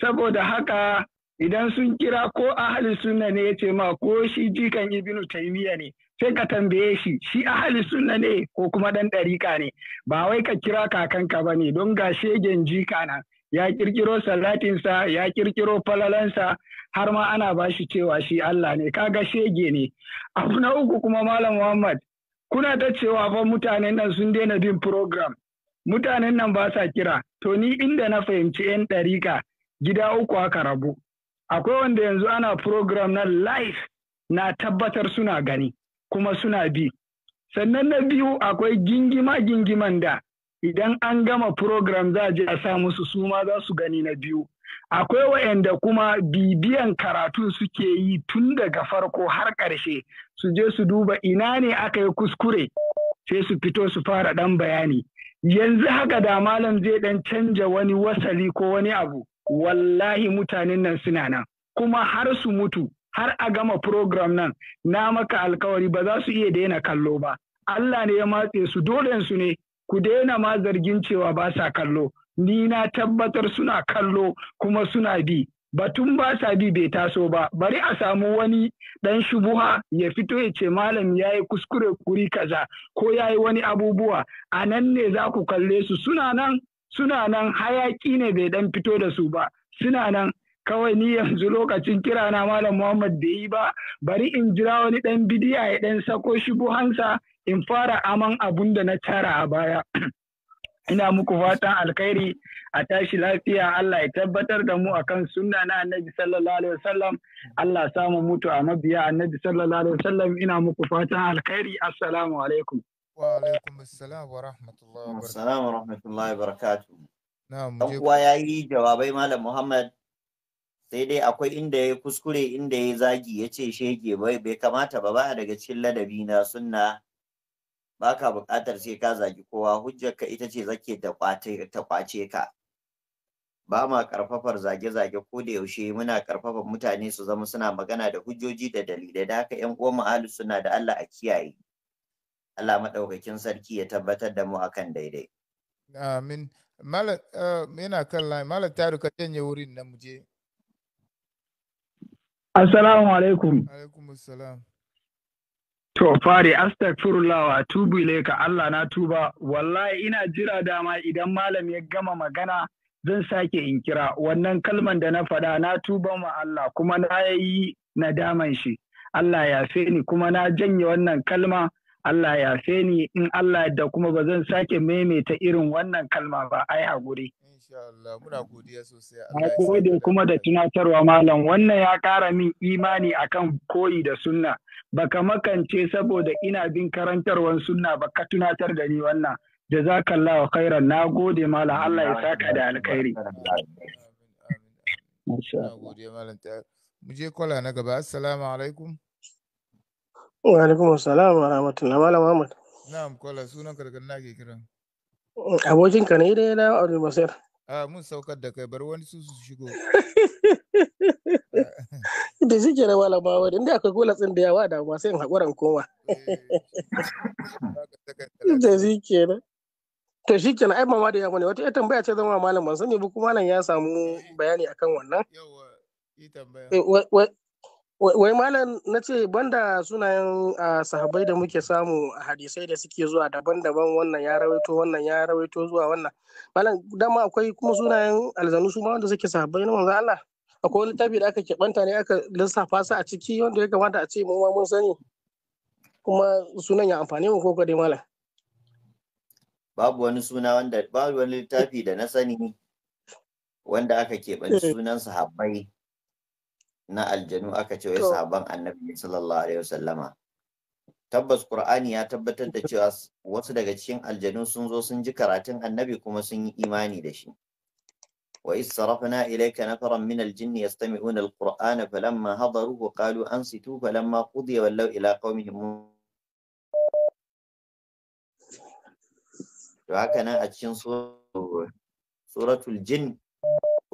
saboda haka idan sun kira ko ahali sunna ne ya ce ma ko shi jikan ibnu taymiya ne sai ka tambaye shi shi ahali suna ne ko kuma dan ɗarika ne ba wai ka kira kakanka ba ne don ga shegen jika nan ya kirkiro salatinsa ya kirkiro falalansa har ma ana bashi cewa shi Allah ne kaga shege ne abu na uku kuma malam Muhammad kuna ta cewa fa mutanen nan sun daina bin program mutanen nan ba sa kira to ni inda na fahimci yan ɗarika gida uku aka rabu. Akwai wanda yanzu ana program na live na tabbatar suna gani kuma suna bi. Sannan na biyu akwai gingima gingiman da idan an gama program za a je a sa musu su ma za su gani na biyu. Akwai wa'yanda kuma bibiyan karatu suke yi tun daga farko har ƙarshe su je su duba ina ne aka yi kuskure sai su fito su fara ɗan bayani. Yanzu haka da malam zai ɗan canja wani wasali ko wani abu wallahi mutanen nan suna nan kuma har su mutu har a gama program nan na maka alkawari ba za su iya daina kallo ba Allah ne ya matse su dolen su ne ku daina ma zargin cewa ba sa kallo ni na tabbatar suna kallo kuma suna bi batun ba sa bi bai taso ba bari a samu wani ɗan shubuha ya fito ya ce malam ya yi kuskure kuri kaza ko ya yi wani abubuwa a nan ne za ku kalle su suna nan suna nan hayaƙi ne bai dan fito da su ba suna nan kawai ni yanzu lokacin kira na malam Muhammad da yi ba bari in jira wani dan bidiya ya dan sako shi buhansa in fara aman abun da na tara a baya ina muku fatan alkhairi a tashi lafiya Allah ya tabbatar da mu akan sunna na Annabi sallallahu alaihi wasallam Allah samu mutu a mabiya Annabi sallallahu alaihi wasallam ina muku fatan alkhairi assalamu alaikum Wa yayi jawabai Malam Muhammad sai dai akwai inda ya kuskure inda ya zagi ya ce shege bai bai kamata ba ba daga cikin ladabi na sunna baka buƙatar sai ka zagi kowa hujjar ka ita ce zake ta kwace ka ba ma karfafar zage-zage ko da yaushe muna karfafa mutane su zama suna magana da hujjoji da dalilai da haka yan uwan mu suna da Allah a kiyaye Allah maɗaukakin sarki ya tabbatar da mu akan daidai. Amin. Malam eh, yana kan lai. Malam Taru ka janye wurin Assalamu alaikum. Alaikum assalam. To fari astagfirullah wa tubu ka Allah na tuba wallahi ina jira dama idan malam ya gama magana zan sake in kira wannan kalman da na faɗa na tuba ma Allah kuma na yi nadaman shi Allah ya ni kuma na janye wannan kalma Allah ya fe ni in Allah da kuma ba zan sake maimaita irin wannan kalma ba ai haƙuri. muna godiya sosai. Na kuma da tunatarwa malam wannan ya ƙara min imani akan koyi da sunna baka makance saboda ina bin karantarwan sunna baka tunatar da ni wannan jazakallahu khairan na gode malam Allah ya saka da alkhairi. muje kwala na gaba assalamu alaikum. Wa alaikum salam wa rahmatullahi Malam Muhammad. Na'am kola sunan ka daga na ke kiran. Abokin ka ne dai na Abdul Basir. Ah mun saukar da kai bar wani su su shigo. Da shi wala ba wani inda akwai gola tsin da yawa da ba sai in hakuran koma. Eh, da shi kenan. to shi kenan ai mama da yawa ne wata tambaya ce zama malam ban sani ba kuma malam ya samu bayani akan wannan Yawa wai malam na ce banda sunayen sahabai da muke samu a hadisai da suke zuwa daban-daban wannan ya rawaito wannan ya rawaito zuwa wannan malam dama akwai kuma sunayen alzanu su ma wanda suke sahabai na manzo Allah akwai littafi da aka keɓanta ne aka lissafa su a ciki wanda ya kamata a ce mu ma mun sani kuma sunan ya amfani mu ko dai malam babu wani suna wanda babu wani littafi da na sani wanda aka keɓanci eh. sunan sahabbai na aljanu aka ce wai sahabban annabi sallallahu alaihi wasallama tabbas qur'ani ya tabbatar da cewa wasu daga cikin aljanu sun zo sun ji karatun annabi kuma sun yi imani da shi wa is sarafna ilayka nafaran min aljin yastami'una alqur'ana falamma hadaruhu qalu ansitu falamma qudiya wallaw ila qaumihim to haka nan a cikin suratul jinni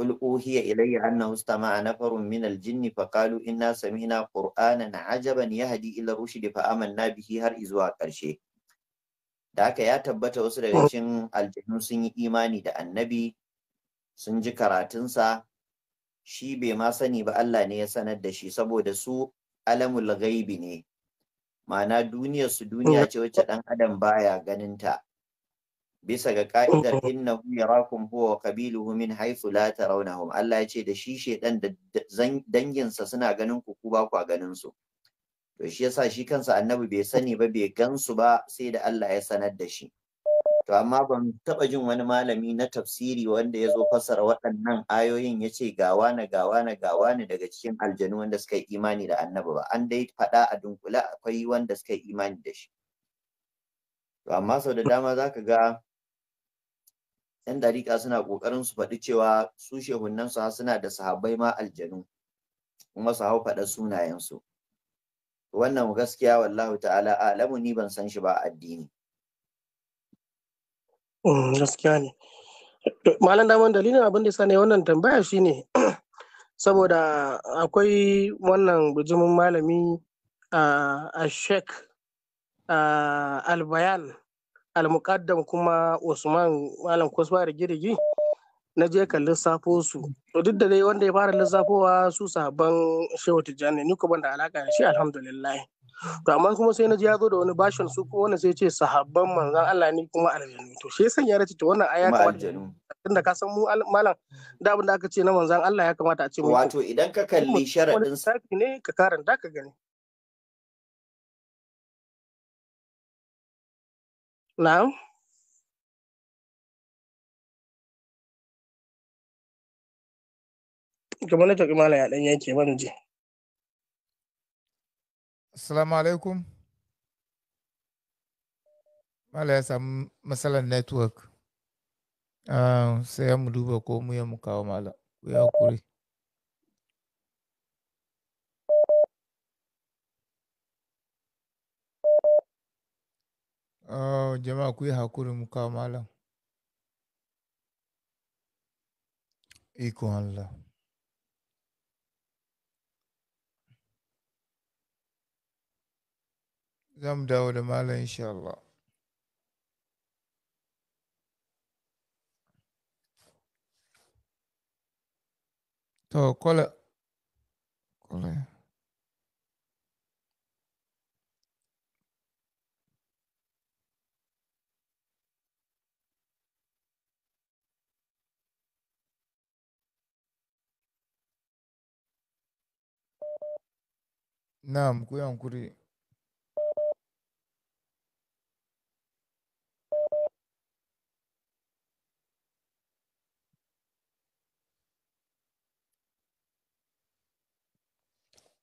قل أوهي إلي أنه استمع نفر من الجن فقالوا إنا سمعنا ajaban Yahadi, يهدي إلى الرشد فآمنا به هر إزوا قرشي da haka ya tabbata wasu daga cikin aljanu sun yi imani da annabi sun ji karatunsa shi bai ma sani ba Allah ne ya sanar da shi saboda su alamul gaibi ne ma'ana duniyar su duniya ce wacce dan adam baya ganin ta. bisa ga ka'idar oh. inna yarakum huwa wa qabiluhu min haythu la tarawnahum Allah ya ce da shi shedan da danginsa suna ganin ku ku ba ku ganin su to shi yasa shi kansa annabi bai sani ba bai gansu ba sai da Allah ya sanar da shi to amma ban taba jin wani malami na tafsiri wanda ya zo fassara waɗannan ayoyin ya ce gawa na gawa na gawa ne daga cikin aljanu wanda suka yi imani da annabi ba an dai faɗa a dunkula akwai wanda suka yi imani da shi to amma sau da dama zaka ga 'yan dariƙa suna ƙoƙarin su faɗi cewa su shehunan su suna da sahabbai ma aljanu kuma su hau faɗa sunayensu wannan gaskiya wallahu ta'ala alamu ni ban san shi ba addini mm, gaskiya ne malam daman dalilin abin da ya ne wannan tambaya shine saboda akwai wannan bijimin malami ah, a sheikh ah, albayan almukaddam kuma usman malam kusba da girgi na je kan lissafo su to duk da dai wanda ya fara lissafowa su sabon shehu tijjani ni kuma da alaka da shi alhamdulillah to amma kuma sai na ji ya zo da wani bashin su ko wani sai ce sahabban manzan Allah ni kuma aljanu to shi san ya race to wannan aya kamar tunda ka san mu malam da abin da aka ce na manzan Allah ya kamata a ce wato idan ka kalli sharadin sarki ne ka karanta ka gani low kamar na taƙi mala ya ɗan yanke ba mu je assalamu alaikum mala ya samu matsalar network ah, sai ya mu duba ko mu ya mu kawo mala ku ya kuri. Ah, jama'a ku yi hakuri mu kawo malam. Ikon Allah. Za mu dawo da malam insha Allah. To, kola. Kola. Na'am, ku yi hankuri.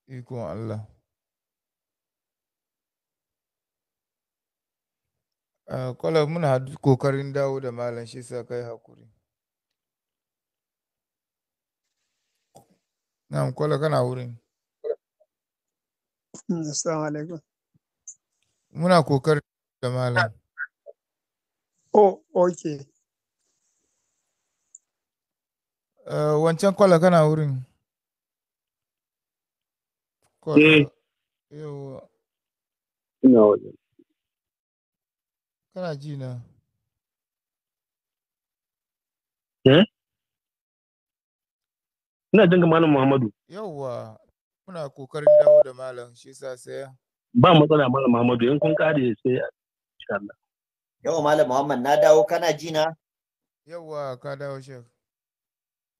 Ikon Allah. Uh, Kwallon muna kokarin dawo da malam shi sa kai hakuri. Na'am, kwallon kana wurin. Assalamu alaikum. Muna kokar da malam. Oh, okay. Uh, wancan kwallo kana wurin? Kwallo. Eh. Yawwa. Ina wajen. Kana ji na? Eh? Ina jin malam Muhammadu. Yawwa, muna kokarin dawo da malam shi sa sai ba matsala malam Muhammadu in kun kare sai insha Allah yawa malam Muhammad na dawo kana ji na yawa ka dawo shek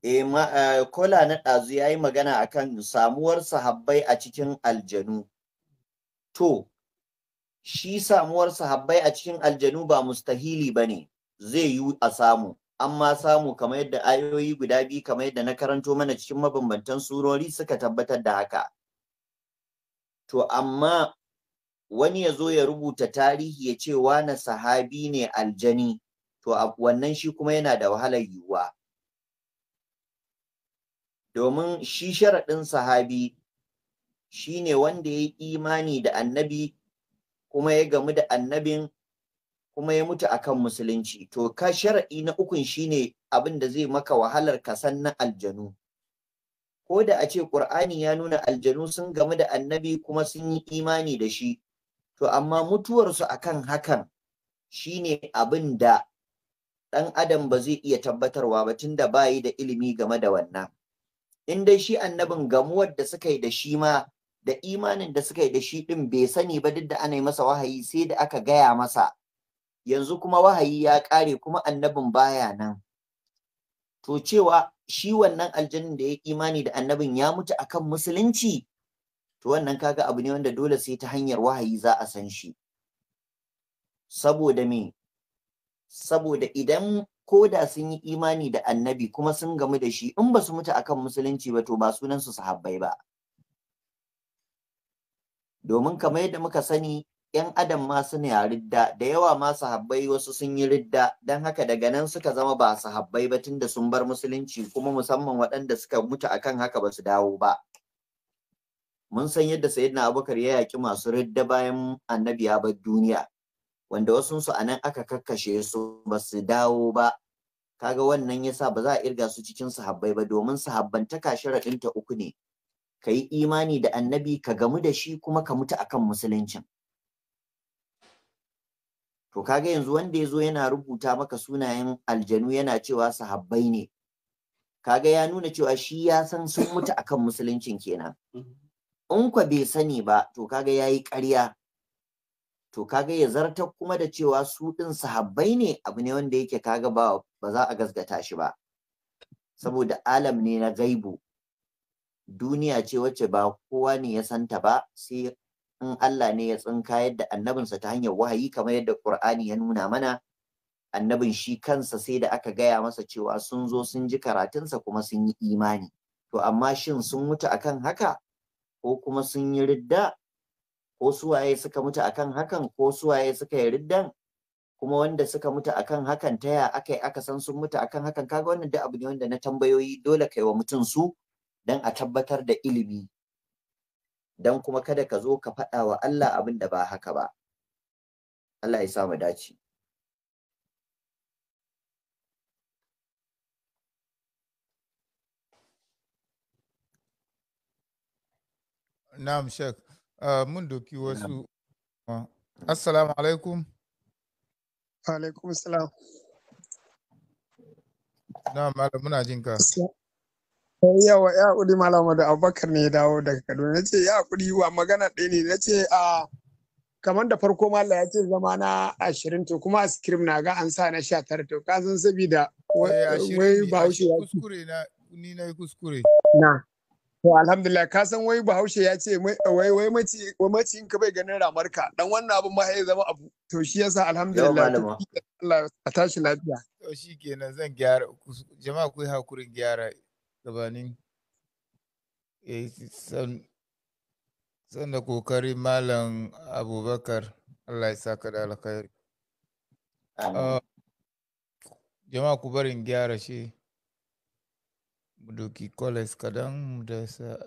e eh, ma eh, kola na ɗazu ya yi magana akan samuwar sahabbai a cikin aljanu to shi samuwar sahabbai a cikin aljanu ba mustahili ba ne zai yi a samu an ma samu kamar yadda ayoyi guda biyu kamar yadda na karanto mana cikin mabambantan surori suka tabbatar da haka. To amma wani ya zo ya rubuta tarihi ya ce wani sahabi ne aljani, to wannan shi kuma yana da wahalar yiwuwa. Domin shi sharaɗin sahabi shi ne wanda ya yi imani da annabi kuma ya gamu da annabin kuma ya mutu akan musulunci to ka shar'i na ukun shine abin da zai maka wahalar ka san na aljanu ko da a ce qur'ani ya nuna aljanu sun gamu da annabi kuma sun yi imani da shi to amma mutuwarsu akan hakan shine abin da Dan adam ba zai iya tabbatarwa ba tunda bayi da ilimi game da wannan in dai shi annabin gamuwar da suka yi da shi ma da imanin da suka yi da shi din bai sani ba duk da ana yi masa wahayi sai da aka gaya masa yanzu kuma wahayi ya ƙare kuma annabin baya nan to cewa shi wannan aljannin da ya imani da annabin ya mutu akan musulunci to wannan kaga abu ne wanda dole sai ta hanyar wahayi za a san shi saboda me saboda idan ko da sun yi imani da annabi kuma sun gamu da shi in ba su mutu akan musulunci ba to ba sunan su sahabbai ba domin kamar yadda muka sani 'yan adam ma a ridda da yawa ma sahabbai wasu sun yi ridda don haka daga nan suka zama ba sahabbai ba tunda sun bar musulunci kuma musamman waɗanda suka mutu akan haka ba su dawo ba mun san yadda na abubakar ya yaƙi masu ridda bayan annabi ya bar duniya wanda wasunsu a nan aka kakkashe su ba su dawo ba kaga wannan yasa ba za a irga su cikin sahabbai ba domin sahabbantaka sharaɗinta uku ne ka yi imani da annabi ka gamu da shi kuma ka mutu akan musuluncin To kaga yanzu wanda ya zo yana rubuta maka sunayen aljanu yana cewa sahabbai ne. Kaga ya nuna cewa shi ya san sun mutu akan musuluncin kenan. In kwa bai sani ba, to kaga ya yi ƙarya. To kaga ya zarta kuma da cewa su ɗin sahabbai ne abu ne wanda yake kaga ba ba za a gasgata shi ba. Saboda alam ne na gaibu. Duniya ce wacce ba kowa ne ya santa ba sai in Allah ne ya tsinka yadda annabinsa ta hanyar wahayi kamar yadda Qur'ani ya nuna mana annabin shi kansa sai da aka gaya masa cewa sun zo sun ji karatunsa kuma sun yi imani to amma shin sun mutu akan haka ko kuma sun yi ridda ko suwaye suka mutu akan hakan ko suwaye suka yi riddan kuma wanda suka mutu akan hakan ta aka yi aka san sun mutu akan hakan kaga wannan duk abu ne wanda na tambayoyi dole kai wa mutum su dan a tabbatar da ilimi dan kuma kada ka zo ka faɗa wa Allah abin da ba haka ba Allah ya sa mu dace Na'am Sheikh ah, mun doki wasu Assalamu alaikum Alaikum salam Na'am malam muna jinka Eh, yawa ya kudi malama da abubakar ne ya dawo daga kaduna na ce ya kudi wa magana ɗaya ne na ce a kamar da farko malla ya ce zama na ashirin to kuma askirim na ga an sa na sha tara to ka san sabida eh, wai bahaushe ya kuskure na ni na kuskure na to alhamdulillah ka san wai bahaushe ya ce wai wai maci maci in ka bai ganin ramarka dan wannan abin ma ya zama abu to shi yasa alhamdulillah Allah a tashi lafiya to shikenan zan gyara jama'a ku hakurin gyara Eh, son sanda kokari malam abubakar allah ya saka da alkhairi ah, jama'a ku barin gyara shi mu doki kolas kadan mu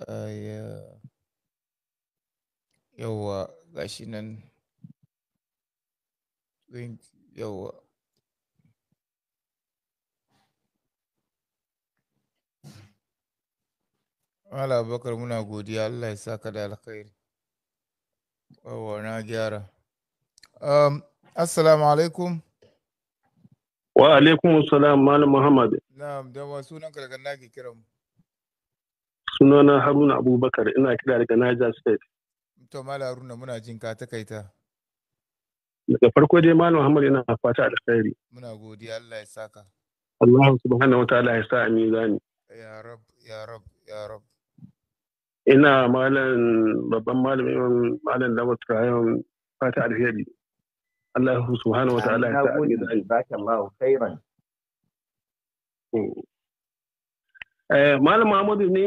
a ya yawa gashi nan yawa Allah Abubakar muna godiya Allah ya saka da alkhairi. Yawwa na gyara. Um, assalamu alaikum. Wa alaikum salam Malam Muhammad. Na'am, da wa sunan daga na ke kiran mu. Sunana Haruna Abubakar ina kira daga Niger State. To Malam Haruna muna jin ka kaita Daga farko dai Malam Muhammad ina fata alkhairi. Muna godiya Allah ya saka. Allah subhanahu wa ta'ala ya sa a mizani. Ya Rab, ya Rab, ya Rab. ina malam babban malamin malam da mutrayon fata alheri Allah subhanahu wataala ya ta'ala da jazakallahu khairan eh malam Muhammadu ni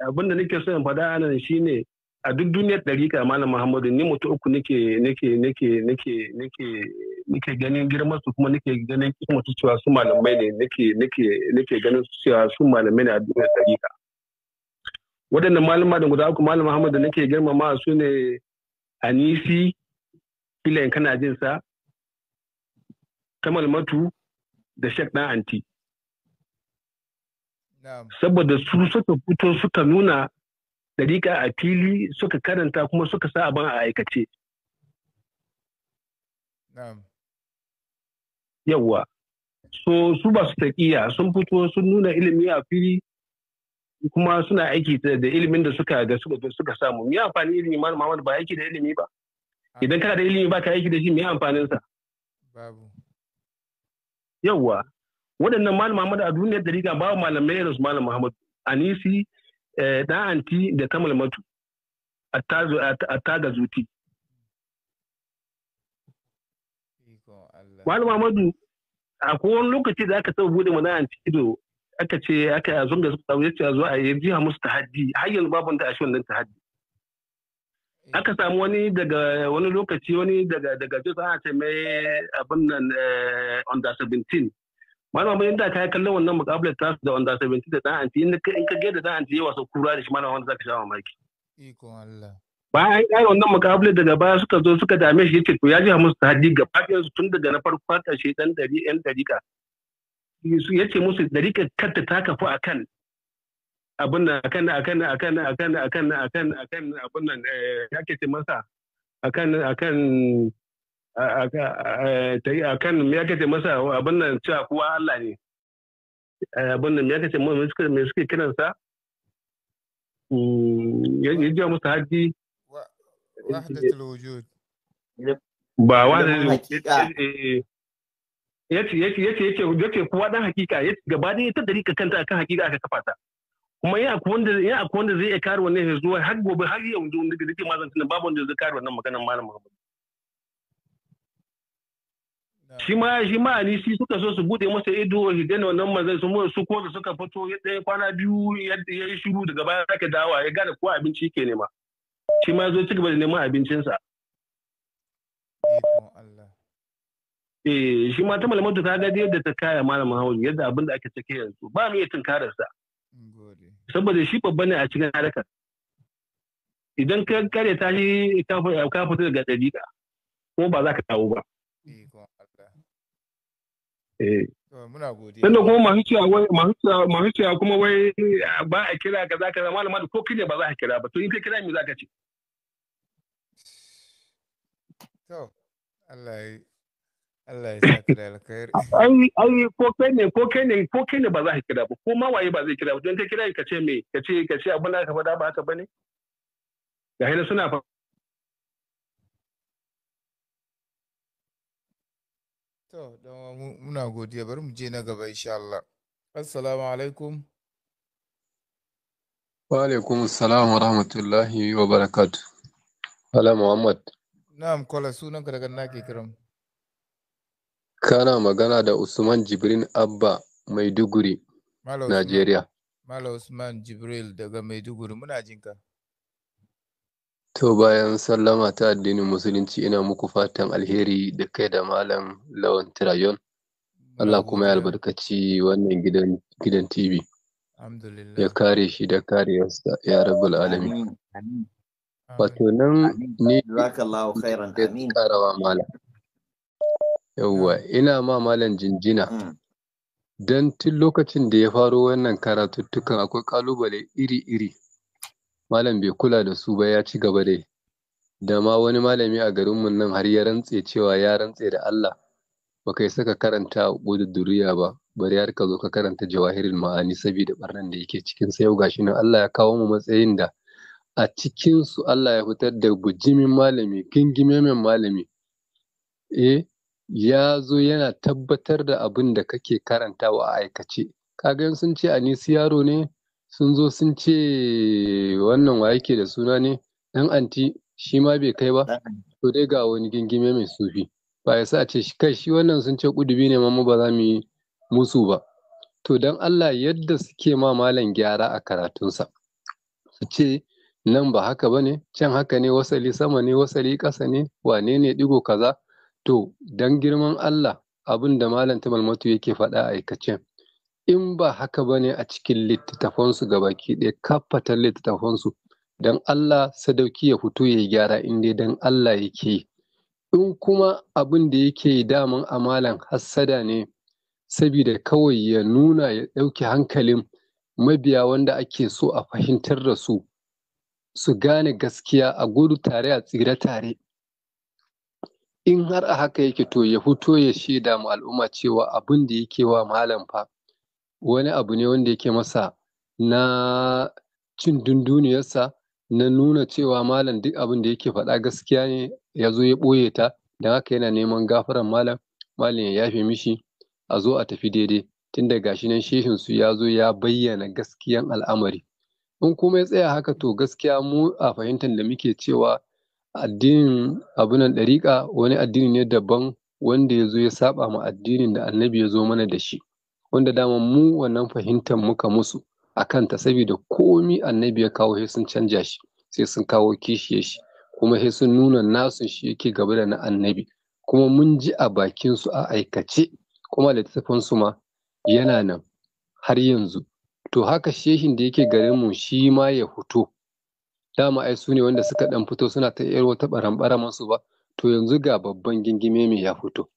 abinda nake so in faɗa nan shine a duk duniyar ɗarika malam Muhammadu ni mutu uku nake nake nake nake nake nake ganin girman su kuma nake ganin kuma cewa su malamai ne nake nake nake ganin su cewa su malamai ne a duniyar ɗarika waɗannan malama da guda uku malama Muhammad da nake girmama su ne Anisi filayen kana jin sa Kamal Matu da Sheikh Dan Anti saboda su suka fito suka nuna dariƙa a fili suka karanta kuma suka sa abin a aikace yawwa so su ba su taƙiya sun fito sun nuna ilimi a fili kuma suna aiki da ilimin da suka da suka suka samu me amfani ilimi malam Muhammad ba aiki da ilimi ba ah. idan kana da ilimi ba ka aiki da shi me amfanin sa babu yawa waɗannan malam Muhammad a duniyar da riga babu malamai irin su malam Muhammad Anisi da eh, anti da Kamal Matu attaga zuti Malam Muhammadu akwai wani lokaci da aka taɓa bude mana anti ido aka ce aka yi azum da su ya ce a zo a yi jiha musu tahaddi har yanzu babu da a shi wannan tahaddi eh. aka samu wani daga wani lokaci wani daga daga jos ana ce mai abin nan eh, under 17 malama bayan da ka kallon wannan mukabalar ta da under 17 da dan anti in ka ga da dan anti yawa sau kura da shi malama wanda zaka sha mamaki iko Allah bayan ƙara wannan mukabalar daga baya suka zo suka dame shi yace to ya ji musu tahaddi gaba ɗayan su tun daga na farko fata shi dan dari yan ka ya ce musu da rika katta ta kafu a kan abin nan a kan a kan a kan a kan a kan a kan a kan abin nan eh, ya ke ce masa a kan a kan a kan ya ke ce masa abin nan cewa kuwa Allah ne eh, abin nan ya ke ce me suke kiransa mm, ya ji musu haji ba wa da yace yace yace yace kuwa dan hakika yace gaba da ita dariƙa kanta akan hakika aka kafa ta kuma yana akwai wanda yana akwai wanda zai iya kare wannan ya zuwa har gobe har yau da wanda zai tunan babu wanda zai kare wannan maganar malam Muhammad shi ma shi ma ni shi suka so su bude masa ido hidan wannan manzon su su ko da suka fito ya dai kwana biyu ya yi shiru daga baya zaka dawa ya gane ko abinci yake nema shi ma zo ci gaba da neman abincinsa eh shi ma ta malamatu ta gadi yadda ta kaya malamin hawan yadda abin da ake cike yanzu ba mu iya tunkarar sa saboda shi babba ne a cikin harkar idan ka kare ta shi ka fito daga dalila ko ba za ka dawo ba eh. Sannan kuma masu cewa kuma wai ba a kira ka za ka zama malama ko kire ba za ka kira ba to in ka kira me za ka ce. Allah ya Allah ya ko kai ne ko kai ne ko kai ne ba za ka kira ba ko ma waye ba zai kira ba don ka kira ka ce me ka ce ka ce abin da ka faɗa ba haka bane. Ga hina suna fa. To dan muna godiya bari mu je na gaba insha Allah. Assalamu alaikum. Wa alaikum assalam wa rahmatullahi wa barakatuh. Ala Muhammad. Na'am kola sunanka daga nake kiran. Kana magana da Usman Jibrin Abba Maiduguri, Najeriya. Mala Usman Jibril daga Maiduguri, muna jinka. To bayan sallama ta addinin Musulunci ina muku fatan alheri da kai da Malam Lawan Tirayon. Allah kuma ya albarkaci wannan gidan TV. Ya kare shi da kariyarsa ya rabu alalami. Wato nan ne karawa malam. Yawwa, ina ma malam jinjina. Hmm. Don tun lokacin da ya faro wannan karatuttukan akwai kalubale iri-iri. Malam bai kula da su ba ya ci gaba dai. Da ma wani malami a garinmu nan har ya rantse cewa ya rantse da Allah. Ba kai saka karanta ƙududuriya ba, bari har ka zo ka karanta jawahirin ma'ani saboda barnan da yake cikin sai yau gashi nan Allah ya kawo mu matsayin da a cikinsu Allah ya fitar da bujimin malami, kingimemin malami. Eh, ya zo yana tabbatar da abin da kake karantawa a aikace kagan sun ce anisi yaro ne sun zo sun ce wannan wa yake da suna ne dan anti shi ma bai kai ba to dai ga wani gingime mai sufi ba ya sa ce kai shi wannan sun ce kudubi ne mamu ba za mu yi musu ba to don Allah yadda suke ma malam gyara a karatunsa su ce nan ba haka ba ne can haka ne wasali sama ne wasali ƙasa ne wane ne digo kaza To, don girman Allah abin da Malam Tamalmatu yake faɗa a aikace, in ba haka ba ne a cikin littattafansu baki ɗaya kaffatar littattafansu, don Allah sadauki ya fito ya yi gyara in dai don Allah yake yi. In kuma abin da yake yi daman a Malam hassada ne, sabida kawai ya nuna ya ɗauki hankalin mabiya wanda ake so a fahimtar da su, su gane gaskiya a gudu tare a tsira tare. in har a haka yake to ya fito ya shaida mu al'umma cewa abin da yake wa malam fa wani abu ne wanda yake masa na cin dunduniyarsa na nuna cewa malam duk abin da yake faɗa gaskiya ne ya zo ya ɓoye ta don haka yana neman gafaran malam malam ya yafe mishi a zo a tafi daidai tun da gashi nan shehin su ya zo ya bayyana gaskiyan al'amari in kuma ya tsaya haka to gaskiya mu a fahimtar da muke cewa addinin abunan ɗariƙa wani addini ne daban wanda ya zo ya saba ma addinin da annabi ya zo mana da shi wanda dama mu wannan fahimtar muka musu a kanta saboda komi annabi ya kawo sai sun canja shi sai sun kawo kishiyar shi kuma sai sun nuna nasu shi yake gaba da na annabi kuma mun ji a bakinsu a aikace kuma littattafansu ma yana nan har yanzu to haka shehin da yake garinmu shi ma ya fito dama ai su ne wanda suka dan fito suna ta yar wata barambara su ba to yanzu ga babban gingime mai ya fito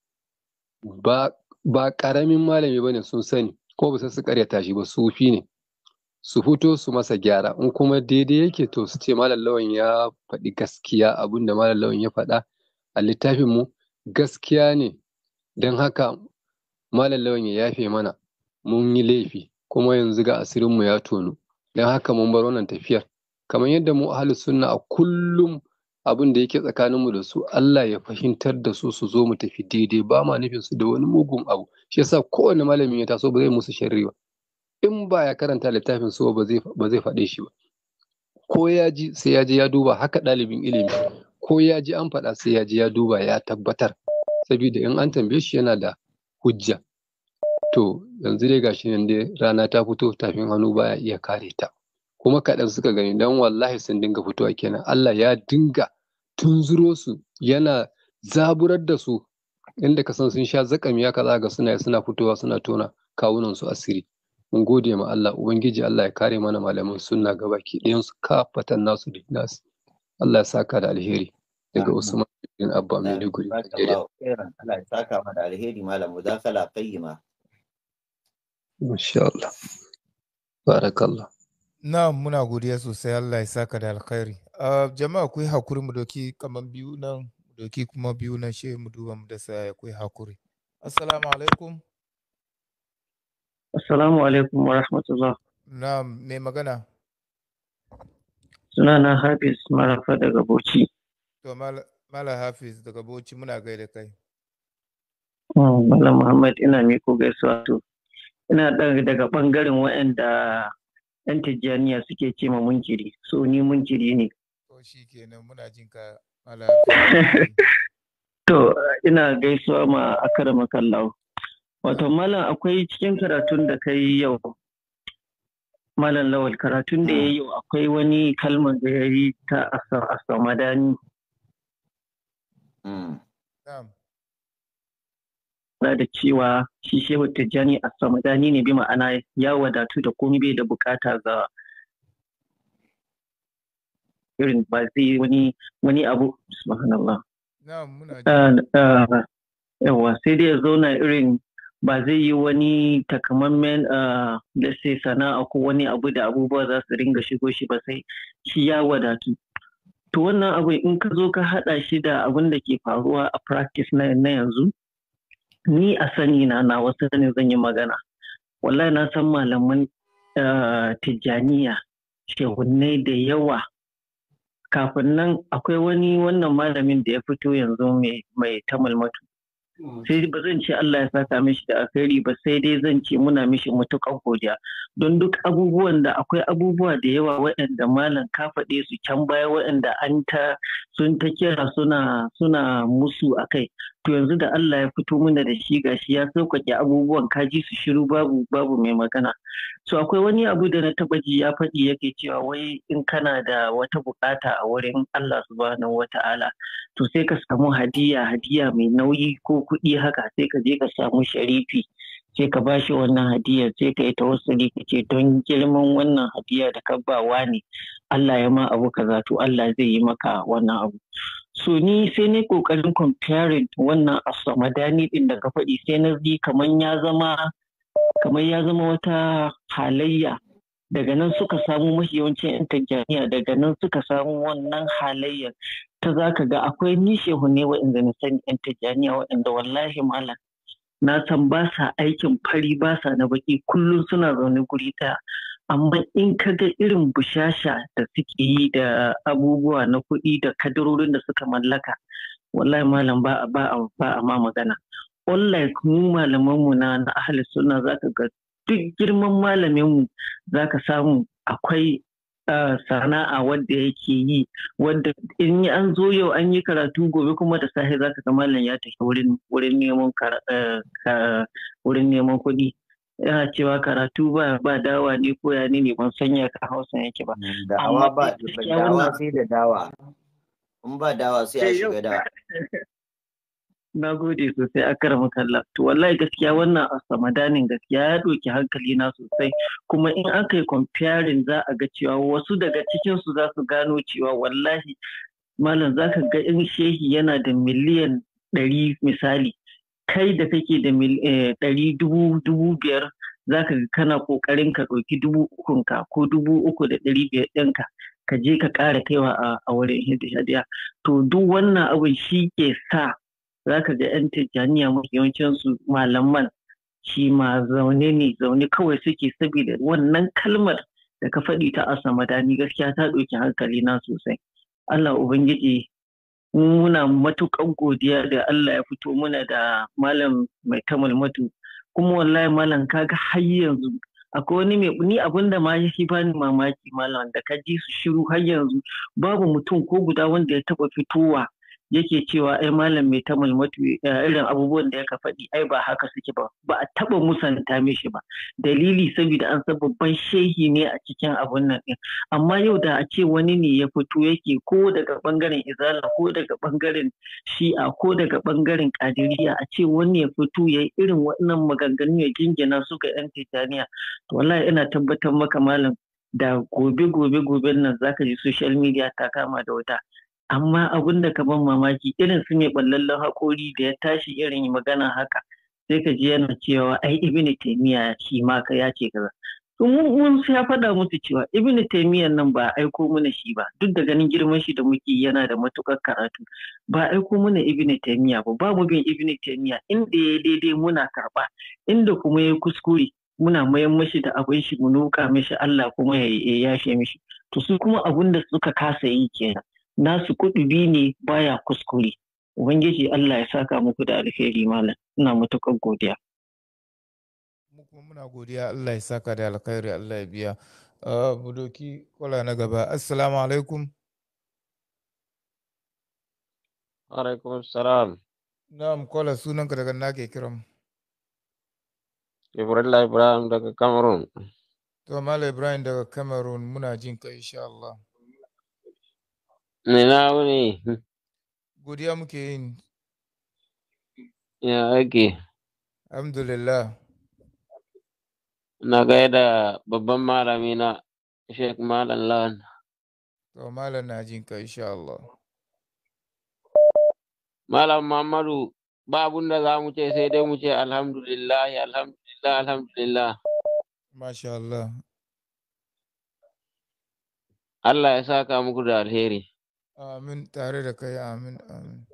ba ba karamin malami bane sun sani ko ba su karyata shi ba sufi ne su fito su masa gyara in kuma daidai yake to su ce malam ya faɗi gaskiya abin da malam ya faɗa a littafin mu gaskiya ne don haka malam lawan ya yafe mana mun yi laifi kuma yanzu ga asirinmu ya tonu don haka mun bar wannan tafiyar kamar yadda mu ahli sunna a kullum abin da yake tsakanin mu da su Allah ya fahimtar da su su zo mu tafi daidai ba ma nufin su da wani mugun abu shi yasa kowane malami ya taso ba zai musu sharri ba in ba ya karanta littafin su ba zai faɗe shi ba ko ya ji sai ya ji ya duba haka ɗalibin ilimi ko ya ji an faɗa sai ya ji ya duba ya tabbatar saboda in an tambaye shi yana da hujja to yanzu dai gashi nan dai rana ta fito tafin hannu baya iya kare ta kuma kaɗan suka gani don wallahi sun dinga fitowa kenan Allah ya dinga tunzuro su yana zaburar da su inda ka san sun sha ya kaza ga suna suna fitowa suna tona kawunan su asiri mun gode ma Allah ubangiji Allah ya kare mana malaman sunna ga baki ɗayan su kafatan nasu da nasu Allah ya saka da alheri daga Usman bin Abba Maiduguri Nigeria Allah ya saka mana alheri malam mudakala kayyima insha Allah barakallah Na muna godiya sosai Allah ya saka da alkhairi. Uh, jama'a ku hakuri mu doki kaman biyu nan, mu doki kuma biyu nan shi mu duba mu da saya ku hakuri. Assalamu alaikum. Assalamu alaikum wa rahmatullah. Na me magana? Suna na Hafiz Marafa daga Bauchi. To Mala, Hafiz daga Bauchi muna gaida kai. Mm, Malam Muhammad ina miko gaisuwa to. Ina daga ɓangaren waɗanda 'yan tijjaniya suke ce ma munkiri so ni munkiri ne to ina gaisuwa ma akarama kallahu wato malam akwai cikin karatun da ka yi yau malam lawal karatun da ya yi yau akwai wani kalmar da ya yi ta asamadani hmm. lura da cewa shi shehu tijjani a samadani ne bi ma'ana ya wadatu da komi bai da bukata ga irin ba zai wani wani abu subhanallah ah, ah, yawa sai dai ya zauna irin ba zai yi wani takamammen da ah, sai sana'a ko wani abu da abubuwa za su ringa shigo shi ba sai shi ya wadatu to wannan abu in ka zo ka haɗa shi da abin da ke faruwa a practice na yanzu ni a sani na na wasu sani zan yi magana wallahi na san malaman eh, tijjaniya shehunai da yawa kafin nan akwai wani wannan malamin da ya fito yanzu mai tamalmatu mm. sai ba zan ce Allah ya saka mishi da alkhairi ba sai dai zan ce muna mishi mutuƙar godiya don duk abubuwan da akwai abubuwa da yawa waɗanda malam ka faɗe su can baya waɗanda an ta sun ta kira suna suna musu akai to yanzu da Allah ya fito mana da shi gashi ya sauƙaƙe abubuwan kaji su shiru babu babu mai magana so akwai wani abu da na taɓa ji ya faɗi yake cewa wai in kana da wata buƙata a wurin Allah subhanahu wata'ala to sai ka samu hadiya hadiya mai nauyi ko kuɗi haka sai ka je ka samu sharifi sai ka ba shi wannan hadiya sai ka yi tawassuli ka ce don girman wannan hadiya da ka ba ne Allah ya ma abu kaza to Allah zai yi maka wannan abu So ni sai ne kokarin comparing wannan asamadani din da ka faɗi sai na ji kamar ya zama kamar ya zama wata halayya daga nan suka samu mafi yawancin 'yan Tanzania daga nan suka samu wannan halayyar ta za ka ga akwai shehu ne wa'inda na sani 'yan Tanzania wa'inda wallahi malam na san ba sa aikin fari ba sa na baki kullum suna zaune guri ta amma in ka ga irin bushasha da suke yi da abubuwa na kuɗi da kadarorin da suka mallaka wallahi malam ba ba ba a ma magana wallahi mu malaman mu na ahli sunna zaka ga duk girman malamin mu zaka samu akwai ah, sana'a wadda yake yi wadda in an zo yau an yi karatu gobe kuma da safe zaka ga malam ya tafi wurin eh, neman kuɗi yana cewa karatu ba ba dawa ne ko ya ne ban sanya ka hausa yake ba mm, da'awa ba dawa sai da dawa in ba dawa sai a shiga dawa na gode sosai a karama kalla to wallahi gaskiya wannan a samadanin gaskiya ya ɗauki hankali na sosai kuma in aka yi comparing za a ga cewa wasu daga cikinsu za su gano cewa wallahi malam zaka ga in shehi yana da miliyan ɗari misali kai da kake da eh, ɗari dubu dubu biyar za ka kana ƙoƙarin ka ɗauki dubu ukunka ko dubu uku da ɗari biyar ɗinka ka je ka ƙara kaiwa a wurin shadiya to duk wannan abin shi ke sa za ka ga 'yan tijjaniya mafi yawancinsu malaman shi ma zaune ne zaune kawai suke saboda wannan kalmar da ka faɗi ta asamadani gaskiya ta ɗauki hankali na sosai Allah Ubangiji muna matuƙan godiya da Allah ya fito muna da malam mai kamal matu kuma wallahi malam kaga har yanzu akwai wani mai ni abin da ma shi bani mamaki malam da ka ji su shiru har yanzu babu mutum ko guda wanda ya taɓa fitowa yake cewa ai malam mai ta mulmatu eh, irin abubuwan da ya faɗi ai ba haka suke ba ba a taɓa musanta mishi ba dalili saboda an san babban shehi ne a cikin abun nan ɗin amma yau da a ce wani ne ya fito yake ko daga bangaren izala ko daga ɓangaren shi'a ko daga ɓangaren kadiriya a ce wani ya fito ya irin waɗannan maganganu ya jingina su ga 'yan titaniya to wallahi ina tabbatar maka malam da gobe gobe goben nan zaka ji social media ta kama da wata amma abin da ka ban mamaki irin su mai ballallen haƙori da ya tashi irin magana haka sai ka ji yana cewa ai ibn taymiya shi ma ka ya ce kaza mun mun ya faɗa musu cewa ibn taymiyan nan ba aiko mana shi ba duk da ganin girman shi da muke yana da matukar karatu ba aiko mana ibn taymiya ba ba mu bin ibn taymiya inda ya daidai muna karɓa inda kuma ya kuskure muna mayan mashi da abin shi mu nuka mishi Allah kuma ya yashe mishi to su kuma abin da suka kasa yi kenan nasu kuɗi ne baya kuskure ubangiji Allah ya saka muku da alheri malam ina matukar godiya mu kuma muna godiya Allah ya saka da alkhairi Allah ya biya Budoki ah, kwala na gaba assalamu alaikum alaikum salam na'am kwala sunanka daga na ke kiran Ibrahim Ibrahim daga Cameroon. To Malam Ibrahim daga Cameroon muna jin ka insha Allah. Nina wuni. Godiya muke yin. Ya ake. Alhamdulillah. Na gaida babban malami na Sheikh Malam Lawan. To Malam na jin ka insha Allah. Malam Muhammadu ba abun da za mu ce sai dai mu ce alhamdulillah alhamdulillah alhamdulillah. Masha Allah. Allah ya saka muku da alheri. Amin tare da kai amin amin.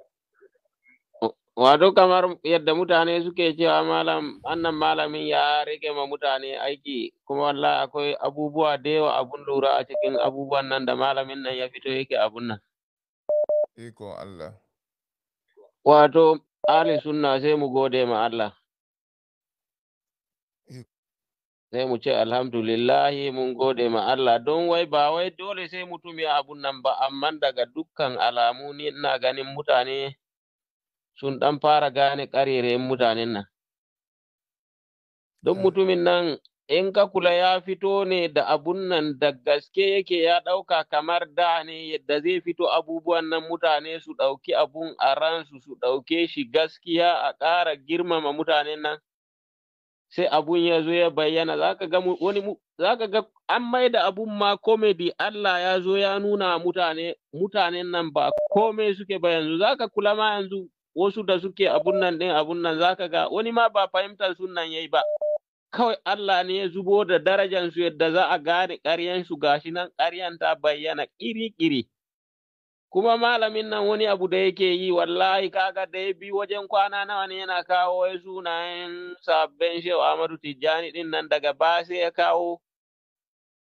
Wato kamar yadda mutane suke cewa malam annan malamin ya rike ma mutane aiki kuma wallahi akwai abubuwa da yawa abun lura a cikin abubuwan nan da malamin nan ya fito yake abun nan. Iko Allah. Wato Ali sunna sai mu gode ma Allah. sai mu ce alhamdulillahi mun gode ma Allah don wai ba wai dole sai mutum ya abun nan ba amma daga dukkan alamu ni ina ganin mutane sun ɗan fara gane ƙarerayen mutanen nan don hmm. mutumin nan in ka kula ya fito ne da abun nan da gaske yake ya ɗauka kamar da ne yadda zai fito abubuwan nan mutane su ɗauki abun a ransu su ɗauke shi gaskiya a ƙara girmama mutanen nan sai abun ya zo ya bayyana zaka ga wani zaka ga an da abun ma komedi Allah ya zo ya nuna mutane mutanen nan ba komai suke ba yanzu zaka kula ma yanzu wasu da suke abun nan din abun nan zaka ga wani ma ba fahimtar sunan yayi ba kawai Allah ne ya zubo da su yadda za a gane su gashi nan ƙaryan ta bayyana ƙiri-ƙiri. kuma malamin nan wani abu da yake yi wallahi kaga da ya bi wajen kwana nawa ne yana kawo wai sunayen sabbin shehu Ahmadu Tijjani din nan daga ba sai ya kawo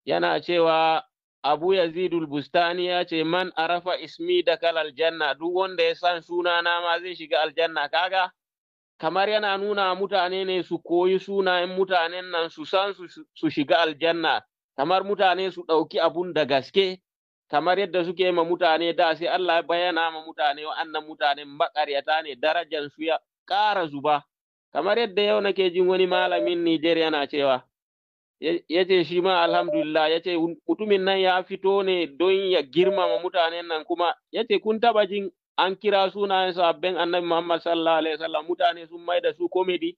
yana cewa Abu Yazidul Bustani ya ce man arafa ismi da kalar janna duk wanda ya san suna ma zai shiga aljanna kaga kamar yana nuna mutane ne su koyi sunayen mutanen nan su san su shiga aljanna kamar mutane su ɗauki abun da gaske kamar yadda suke ma mutane da sai Allah ya bayyana ma mutane wa'annan mutane makaryata ne darajar su ya ƙara zuba kamar yadda yau nake jin wani malamin Nijar yana cewa ya ce shi ma alhamdulillah ya ce mutumin nan ya fito ne don ya girmama mutane nan kuma ya ce kun taba jin an kira sunayen sabbin annabi Muhammad sallallahu alaihi wasallam mutane sun mai da su komedi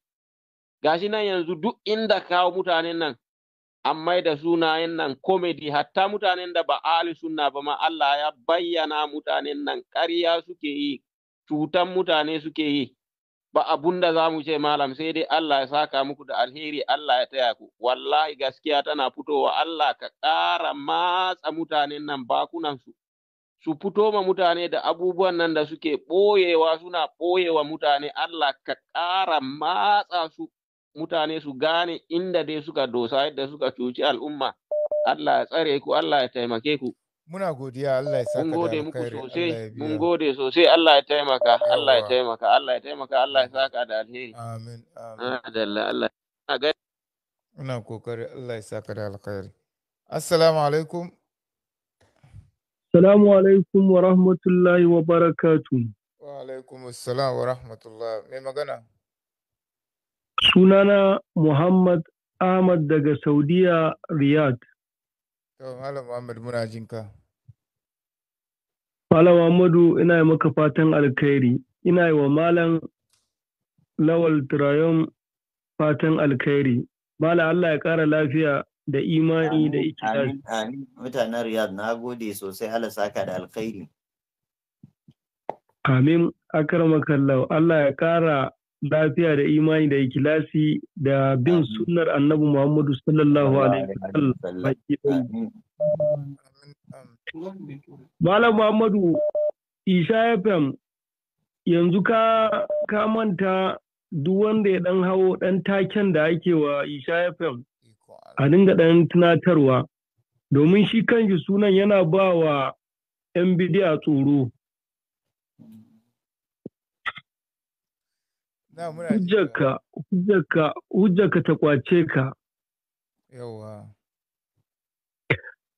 gashi nan yanzu duk inda kawo mutanen nan an mai da sunayen nan komedi hatta mutanen da ba ali sunna ba ma Allah ya bayyana mutanen nan ƙarya suke yi cutan mutane suke yi ba abun da za mu ce malam sai dai Allah ya saka muku da alheri Allah ya taya ku wallahi gaskiya tana fitowa Allah ka ƙara matsa mutanen nan bakunan su su fito ma mutane da abubuwan nan da suke ɓoyewa suna ɓoyewa mutane Allah ka ƙara matsa su mutane su gane inda dai suka dosa yadda suka cuci al'umma Allah ya tsare ku Allah ya taimake ku muna godiya Allah ya saka mun gode muku sosai mun gode sosai Allah ya taimaka Allah ya taimaka Allah ya taimaka Allah ya saka da alheri amin amin Allah Allah ina kokari Allah ya saka da alkhairi assalamu alaikum Salamu alaikum wa rahmatullahi wa barakatu. Wa alaikum assalam wa rahmatullahi. Mai magana? Sunana Muhammad Ahmad daga Saudiya Riyadh. Yau, Malam Muhammad muna jinka. Malam Muhammadu ina yi maka fatan alkhairi. Ina yi wa Malam Lawal Turayon fatan alkhairi. Malam Allah ya ƙara lafiya da imani da ikilasi. Amin, mutanen Riyadh na gode sosai Allah saka da alkhairi. Amin, Allah ya ƙara lafiya da imani da ikilasi da bin sunnar annabi Muhammadu sallallahu alaihi Malam Muhammadu Isha FM yanzu ka ka manta duk wanda ya dan hawo dan taken da ake wa Isha FM a dinga dan tunatarwa domin shi kanshi sunan yana ba wa 'yan bidiya tsoro hujjarka ta kwace ka Yawwa.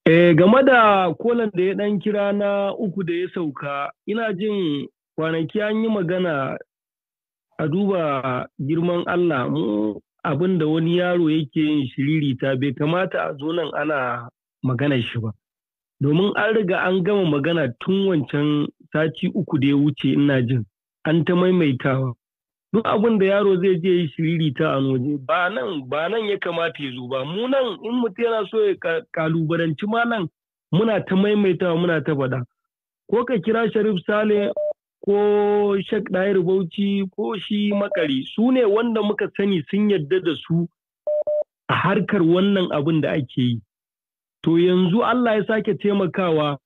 eh game da kolan da ya ɗan kira na uku da ya sauka ina jin kwanaki an yi magana a duba girman Allah mu abin da wani yaro yake yin ta bai kamata a zo nan ana magana shi ba domin an riga an gama magana tun wancan sati uku da ya wuce ina jin an ta maimaitawa duk abin da yaro zai je yi shiriri ta a noje ba nan nan ya kamata ya zo ba mu nan in mutum yana so ya kalubalanci nan muna ta maimaita muna ta faɗa ko ka kira sharif sale ko shek ɗayar bauchi ko shi makari su ne wanda muka sani sun yadda da su a harkar wannan abin da ake yi to yanzu allah ya sake taimakawa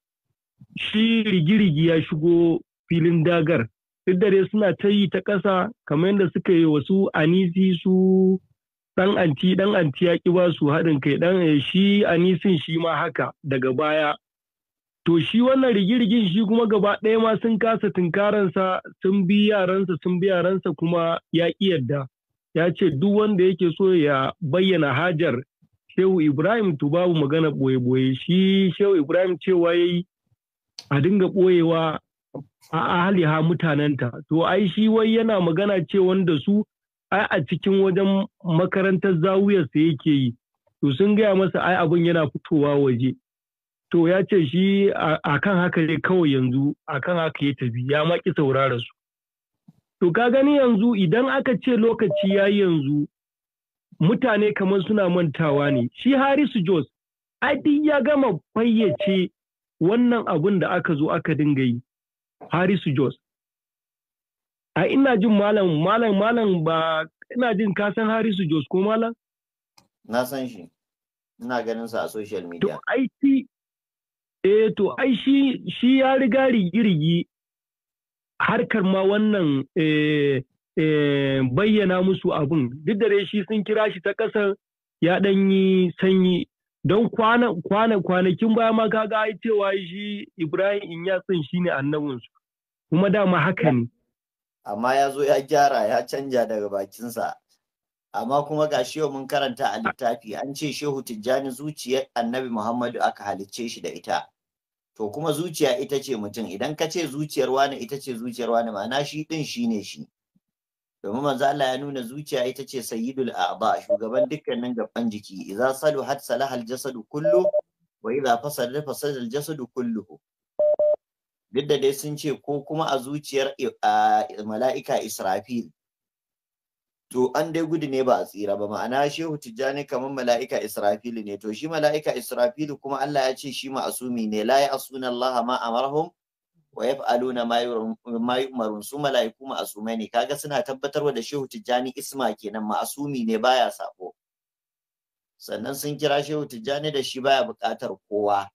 shi rigirigi ya shigo filin dagar duk da suna ta yi ta ƙasa kamar yadda suka yi wasu anisi su ɗan anti ɗan anti ya ƙi ba su haɗin kai ɗan eh, shi anisin shi ma haka daga baya to shi wannan rigirgin shi kuma gaba ɗaya ma sun kasa tunkaransa sun bi yaransa sun bi yaransa kuma ya ƙi yadda ya ce duk wanda yake so ya bayyana hajar shehu ibrahim to babu magana ɓoye-ɓoye shi shehu ibrahim cewa ya yi a dinga ɓoyewa a ha, mutanenta to ai shi wai yana magana ce wanda su ai a cikin wajen makarantar zawiyar sa yake yi to sun gaya masa ai abin yana fitowa waje to ya ce shi akan haka ne kawai yanzu akan haka ya tafi ya maki saurara su to ka gani yanzu idan aka ce lokaci yayi yanzu mutane kamar suna mantawa ne shi Harisu Jos ai ya gama fayyace wannan abin da aka zo aka dinga yi Harisu Jos. A ina jin malam malam malam ba ina jin ka san Harisu Jos ko malam? Na san shi. Ina ganin sa a social media. To ai shi eh to ai shi shi ya riga rigirigi harkar ma wannan eh, eh, bayyana musu abun duk da shi sun kira shi ta ƙasar ya ɗan yi sanyi don kwanakin baya ma kaga ai cewa shi Ibrahim in ya Inyas shi ne annabinsu kuma dama haka ne amma ya zo ya gyara ya canja daga bakinsa amma kuma ga shi mun karanta a littafi an ce shehu tijjani zuciyar annabi muhammadu aka halicce shi da ita to kuma zuciya ita ce mutum idan ka ce zuciyar wani ita ce zuciyar wani ma'ana shi din shi ne shi domin manzo Allah ya nuna zuciya ita ce sayyidul Aba. shugaban dukkanin gaban jiki idza saluhat salaha al-jasadu kullu wa idza fasada fasada al-jasadu kulluhu duk da dai sun ce ko kuma a zuciyar mala'ika Israfil to an dai gudu ne ba a tsira ba ma'ana shehu tijjani kamar mala'ika Israfil ne to shi mala'ika Israfil kuma Allah ya ce shi ma'asumi ne la asuna Allah ma amarhum wa ya na mayu marun su mala'iku ma'asumai ne kaga suna tabbatar tabbatarwa da Shehu Tijjani Isma kenan ma'asumi ne baya sako sannan sun kira Shehu Tijjani da shi baya buƙatar kowa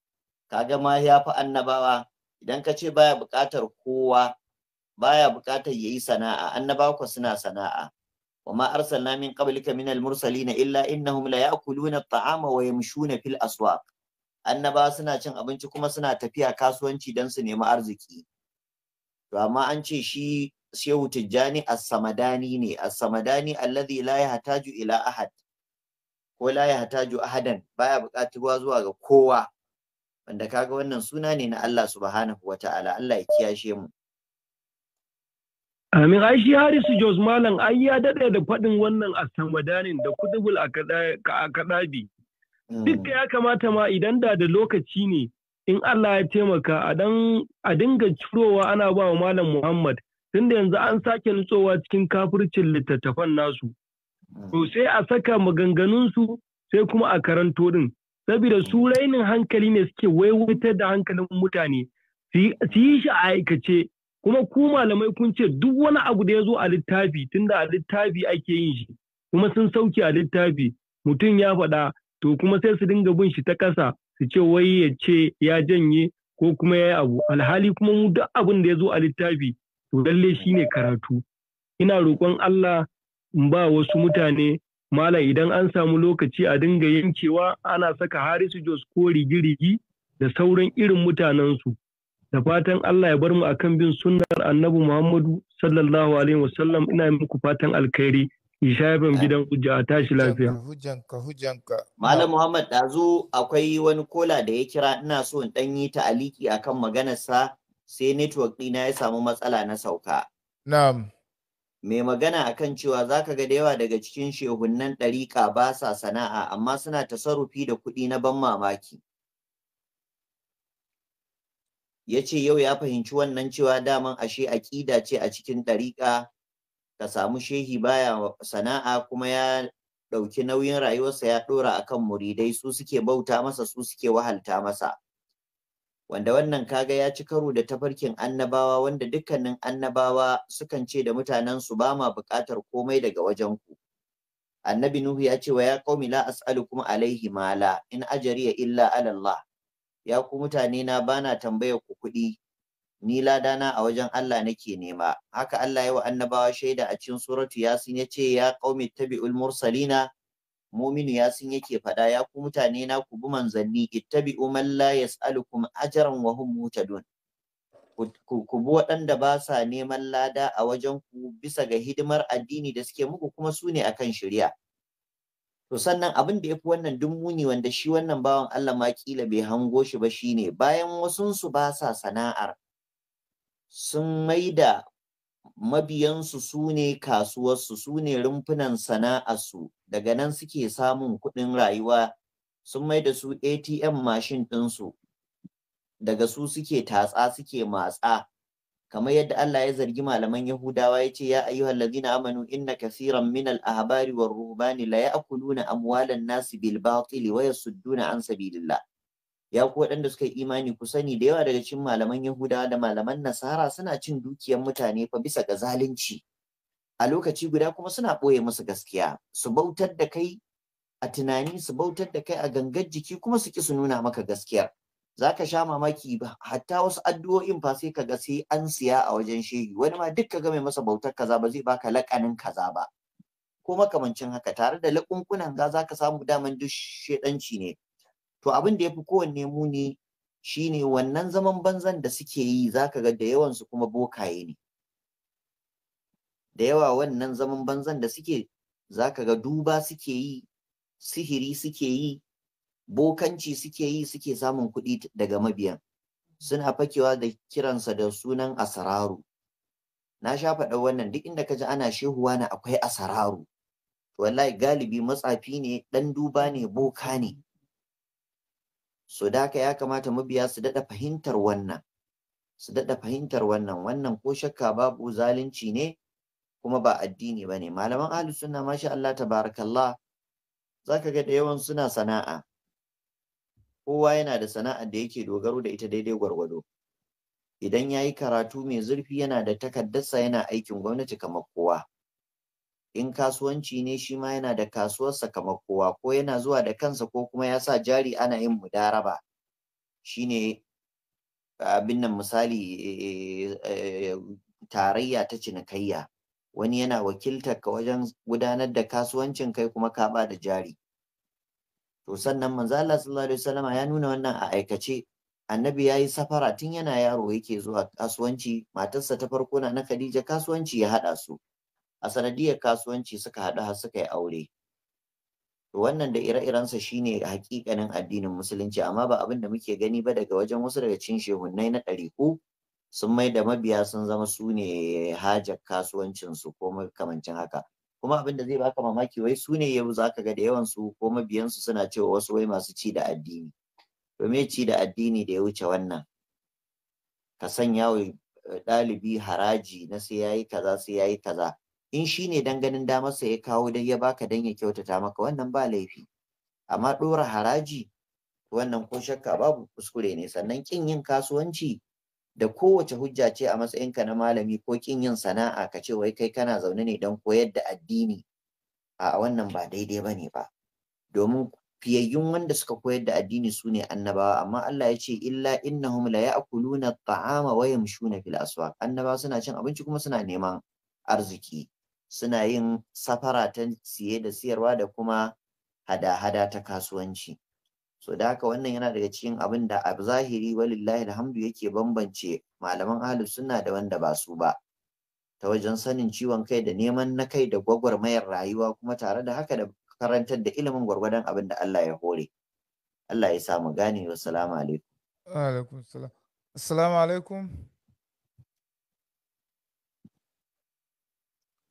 kaga ma ya fi annabawa idan ka ce baya buƙatar kowa baya buƙatar yayi sana'a annabawa ko suna sana'a min al mursalina illa innahum la ya'kuluna at-ta'ama wa yamshuna fil aswaq annaba suna cin abinci kuma suna tafiya kasuwanci don su nemi arziki to amma an ce shi shehu tijjani as-samadani ne as-samadani alladhi la yahtaju ila ahad ko la yahtaju ahadan baya buƙatuwa zuwa ga kowa wanda kaga wannan suna ne na Allah subhanahu wata'ala Allah ya kiyashe mu Amin Aishi Harisu Jos Malam ai ya dade da faɗin wannan as-samadanin da kudubul kaɗabi. Duk mm. ya kamata ma idan da da lokaci ne in Allah ya taimaka a dan a dinga cirowa ana ba wa Malam Muhammad tunda yanzu an sake nutsowa cikin kafircin littattafan nasu. Mm. To sai a saka maganganunsu sai kuma a karanto din. Saboda su rainin hankali ne suke waiwatar da hankalin mutane su yi shi a aikace kuma ku malamai kun ce duk wani abu da ya zo a littafi tunda a littafi ake yin shi kuma sun sauke a littafi mutum ya faɗa to kuma sai su dinga bin shi ta ƙasa su ce wai ya ce ya janye ko kuma ya yi abu alhali kuma mu duk abin da ya zo a littafi to lalle shi ne karatu ina roƙon Allah in ba wasu mutane malam idan an samu lokaci a dinga yankewa ana saka Harisu Jos ko rigirigi da sauran irin mutanensu da fatan Allah ya bar mu akan bin sunnar Annabi Muhammadu sallallahu alaihi wasallam ina muku fatan alkhairi Ishaben gidan hujja a tashi lafiya. Hujjanka hujjanka. Malam Muhammad ɗazu akwai wani kola da ya kira ina so in ɗan yi ta'aliki kan maganarsa sai network ɗina ya samu matsala na sauka. Na'am. Mai magana a kan cewa za ka ga da yawa daga cikin shehunnan ɗariƙa ba sa sana'a amma suna ta tasarrufi da kuɗi na ban mamaki. Ya ce yau ya fahimci wannan cewa daman ashe aƙida ce a cikin ɗariƙa ka samu shehi baya sana'a kuma ya ɗauki nauyin rayuwarsa ya ɗora akan muridai su suke bauta masa su suke wahalta masa wanda wannan kaga ya ci karo da tafarkin annabawa wanda dukkanin annabawa sukan ce da mutanen su ba ma buƙatar komai daga wajen ku annabi nuhu ya ce wa ya qaumi la as'alukum alaihi mala in ajriya illa ala Allah ya ku mutane na bana tambayar ku kuɗi ni ladana a wajen Allah nake nema haka Allah ya wa annabawa shaida a cikin suratu yasin yace ya qaumi tabi'ul mursalina mu'minu yasin yake fada ya ku mutane na ku bi manzanni ittabi'u man la yas'alukum ajran wa hum mutadun ku bi waɗanda ba sa neman lada a wajen ku bisa ga hidimar addini da suke muku kuma su ne akan shari'a to sannan abin da ya wannan duk muni wanda shi wannan bawan Allah ma kila bai hango shi ba shine bayan su ba sa sana'ar sun maida mabiyansu su ne kasuwarsu su ne rumfunan sana'arsu daga nan suke samun kuɗin rayuwa sun maida su atm mashin ɗinsu daga su suke tatsa suke matsa kamar yadda Allah ya zargi malaman Yahudawa ya ce ya ayyuhal ladina amanu inna kaseeran minal ahbari war ruhbani la ya'kuluna amwalan nasi bil batili wa yasudduna an sabilillah ya ku waɗanda suka yi imani ku sani da yawa daga cikin malaman Yahudawa da malaman Nasara suna cin dukiyar mutane fa bisa ga zalunci a lokaci guda kuma suna ɓoye musu gaskiya su bautar da kai a tunani su bautar da kai a gangar jiki kuma su ki su nuna maka gaskiyar za ka sha mamaki ba hatta wasu addu'o'in fa sai ka ga sai an siya a wajen shehi wani ma duk ka ga mai masa bautar kaza ba zai baka laƙanin kaza ba ko makamancin haka tare da lakunkunan ga za ka samu daman duk shedanci ne to abin da ya fi kowanne muni shine wannan zaman banzan da suke yi zaka ga da yawansu kuma bokaye ne da yawa wannan zaman banzan da suke zaka ga duba suke yi sihiri suke yi bokanci suke yi suke samun kuɗi daga mabiyan suna fakewa da kiransa da sunan asararu na sha faɗa wannan duk inda ka ji ana shehuwa na akwai asararu wallahi galibi matsafi ne ɗan duba ne boka ne so da haka ya kamata mabiya su daɗa fahimtar wannan su daɗa fahimtar wannan wannan ko shakka babu zalunci ne kuma ba addini ba ne malaman ahli sunna masha Allah tabarakallah zaka ga da yawan suna sana'a kowa yana da sana'ar da yake dogaro da ita daidai gwargwado idan ya yi karatu mai zurfi yana da takaddarsa yana aikin gwamnati kamar kowa in kasuwanci ne shi ma yana da kasuwarsa kamar kowa ko yana zuwa da kansa ko kuma ya sa jari ana yin mudaraba shine abin nan misali eh, eh, tarayya ta cinikayya wani yana wakiltar ka wajen gudanar da kasuwancin kai kuma ka ba da jari to sannan manzo Allah sallallahu alaihi wasallama ya nuna wannan a aikace annabi ya yi safara tun yana yaro yake zuwa kasuwanci matarsa ta farko na Khadija kasuwanci ya hada su a sanadiyar kasuwanci suka haɗu har suka yi aure to wannan da ire-irensa shine hakikanin addinin musulunci amma ba abin da muke gani ba daga wajen wasu daga cin shehunnai na ɗariku sun mai da mabiya sun zama su ne hajar kasuwancinsu ko makamancin haka kuma abin da zai baka mamaki wai su ne yau zaka ga da yawan su ko mabiyansu suna cewa wasu wai masu ci da addini to me ci da addini da ya wuce wannan ka sanya wa eh, ɗalibi haraji na sai yayi kaza sai yayi kaza in shi ne dan ganin damarsa ya kawo dai ya baka dan ya kyautata maka wannan ba laifi amma ɗora haraji wannan ko shakka babu kuskure ne sannan kin yin kasuwanci da kowace hujja ce a matsayinka na malami ko kin yin sana'a ka ce wai kai kana zaune ne don koyar da addini a wannan ba daidai ba ne ba domin fiyayyun wanda suka koyar da addini su ne annabawa amma Allah ya ce illa innahum la ya'kuluna at-ta'ama wa yamshuna fil aswaq annabawa suna cin abinci kuma suna neman arziki suna yin safara ta siye da siyarwa da kuma hada-hada ta kasuwanci so da haka wannan yana daga cikin abin da a zahiri walillahi alhamdu yake bambance malaman ahlus suna da wanda ba su ba ta wajen sanin ciwon kai da neman na kai da gwagwarmayar rayuwa kuma tare da haka da karantar da ilimin gwargwadon abin da Allah ya hore Allah ya samu gane wa salamu alaikum alaikum salam assalamu alaikum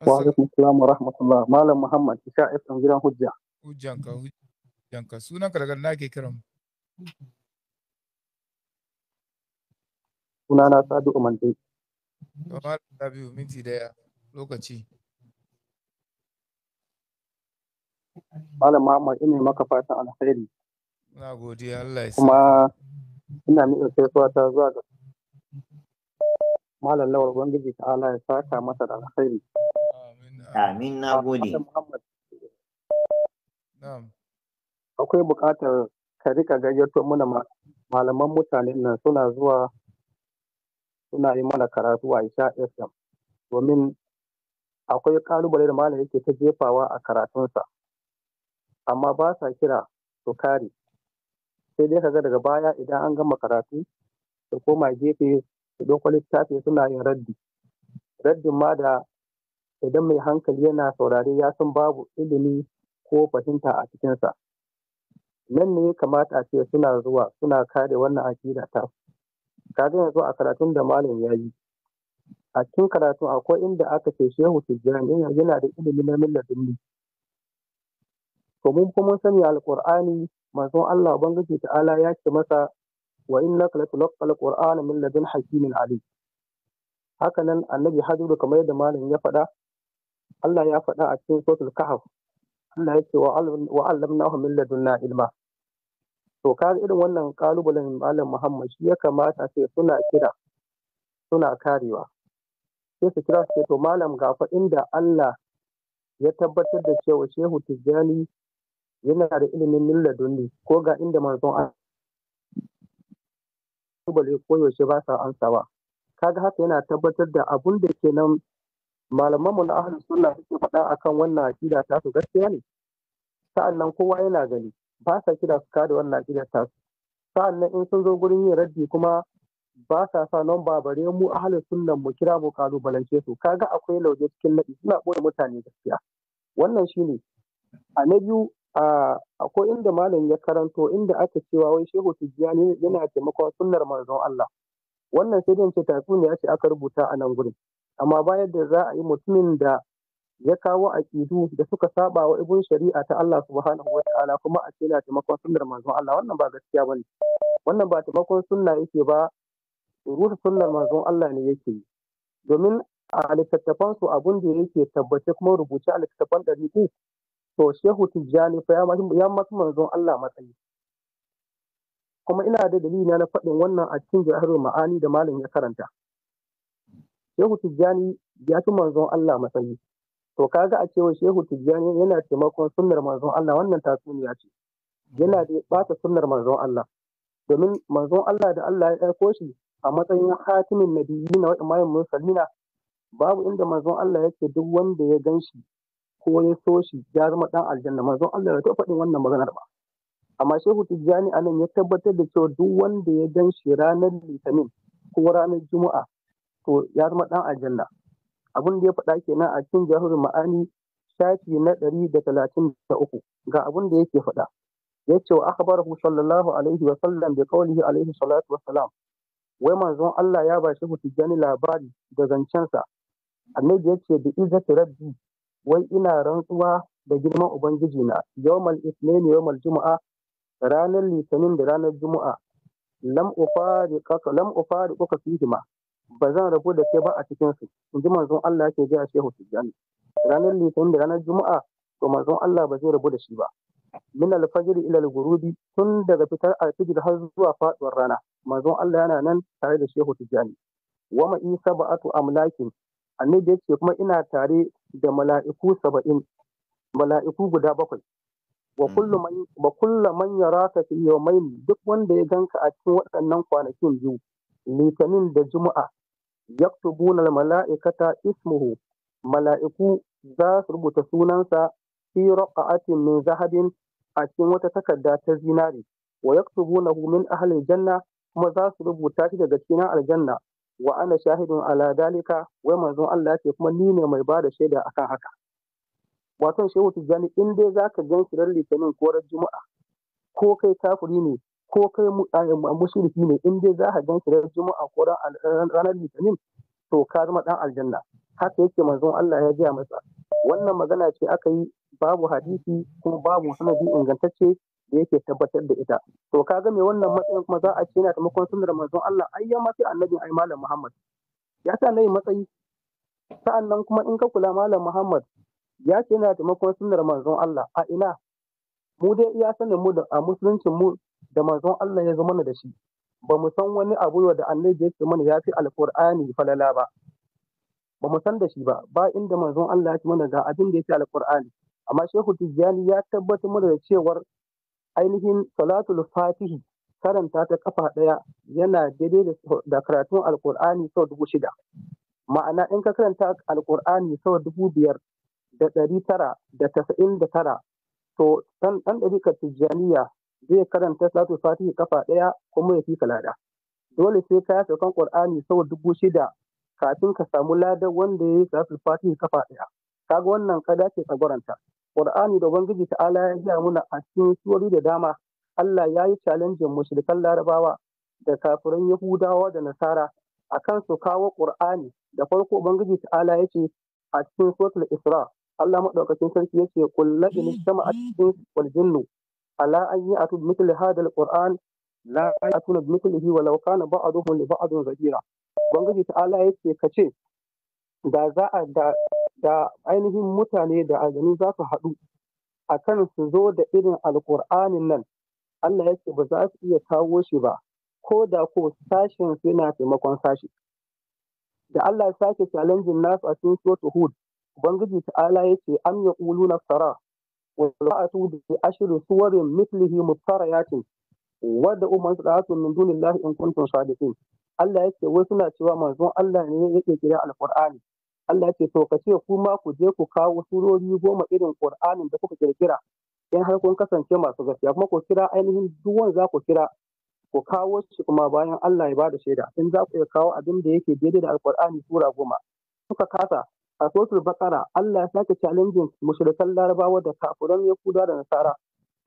Wa alaikum salam wa rahmatullah. Malam Muhammad Isha FM gidan hujja. Hujjanka hujjanka sunan ka daga nake Sadu biyu minti daya lokaci. Malam Muhammad ina maka fatan alheri. Na godiya Allah ya Kuma ina miƙa gaisuwa ta zuwa ga Malam Lawal Ubangiji ta Allah ya saka masa da alheri. Amin na gode. Akwai buƙatar ka rika gayyato mana malaman mutanen nan suna zuwa suna yi mana karatu a Isha FM domin akwai ƙalubale da malam yake ta jefawa a karatunsa amma ba sa kira su kare sai dai ka ga daga baya idan an gama karatu su koma gefe su ɗauko littafi suna yin raddi raddin ma da idan mai hankali yana saurare ya san babu ilimi ko fahimta a cikinsa nan ne ya kamata a ce suna zuwa suna kare wannan aƙida ta ga yanzu a karatun da malam ya yi a cikin karatun akwai inda aka ce shehu tijjani yana da ilimi na millar dunni to mun kuma mun sani alƙur'ani manzon Allah ubangiji ta'ala ya ce masa wa innaka latulqa alqur'ana min ladun hakimin ali haka nan annabi hadiru kamar yadda malam ya faɗa Allah ya faɗa a cikin suratul kahf Allah ya ce wa allamnahu min ladunna ilma to ka irin wannan kalubalen malam Muhammad shi ya kamata sai suna kira suna karewa sai su kira su to malam gafa inda Allah ya tabbatar da cewa Shehu Tijjani yana da ilimin min ladunni ko ga inda manzon Allah kalubale koyaushe ba sa ansawa kaga haka yana tabbatar da abun da ke nan malamanmu na ahlus sunna suke faɗa akan wannan aqida ta su gaskiya ne sa'annan kowa yana gani ba sa kira su kada wannan aqidar ta su sa'annan in sun zo gurin yin raddi kuma ba sa sa nan ba bare mu ahlus sunna mu kira mu kalubalance su kaga akwai lauje cikin naɗi, suna ɓoye mutane gaskiya wannan shine a na biyu akwai inda malam ya karanto inda aka cewa wai shehu tijjani yana taimakon sunnar manzon Allah wannan sai dai ce tatsuniya ce aka rubuta a nan gurin amma bayan da za a yi mutumin da ya kawo aƙidu da suka saba wa ibun shari'a ta Allah subhanahu wa ta'ala kuma a ce yana taimakon sunnar manzon Allah wannan ba gaskiya ba ne. wannan ba taimakon sunna yake ba rusa sunnar manzon Allah ne yake yi domin a littattafan su abun da yake tabbace kuma rubuce a littattafan uku, to shehu tijjani fa ya masu manzon Allah matsayi kuma ina da dalili na faɗin wannan a cikin jihar ma'ani da malam ya karanta Shehu Tijjani ya fi manzon Allah matsayi. To kaga a cewa Shehu Tijjani yana taimakon sunnar manzon Allah wannan tatsuniya ce. Yana da bata sunnar manzon Allah. Domin manzon Allah da Allah ya aiko shi a matsayin hatimin nabiyyi na wa'in mayan musulmina babu inda manzon Allah yake duk wanda ya gan shi ko ya so shi ya zama dan aljanna manzon Allah ya taɓa faɗin wannan maganar ba. Amma Shehu Tijjani anan ya tabbatar da cewa duk wanda ya gan shi ranar Litinin ko ranar Juma'a to ya zama ɗan aljanna abin da ya faɗa kenan a cikin jihar ma'ani shafi na ɗari da talatin da uku ga abin da yake faɗa ya ce wa akhbarahu sallallahu alaihi wa sallam bi qawlihi alaihi salatu wa salam wai manzon Allah ya bashi hutujani labari da zancensa annabi ya ce bi izzati rabbi wai ina rantsuwa da girman ubangiji na yawmal ithnain yawmal jumu'a ranar litinin da ranar juma'a lam ufariqaka lam ufariquka fihima ba zan rabu da kai ba a cikin su in ji manzon Allah yake ga Shehu Tijjani ranar litinin da ranar juma'a to manzon Allah ba zai rabu da shi ba min alfajiri ila gurubi, tun daga fitar alfijir har zuwa faduwar rana manzon Allah yana nan tare da Shehu Tijjani wa ma isa ba'atu amlakin annabi yace kuma ina tare da mala'iku mala'iku guda bakwai wa mm. kullu man wa kullu man yaraka fi yawmayn duk wanda ya ganka a cikin waɗannan kwanakin biyu litinin da juma'a yaktubuna mala'ikata ismuhu mala'iku za su rubuta sunansa fi raqatin min zahabin a cikin wata takarda ta zinari wa yaktubunahu min ahli janna kuma za su rubuta shi daga cikin aljanna wa ana shahidun ala dalika wai manzon Allah ce kuma ni ne mai bada shaida akan haka wato shehu tijjani in dai zaka gan shi ran litinin ko juma'a ko kai kafiri ne ko kai eh, mushriki ne in dai za ka gan shi ran juma'a ko ranar litinin to ka zama dan aljanna haka yake manzon Allah ya gaya masa wannan magana ce aka yi babu hadisi kuma babu sanadi ingantacce da yake tabbatar da ita to ga me wannan matsayin kuma za a ce yana taimakon sunnar manzon Allah ai ya mafi annabi ai malam Muhammad ya sa nayi matsayi sa'annan kuma in ka kula malam Muhammad ya ce yana taimakon sunnar manzon Allah a ina mu dai iya sanin mu da a musuluncin mu da manzon Allah ya zama da shi ba mu san wani abu da annabi ya ce mana ya fi alkur'ani falala ba ba mu san da shi ba ba inda manzon Allah ya ce mana ga abin da ya fi alkur'ani amma shehu tijjani ya tabbatar mana da cewar ainihin salatul fatihi karanta ta kafa ɗaya yana daidai da karatun alkur'ani sau dubu shida ma'ana in ka karanta alkur'ani sau dubu biyar da ɗari tara da tasa'in da tara to ɗan ɗari tijjaniya zai karanta salatul fatihi kafa ɗaya kuma ya fi ka lada dole sai ka yi kan qur'ani sau dubu shida kafin ka samu lada wanda ya yi salatul fatihi kafa ɗaya kaga wannan kada dace tsagwaranta qur'ani da ubangiji ta'ala ya gaya muna a cikin surori da dama Allah ya yi challenge mushrikan larabawa da kafiran yahudawa da nasara akan su kawo qur'ani da farko ubangiji ta'ala ya ce a cikin suratul isra Allah maɗaukacin sarki ya ce kulla in sama a cikin waljinnu ala an yi atu mithl hadal qur'an la yatuna bi mithlihi walau kana ba'duhum li ba'din zahira ubangiji ta'ala yace kace da za a da da ainihin mutane da aljanu za su haɗu akan su zo da irin alƙur'anin nan Allah ya ce ba za su iya kawo shi ba ko da ko sashen su yana taimakon sashi da Allah ya sake challenging nasu a cikin suratul hud ubangiji ta'ala ya ce am yaquluna sara والمرأة بعشر صور مثله مفتريات wadda umar su ɗatun min dunin lahi in kuntun sadiqin Allah yake wai suna cewa manzon Allah ne yake kira alqur'ani Allah ce to ka ce kuma ku je ku kawo surori goma irin ƙur'anin da kuka kirkira in har kun kasance masu gaskiya kuma ku kira ainihin duwan wanda za ku kira ku kawo shi bayan Allah ya bada shaida in za ku iya kawo abin da yake daidai da alqur'ani sura goma suka kasa a suratul bakara Allah ya sake challenging mushrikan larabawa da kafiran yahuda da nasara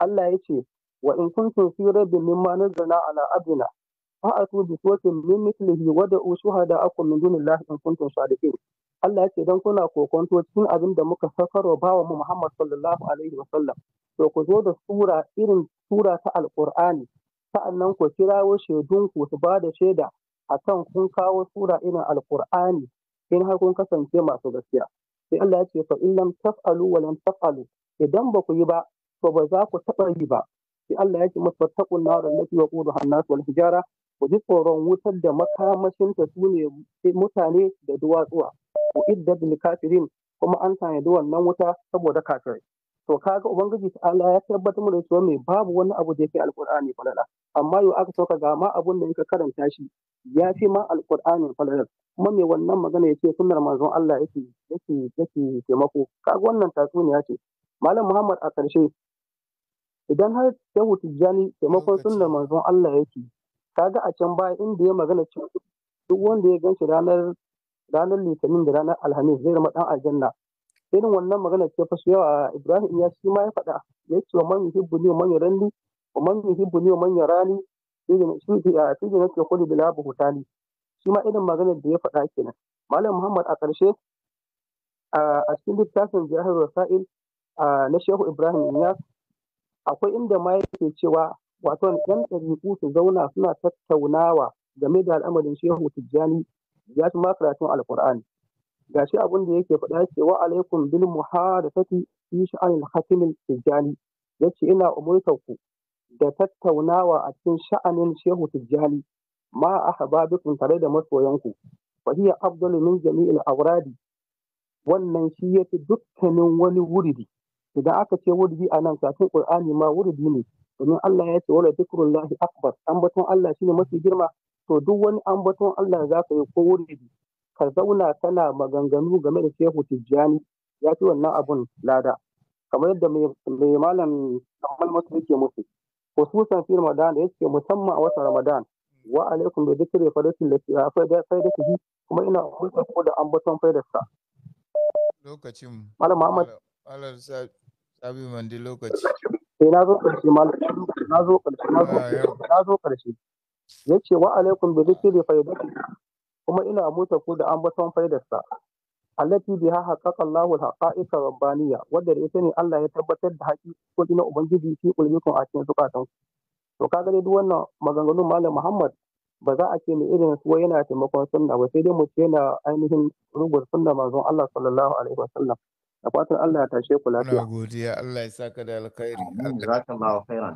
Allah ya ce wa in kuntum fi rabbin mimma nazzalna ala abdina atu bi sawtin min mithlihi wa da'u shuhada'akum min dunillahi in kuntum sadiqin Allah ya ce dan kuna kokonto cikin abin da muka sakarwa bawa mu Muhammad sallallahu alaihi wasallam to ku zo da sura irin sura ta alqur'ani sa'annan ku kirawo shaidunku su ba da shaida akan kun kawo sura irin alqur'ani in har kun kasance masu gaskiya sai Allah ya ce fa in lam taf'alu wa lam taf'alu idan ba ku yi ba to ba za ku taɓa yi ba sai Allah ya ce masu fattaqun nar allati waquduha hannas wal hijara ku ji tsoron wutar da makamashinta ta sune mutane da duwatsuwa ku iddad likafirin kafirin kuma an tanadi wannan wuta saboda kafirai to kaga ubangiji ta Allah ya tabbatar mu da cewa mai babu wani abu da yake alqur'ani falala amma yau aka sauka ga ma abun da yake karanta shi ya fi ma alqur'ani falala kuma mai wannan magana yace sunnar manzon Allah yake yake yake taimako kaga wannan tatsuniya ce malam Muhammad a ƙarshe idan har Shehu Tijjani taimakon sunnar manzon Allah yake kaga a can baya inda ya magana cewa duk wanda ya ganshi ranar ranar litinin da ranar alhamis zai zama dan aljanna irin wannan magana ce fa yawa Ibrahim ya shi ma ya faɗa ya ce man yuhibbu ni man yarani wa man yuhibbu ni man yarani shi ne ke kuli bila bu hutani shi ma irin magana da ya faɗa kenan malam Muhammad a ƙarshe a cikin littafin jihar Rasail na Shehu Ibrahim Iyas akwai inda ma yake cewa wato ɗan ɗariƙu su zauna suna tattaunawa game da al'amarin Shehu Tijjani ya ma karatun Alƙur'ani gashi abin da yake faɗa yake wa alaikum bil muhadathati fi sha'anil khatimil tijani yace ina umurtar ku da tattaunawa a cikin sha'anin shehu tijjani ma ahbabikum tare da masoyanku fa hiya min jami'il awradi wannan shi yafi dukkanin wani wuridi idan aka ce wuridi a nan kafin qur'ani ma wuridi ne domin Allah ya ce wala zikrullahi akbar ambaton Allah shine mafi girma to duk wani ambaton Allah za ka yi ko wuridi ka zauna kana maganganu game da shehu tijjani ya fi wannan abun lada kamar yadda mai malam kamal masu yake musu hususan fi ramadan da yake musamman a watan ramadan wa alaikum bi dhikri fadatin lati faida faida kuma ina hulɗa ko da ambaton faidarsa lokacin malam muhammad malam sabi mandi lokaci sai eh, na zo ƙarshe malam na zo ƙarshe na zo ah, ƙarshe yace wa alaikum bi dhikri faidatin kuma ina murta ku da ambaton faidarsa allati biha haqqaqa Allahu al-haqa'iqa rabbaniyya wanda da ita ne Allah ya tabbatar da haƙiƙoƙi na ubangiji fi ulmikum a cikin zukatan to kaga dai duk wannan maganganun malam Muhammad ba za a ce mai irin su yana taimakon sunna ba sai dai mu ce yana ainihin rugur sunna manzon Allah sallallahu alaihi wasallam da fatan Allah ya tashe ku lafiya na godiya Allah ya saka da alkhairi jazakallahu khairan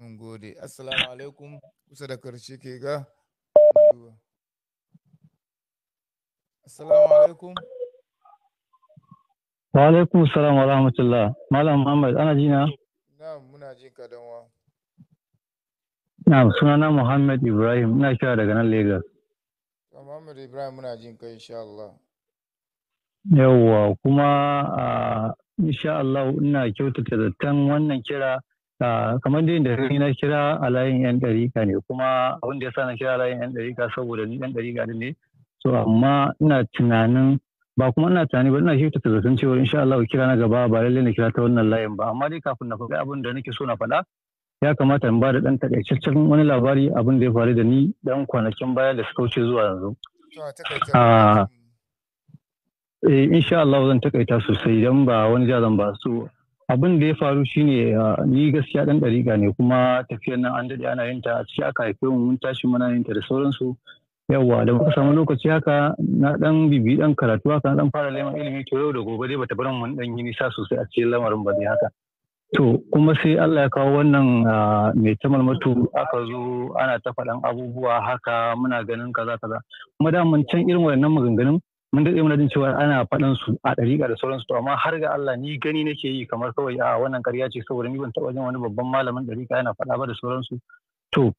mun gode assalamu alaikum kusa da karshe ke ga Assalamu alaikum. Wa alaikum salam wa rahmatullah. Malam Muhammad ana ji na? Na, muna ji ka dan wa. suna na Muhammad Ibrahim ina kira daga nan Lagos. Muhammad Ibrahim muna ji ka insha Allah. Yawwa kuma insha Allah ina kyautata zaton wannan kira kamar dai da ni na kira a layin yan ɗarika ne kuma abin da ya sa na kira layin yan ɗarika saboda ni yan dariƙa ne so amma ina tunanin ba kuma ina tunani ba ina shi ta zaton cewa insha Allah kira na gaba ba lallai na kira ta wannan layin ba amma dai kafin na faɗi abin da nake so na faɗa ya kamata in ba da dan takaitaccen wani labari abin da ya faru da ni ɗan kwanakin baya da suka wuce zuwa yanzu. Ah, eh, insha Allah zan takaita sosai don ba wani ja zan ba su abin da ya faru shine ah, ni gaskiya dan ɗariƙa ne kuma tafiyar nan an daɗe ana yin ta a ciki aka haife mun tashi muna yin ta da sauransu yawwa da muka samu lokaci haka na dan bibi dan karatu haka na dan fara neman ilimi to yau da gobe dai bata bar mun dan yi nisa sosai a cikin lamarin ba ne haka to kuma sai Allah ya kawo wannan mai ta malmatu aka zo ana ta faɗan abubuwa haka muna ganin kaza kaza kuma da mun can irin waɗannan maganganun mun daɗe muna jin cewa ana faɗan su a dariƙa da sauransu to amma har ga Allah ni gani nake yi kamar kawai a wannan ƙarya ce saboda ni ban taɓa jin wani babban malamin dariƙa yana faɗa ba da sauransu to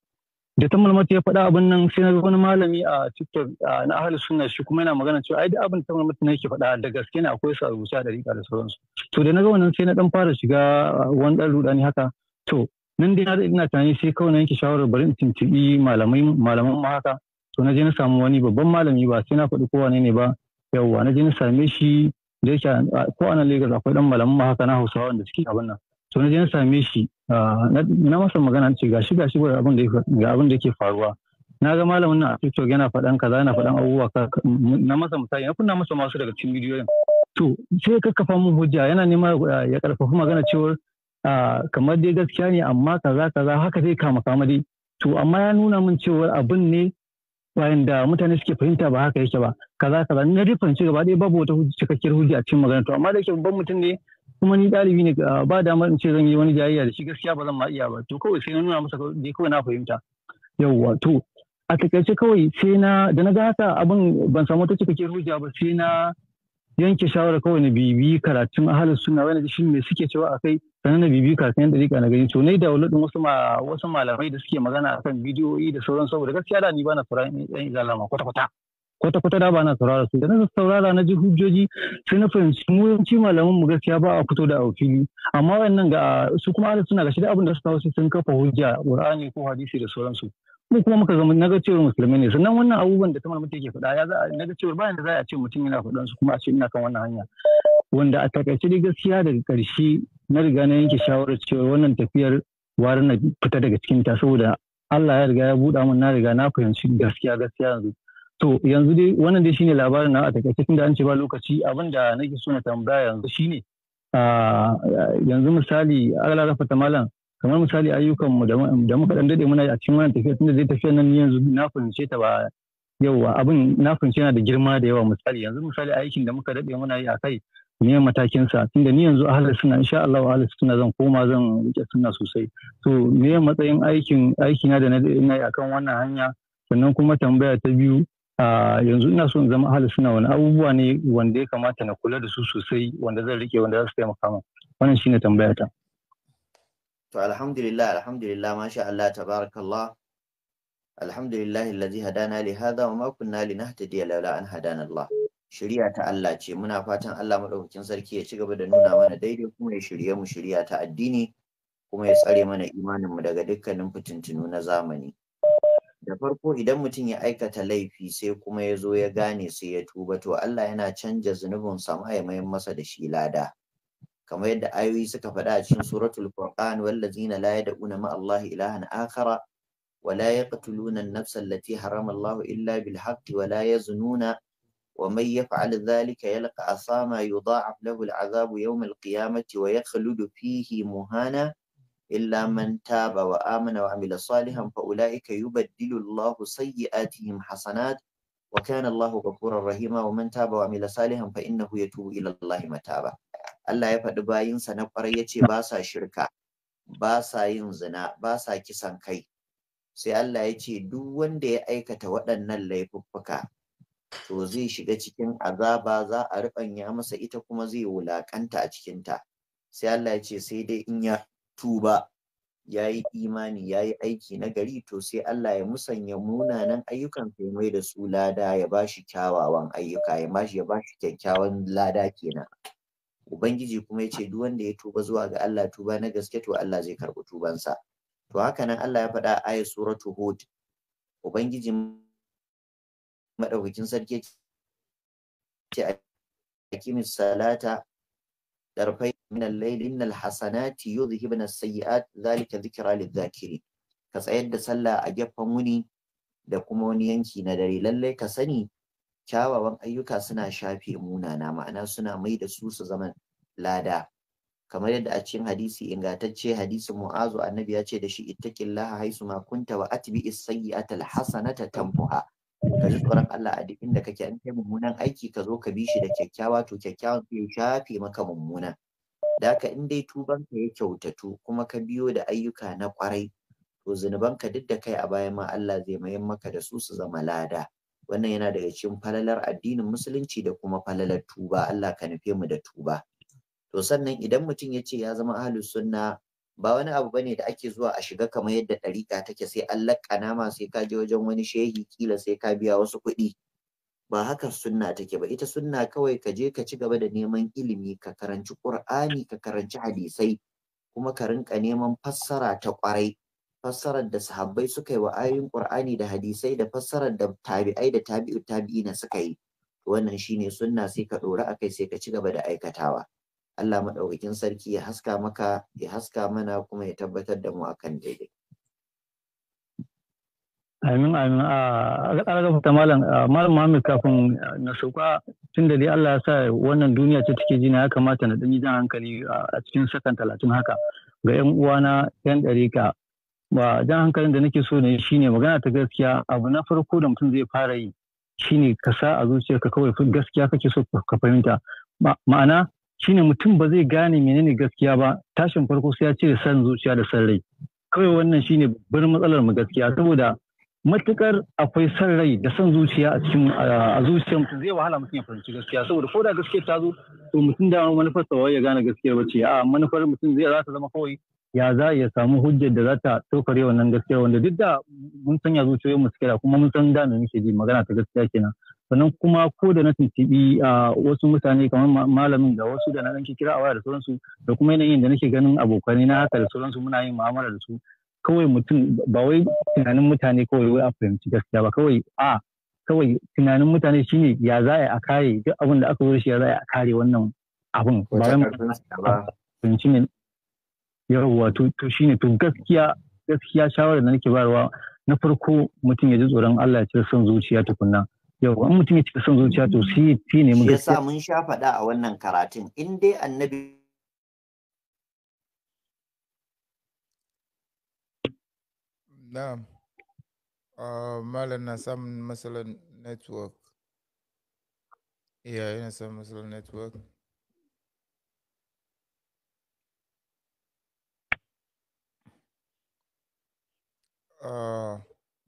da ta malamata ya faɗa abin nan sai na ga wani malami a tiktok na ahal suna shi kuma yana magana cewa ai da abin ta malamata ne yake faɗa da gaske ne akwai su a rubuce a da sauransu to da na ga wannan sai na dan fara shiga wani dan rudani haka to nan dai na da ina tunani sai kawai na yanke shawarar bari in tuntuɓi malamai malaman ma haka to na je na samu wani babban malami ba sai na faɗi kowa ne ba yawwa na je na same shi da yake ko a nan Lagos akwai dan malaman ma haka na Hausawa wanda suke abin nan to na je same shi na masa magana ce ga shi ga shi ga abin da yake faruwa na ga malamin na TikTok yana faɗan kaza yana faɗan abubuwa na masa misali na kunna masa masu daga cikin bidiyoyin to sai ya kakkafa mun hujja yana nema ya karfafa magana cewar kamar dai gaskiya ne amma kaza kaza haka zai kama kama dai to amma ya nuna min cewar abin ne bayan da mutane suke fahimta ba haka yake ba kaza kaza na dai fahimci gaba ɗaya babu wata cikakkiyar hujja a cikin magana to amma da yake babban mutum ne kuma ni ɗalibi ne ah, ba dama in ce zan yi wani jayayya da shi gaskiya ba zan ma iya ba to kawai sai na nuna masa dai kawai na fahimta yawwa to a takaice kawai sai na da na ga haka abin ban samu ta cikakken hujja ba sai na yanke shawara kawai na bibi karatun halin suna wani shi me suke cewa a kai sannan na bibi karatun yadda rika na gani to na da dauladin wasu wasu malamai da suke magana akan bidiyoyi da sauran saboda gaskiya da ni ba na fara yan izalama kwata-kwata kwata-kwata da ba na saurara su da na saurara na ji hujjoji sai na fahimci mu yanci malaman mu gaskiya ba a fito da aufili amma wannan ga su kuma ana suna gashi da abin da su kawo sun kafa hujja qur'ani ko hadisi da sauransu mu kuma muka zama naga cewar musulmi ne sannan wannan abubuwan da ta mutum yake faɗa ya za naga cewar bayan da za a ce mutum yana faɗan su kuma a ce ina kan wannan hanya wanda a takaice dai gaskiya daga ƙarshe na riga na yanke shawarar cewa wannan tafiyar wara na fita daga cikin ta saboda Allah ya riga ya buɗa mun na riga na fahimci gaskiya gaskiya yanzu To yanzu dai wannan dai shine labarin na a takaice tunda an ce ba lokaci abin da nake so na tambaya yanzu shine yanzu misali ala rafa malam kamar misali ayyukan mu da muka dan dade muna a cikin wannan tafiya tunda zai tafiya nan yanzu na fahimce ta ba yauwa abin na fahimce yana da girma da yawa misali yanzu misali aikin da muka dade muna yi a kai ne matakin sa tunda ni yanzu ahlus sunna insha Allah ahlus sunna zan koma zan rike sunna sosai to me matsayin aikin aikina da na yi akan wannan hanya sannan kuma tambaya ta biyu yanzu ina son zama ahli suna wani abubuwa ne wanda ya kamata na kula da su sosai wanda zan rike wanda za su taimaka min wannan shine tambaya ta to alhamdulillah alhamdulillah masha Allah tabarakallah alhamdulillah alladhi hadana li hadha wa ma kunna linahtadi laula an hadana Allah shiriya ta Allah ce muna fatan Allah madaukakin sarki ya ci gaba da nuna mana daidai kuma ya shirye mu shirya ta addini kuma ya tsare mana imanin mu daga dukkanin fitintunu na zamani da farko idan mutum ya aikata laifi sai kuma ya zo ya gane sai ya tuba to Allah yana canja zunubin sama ya masa da shi lada kamar yadda ayoyi suka faɗa a cikin suratul furqan wallazina la yad'una ma Allah ilahan akhara wa la yaqtuluna an-nafsa allati harama Allah illa bil haqqi wa la yazununa wa man yaf'al dhalika yalqa asama yudha'af lahu al-'adhabu yawm al-qiyamati wa yakhludu fihi muhana Illa إلا من تاب وآمن وعمل صالحا فأولئك يبدل الله سيئاتهم حسنات وكان الله غفورا رحيما ومن تاب وعمل صالحا فإنه يتوب إلى mata ba. Allah ya faɗi bayansa na ƙwarai ya ce ba sa shirka, ba sa yin zina, ba sa kisan kai. Sai Allah ya ce duk wanda ya aikata waɗannan laifuffuka to zai shiga cikin azaba za a riɓanya masa ita kuma zai wulaƙanta a cikinta. Sai Allah ya ce sai dai in ya tuba ya yi imani ya yi aiki na gari to sai Allah ya musanya munanan ayyukan ya da su lada ya bashi kyawawan ayyuka ya bashi ya ba kyakkyawan lada kenan ubangiji kuma ya ce duk wanda ya tuba zuwa ga Allah tuba na gaske to Allah zai karɓi tubansa to haka nan Allah ya faɗa a ayat suratu hud ubangiji madaukakin sarki ya ce a salata طرفي من الليل إن الحسنات يذهبن السيئات ka tsayar da sallah a أجف wuni da kuma wani yanki na dare lallai ka sani kyawawan ayyuka suna shafe munana ma'ana suna mai da su su zama lada kamar yadda a cikin hadisi ingantacce hadisin mu'azu annabi ya ce da shi ittaqillaha haisu ma kunta wa atbi as-sayyi'ata al-hasanata tamfuha ka ji mm-hmm. tsoron Allah a duk inda kake an kai mummunan aiki ka zo ka bi shi da kyakkyawa to kyakkyawan ya shafe maka mummuna. da ka in dai tuban ka ya kyautatu kuma ka biyo da ayyuka na kwarai to zunuban ka duk da kai a baya ma Allah zai mayan maka da su su zama lada wannan yana daga cikin falalar addinin musulunci da kuma falalar tuba Allah ka nufe mu da tuba to sannan idan mutum ya ce ya zama ahlus sunna ba wani abu bane da ake zuwa a shiga kamar yadda ɗariƙa take sai an laƙana ma sai ka je wajen wani shehi kila sai ka biya wasu kuɗi ba haka sunna take ba ita sunna kawai ka je ka ci gaba da neman ilimi ka karanci ƙur'ani ka karanci hadisai kuma ka rinka neman fassara ta ƙwarai fassarar da sahabbai suka yi wa ayoyin ƙur'ani da hadisai da fassarar da tabi'ai da tabi'u tabi'ina suka yi wannan shine sunna sai ka ɗora akai sai ka ci gaba da aikatawa Allah maɗaukakin sarki ya haska maka ya haska mana kuma ya tabbatar da mu akan daidai Amin amin a ƙarƙar ta malam malam Muhammad kafin na shuka tun da dai Allah ya sa wannan duniya ta take jina ya kamata na ɗan jan hankali a cikin sakan talatin haka ga 'yan uwana 'yan ɗarika ba jan hankalin da nake so ne shine magana ta gaskiya abu na farko da mutum zai fara yi shine ka sa a zuciyarka kawai gaskiya kake so ka fahimta ma'ana shine mutum ba zai gane menene gaskiya ba tashin farko sai ya cire san zuciya da san rai kawai wannan shine babbar matsalar mu gaskiya saboda matukar akwai san rai da san zuciya a cikin a zuciyar mutum zai wahala mutum ya fahimci gaskiya saboda ko da gaskiya ta zo to mutum da manufar sa ya gane gaskiyar bace a manufar mutum zai za zama kawai ya za ya samu hujjar da za ta tokare wannan gaskiyar wanda duk da mun san zuciyoyin mu kuma mun san da muke ji magana ta gaskiya kenan sannan kuma ko da na tuntuɓi wasu mutane kamar malamin da wasu da na ɗan kira a waya da sauransu da kuma yanayin da nake ganin abokanai na haka da sauransu muna yin mu'amala da su kawai mutum ba wai tunanin mutane kawai wai a fahimci gaskiya ba kawai a kawai tunanin mutane shine ya za a kare duk abin da aka zo shi ya za a kare wannan abin ba wai fahimci ne yawwa to shine to gaskiya gaskiya shawarar da nake bayarwa na farko mutum ya ji tsoron Allah ya cire son zuciya tukunna yau an mutum ya cika son zuciya to shi fi ne mun gaskiya mun sha faɗa a wannan karatun in dai annabi na'am ah, malam na samun matsalar network iya yana samun matsalar network uh,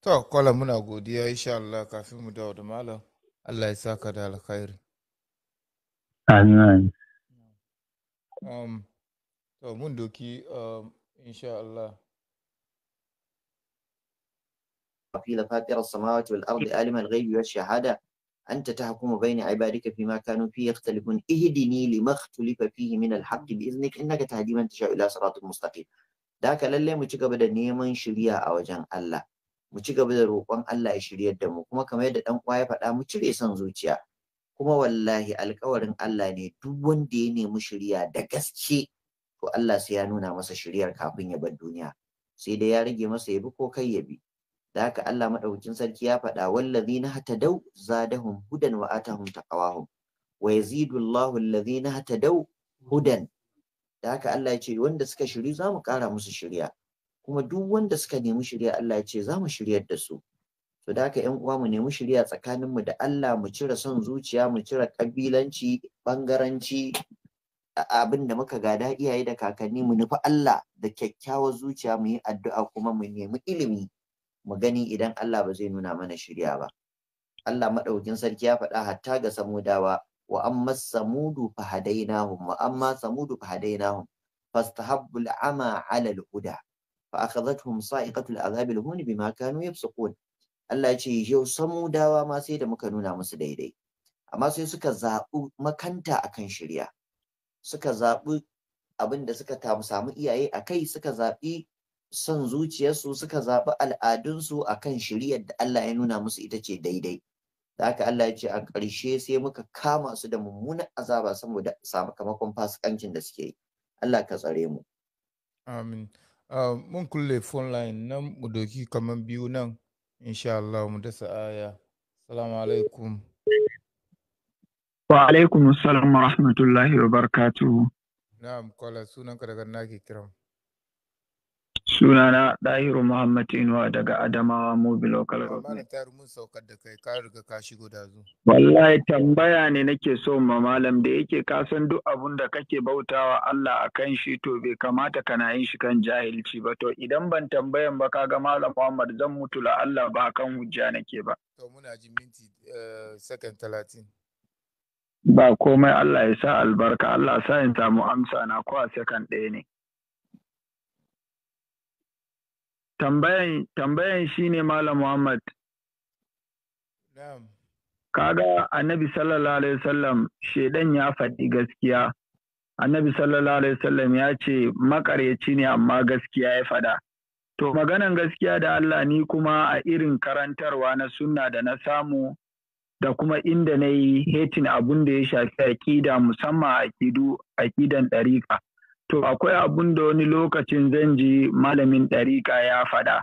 To, kwallon muna godiya insha Allah kafin mu dawo da malam. Allah ya saka da alkhairi. Amin. Um, to, mun doki um, insha Allah. قيل فاطر السماوات والأرض عالم الغيب والشهادة أنت تحكم بين عبادك فيما كانوا فيه يختلفون اهدني لما اختلف فيه من الحق بإذنك إنك تهدي من تشاء إلى صراط مستقيم ذاك للي متشكب da neman shirya a wajen Allah mu ci gaba da roƙon Allah ya shiryar da mu kuma kamar yadda dan uwa ya faɗa mu cire son zuciya kuma wallahi alƙawarin Allah ne duk wanda ya nemi shirya da gaske to Allah sai ya nuna masa shiryar kafin ya bar duniya sai dai ya rage masa ya bi ko kai ya bi da haka Allah madaukakin sarki ya faɗa wallazina Hatadau zadahum hudan wa atahum taqawahum wa yazidu Allahu alladhina Hatadau hudan da haka Allah ya ce wanda suka shiri za mu ƙara musu shirya kuma duk wanda suka nemi shirya Allah ya ce za mu shiryar da su to da haka ƴan uwa mu nemi shirya tsakaninmu da Allah mu cire son zuciya mu cire kabilanci bangaranci abin da muka gada iyaye da kakanni mu nufi Allah da kyakkyawar zuciya mu yi addu'a kuma mu nemi ilimi mu gani idan Allah ba zai nuna mana shirya ba Allah maɗaukin sarki ya faɗa hatta ga samudawa wa amma samudu fa hadainahum wa amma samudu fa hadainahum fastahabbu al'ama 'ala al-huda فأخذتهم صائقة العذاب الهون بما كانوا يفسقون Allah ce yau dawa ma sai da muka nuna musu daidai amma sai suka zaɓi makanta akan shirya suka zaɓi abinda suka samu iyaye a kai suka zaɓi son zuciyarsu suka zaɓi al'adunsu a kan shiryar da Allah ya nuna musu ita ce daidai. Da haka Allah ya ce a ƙarshe sai muka kama su da mummunan azaba saboda sakamakon fasikancin da suke yi. Allah ka tsare mu. Amin. Ah, mun kulle phone line nan mu doki kamar biyu nan insha Allah mu dasa aya salamu alaikum wa alaikum wa rahmatullahi wa barakatuhu na'am kwala sunanka daga nake kiran Sunana Ɗahiru Muhammad Inuwa daga Adamawa Mobi Local Government. mun saukar da kai ka riga ka shigo da zu. Wallahi tambaya ne nake so ma malam da yake ka san duk abun da kake bautawa Allah a kan shi to bai kamata kana yin shi kan jahilci ba to idan ban tambayan ba kaga malam Muhammad zan mutu la Allah ba kan hujja nake ba. Eh, ba komai Allah ya sa albarka Allah sa in samu amsa na ko a second ɗaya ne. Tambayan tambayan shine Malam Muhammad. Kaga Annabi sallallahu alaihi wasallam shedan ya faɗi gaskiya. Annabi sallallahu alaihi wasallam ya ce makaryaci ne amma gaskiya ya faɗa. To maganan gaskiya da Allah ni kuma a irin karantarwa na sunna da na samu da kuma inda na yi hetin abun da ya shafi aƙida musamman aƙidu aƙidan ɗarika. To akwai abun da wani lokacin zan ji malamin ɗariƙa ya faɗa.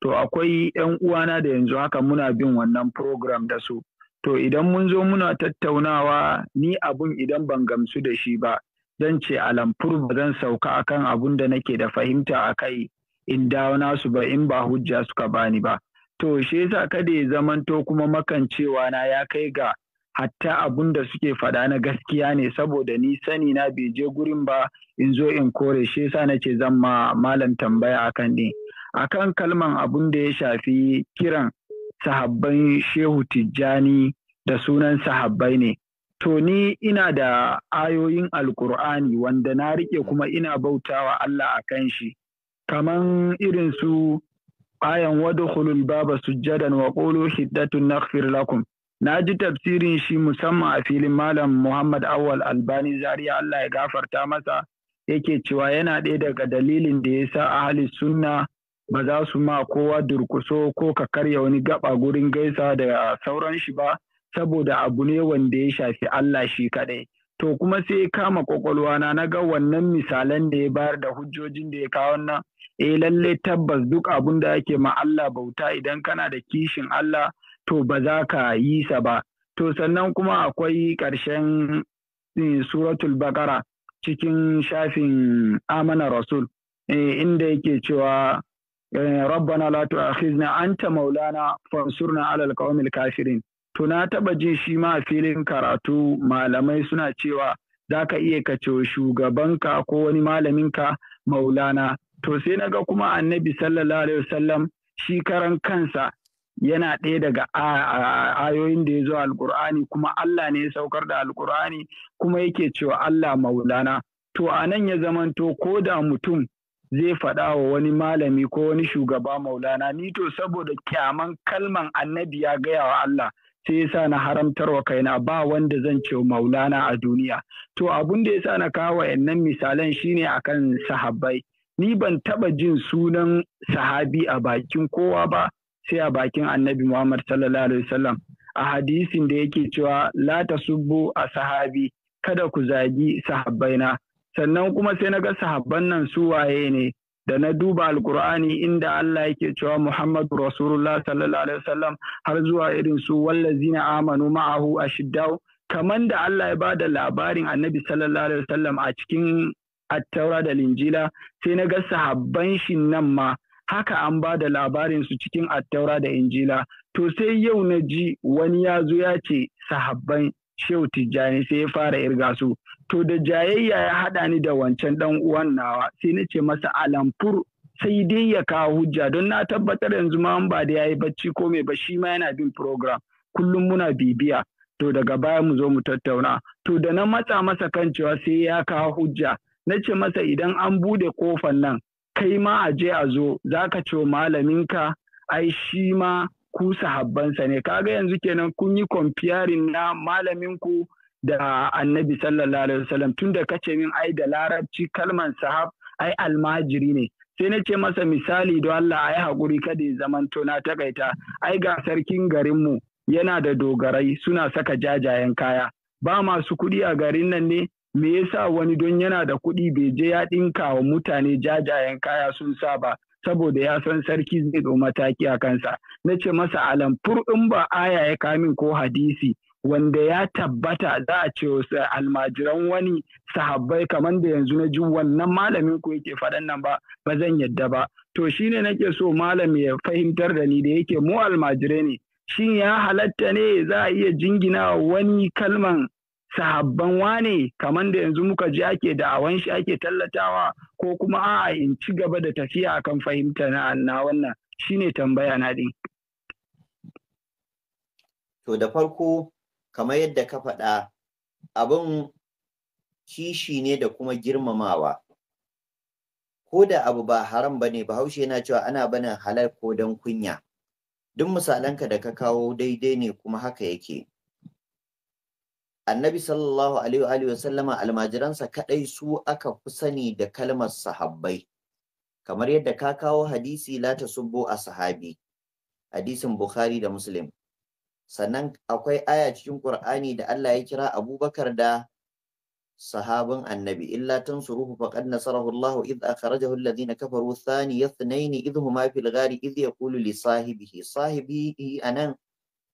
To akwai ‘yan uwana da yanzu haka muna bin wannan program da su. To idan mun zo muna tattaunawa ni abun idan ban gamsu da shi ba, zan ce a alamfur ba zan sauka akan abun da nake da fahimta a kai in dawo nasu ba in ba hujja suka bani ba. To shi yasa kada ya zamanto kuma makancewa na ya kai ga hatta abun da suke faɗa na gaskiya ne saboda ni sani na bai je gurin ba in zo in kore shi yasa nace zan ma malam tambaya akan ne akan kalman abun da ya shafi kiran sahabban shehu tijjani da sunan sahabbai ne to ni ina da ayoyin alkur'ani wanda na rike kuma ina bautawa Allah akan shi kaman irin su ayan wadkhulul baba sujjadan wa qulu hiddatun naghfir lakum Na ji tafsirin shi musamman a filin Malam Muhammad Awal Albani Zaria Allah ya gafarta masa yake cewa yana ɗaya daga dalilin da ya sa ahli sunna ba za su ma kowa durkuso ko ka karya wani gaba gurin gaisa da sauran shi ba saboda abu ne wanda ya shafi Allah shi kaɗai. To kuma sai kama kwakwalwa na ga wannan misalan da ya bayar da hujjojin da ya kawo nan eh lalle tabbas duk abun da yake ma Allah bauta idan kana da kishin Allah to ba za ka yi sa ba. To sannan kuma akwai ƙarshen eh, suratul bakara cikin shafin amana rasul eh, inda yake cewa eh, rabbana la tu'akhizna anta maulana fansurna alal qawmil kafirin to na taba jin shi ma filin karatu malamai suna cewa zaka iya kace shugabanka ko wani malaminka maulana to sai na ga kuma annabi sallallahu alaihi wasallam shi karan kansa yana ɗaya daga ayoyin da ya zo alkur'ani kuma Allah ne ya saukar da alkur'ani kuma yake cewa Allah maulana to a nan ya zamanto ko da mutum zai faɗa wa wani malami ko wani shugaba maulana ni to saboda kyaman kalman annabi ya gaya wa Allah sai yasa na haramtar wa kaina ba wanda zan ce maulana a duniya to abin da ya sa na kawo wayannan misalan shine akan sahabbai ni ban taɓa jin sunan sahabi a bakin kowa ba sai a bakin annabi Muhammad sallallahu alaihi wasallam a hadisin da yake cewa la tasubbu a sahabi kada ku zagi sahabbaina sannan kuma sai na ga sahabban nan su waye ne da na duba alkur'ani inda Allah yake cewa Muhammadu Rasulullah sallallahu alaihi wasallam har zuwa irin su wallazina amanu ma'ahu ashiddau kaman da Allah ya ba da labarin Annabi sallallahu alaihi wasallam a cikin at-taura da linjila sai na ga sahabban shi nan ma haka an ba da labarin su cikin attaura da injila to sai yau na ji wani ya zo ya ce sahabban shehu tijjani sai ya fara irga su to da jayayya ya haɗa ni da wancan ɗan uwan nawa sai na ce masa alamfur sai dai ya kawo hujja don na tabbatar yanzu ma ba da yi bacci ko mai ba shi ma yana bin program kullum muna bibiya to daga baya mu zo mu tattauna to da na matsa masa kan cewa sai ya kawo hujja na ce masa idan an bude kofan nan kai ma a je a zo za ka ce malaminka ai shi ma ku sahabbansa ne kaga yanzu kenan kun yi comparing na malaminku da annabi sallallahu alaihi wasallam tunda kace min ai da larabci kalman sahab ai almajiri ne sai na ce masa misali don Allah ai hakuri kada ya zamanto na takaita ai ga sarkin garinmu yana da dogarai suna saka jajayen kaya ba masu kuɗi a garin nan ne me yasa wani don yana da kuɗi bai je ya ɗinka wa mutane jajayen kaya sun sa ba saboda ya san sarki zai ɗau mataki a kansa na ce masa alamfur in ba aya ya kamin ko hadisi wanda ya tabbata za a ce almajiran wani sahabbai kamar da yanzu na ji wannan malamin ku yake faɗan nan ba ba zan yadda ba to shine nake so malam ya fahimtar da ni da yake mu almajirai ne shin ya halatta ne za a iya jingina wani kalman sahabban wane kamar da yanzu muka ji ake awan shi ake tallatawa ko kuma a in ci gaba da tafiya akan fahimta na na shi shine tambaya na din to da farko kamar yadda ka faɗa abin kishi ne da kuma girmamawa ko da abu ba haram ba ne bahaushe yana cewa ana banin halal ko don kunya duk misalanka da ka kawo daidai ne kuma haka yake annabi sallallahu alaihi wa sallama almajiransa kadai su aka fi sani da kalmar sahabbai kamar yadda ka kawo hadisi la tasubbu a sahabi hadisin bukhari da muslim sannan akwai aya cikin qur'ani da Allah ya kira abubakar da sahabin annabi illa tansuruhu faqad nasarahu Allah id akhrajahu alladhina kafaru thani yathnain id huma fil ghari id yaqulu li sahibihi sahibihi anan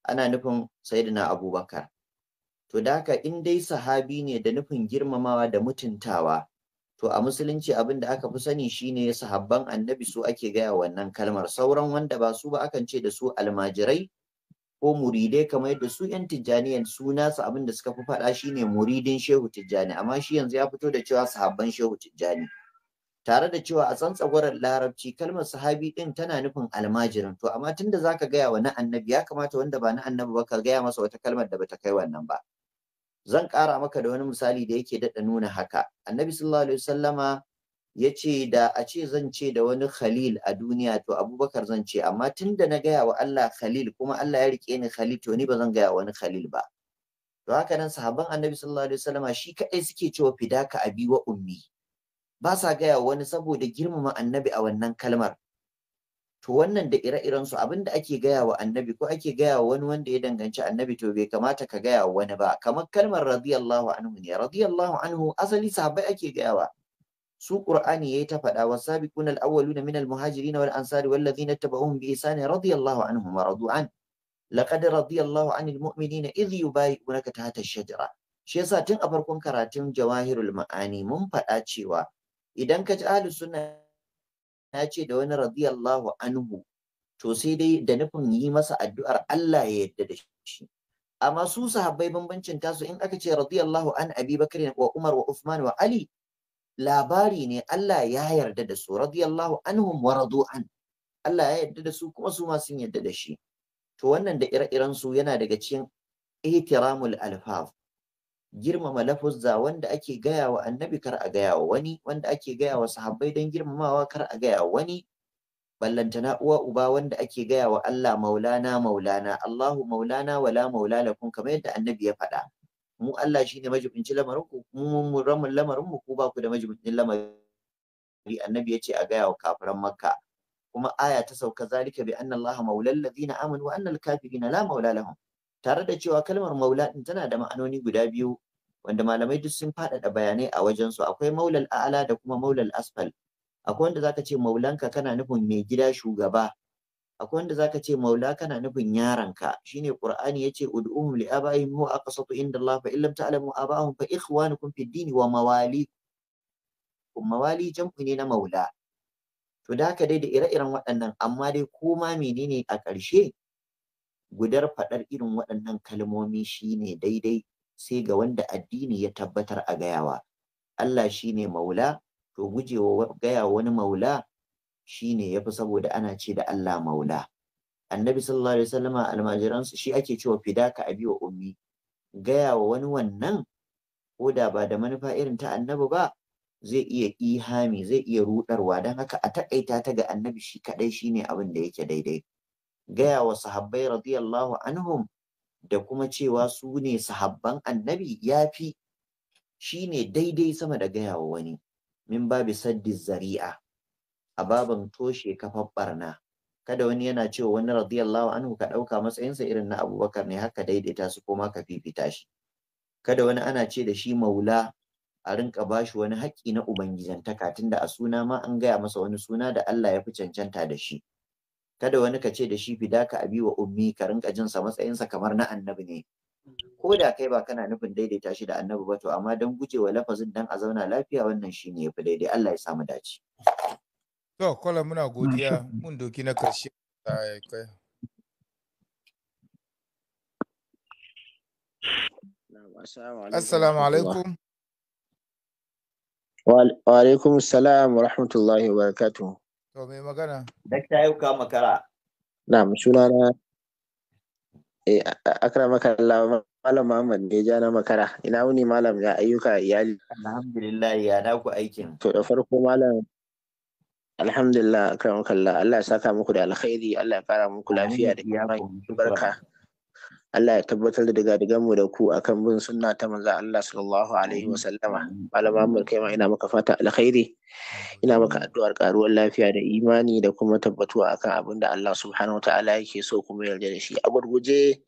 ana nufin sayyidina abubakar to da haka in dai sahabi ne da nufin girmamawa da mutuntawa to a musulunci abin da aka fi sani shine sahabban annabi su ake gaya wannan kalmar sauran wanda ba su ba akan ce da su almajirai ko muridai kamar yadda su yan tijjaniyan su nasu abin da suka fi faɗa shine muridin shehu tijjani amma shi yanzu ya fito da cewa sahabban shehu tijjani tare da cewa a tsantsagwarar larabci kalmar sahabi ɗin tana nufin almajirin to amma tunda zaka gaya wa na annabi ya kamata wanda ba na annabi ba ka gaya masa wata kalmar da bata kai wannan ba zan ƙara maka da wani misali da yake daɗa nuna haka annabi sallallahu alaihi wasallama ya ce da a ce zan ce da wani khalil a duniya to abubakar zan ce amma tun da na gaya wa Allah khalil kuma Allah ya rike ni khalil to ni ba zan gaya wani khalil ba to haka nan sahabban annabi sallallahu alaihi wasallama shi kaɗai suke cewa fidaka abi wa ummi ba sa gaya wani saboda girmama annabi a wannan kalmar to wannan da ire-iren su abin da ake gaya wa annabi ko ake gaya wa wani wanda ya danganci annabi to bai kamata ka gaya wa wani ba kamar kalmar radiyallahu anhu ne radiyallahu anhu asali sahabbai ake gaya wa su qur'ani yayi ta faɗa wa sabiquna al-awwaluna min al-muhajirin wal ansari wal ladhina tabauhum bi ihsan radiyallahu anhum radu an laqad radiyallahu anil mu'minina idh yubayi'unaka tahta ash-shajara shi yasa tun a farkon karatun jawahirul ma'ani mun faɗa cewa idan ka ji ahlus sunna ta ce da wani radiyallahu anhu to sai dai da nufin yi masa addu'ar Allah ya yarda da shi amma su sahabbai bambancin tasu in aka ce radiyallahu an abi bakar wa umar wa usman wa ali labari ne Allah ya yarda da su radiyallahu anhum wa radu an Allah ya yarda da su kuma su ma sun yarda da shi to wannan da ire-iren su yana daga cikin ihtiramul alfaz girmama lafuzza wanda ake gaya wa annabi kar a gaya wa wani wanda ake gaya wa sahabbai don girmamawa kar a gaya wa wani ballantana uwa uba wanda ake gaya wa Allah maulana maulana Allahu maulana wala maula lakum kamar yadda annabi ya faɗa mu Allah shine majibinci lamarin ku mu mu ramu lamarin mu ku ba ku da majibincin lamarin annabi ya ce a gaya wa kafiran makka kuma aya ta sauka zalika bi anna Allah maulal ladina amanu wa anna al-kafirina la maula lahum tare da cewa kalmar maula din tana da ma'anoni guda biyu wanda malamai duk sun faɗaɗa bayanai a wajen su akwai maulal a'ala da kuma maulal asfal akwai wanda zaka ce maulanka kana nufin mai gida shugaba akwai wanda zaka ce maula kana nufin yaranka shine qur'ani yace ud'uhum li abaihim huwa aqsatu inda Allah fa illam ta'lamu aba'ahum fa ikhwanukum fid din wa mawali kun mawali jam'u ne na maula to da haka dai da ire-iren waɗannan amma dai koma menene a ƙarshe gudar faɗar irin waɗannan kalmomi shine daidai sai ga wanda addini ya tabbatar a gayawa Allah shine maula to gujewa gaya wani maula shine yafi saboda ana ce da Allah maula annabi sallallahu alaihi wasallama almajiransu shi ake cewa fidaka abi wa ummi gaya wa wani wannan ko da ba da manufa irin ta annabi ba zai iya ihami zai iya rudarwa don haka a takaita ta ga annabi shi kadai shine abin da yake daidai gaya wa sahabbai radiyallahu anhum da kuma cewa su ne sahabban annabi ya fi shi ne daidai sama da gaya wa wani min babi saddi zari'a a baban toshe kafar barna kada wani yana cewa wani radiyallahu anhu ka ɗauka matsayinsa irin na abubakar ne haka daidaita su koma ka fifita shi kada wani ana ce da shi maula a rinka bashi wani haƙƙi na ubangijantaka tunda a suna ma an gaya masa wani suna da Allah ya fi cancanta da shi kada wani ka ce da shi fi daka abi wa ummi ka rinka jin sa matsayinsa kamar na annabi ne mm. ko da kai ba kana nufin daidaita shi da annabi ba to amma don wa lafazin dan a zauna lafiya wannan shine yafi daidai Allah ya samu dace to kola muna godiya mun doki na karshe Assalamu alaikum. Wa alaikum salam wa rahmatullahi wa barakatuh. To mai magana. Dakta yau ka makara. Na'am sunana eh akramaka Allah malam Muhammad ne ja na makara. Ina wuni malam ya ayyuka iyali. Alhamdulillah ya na ku aikin. To da farko malam Alhamdulillah akramaka Allah Allah ya saka muku da alkhairi Allah ya kara muku lafiya da barka. Allah ya tabbatar da daga mu da ku akan bin sunna ta manza Allah sallallahu alaihi wa sallama malama mu kai ma ina maka fata alkhairi ina maka addu'ar karuwar lafiya da imani da kuma tabbatuwa akan abin da Allah subhanahu wataala yake so kuma yarda da shi a gurguje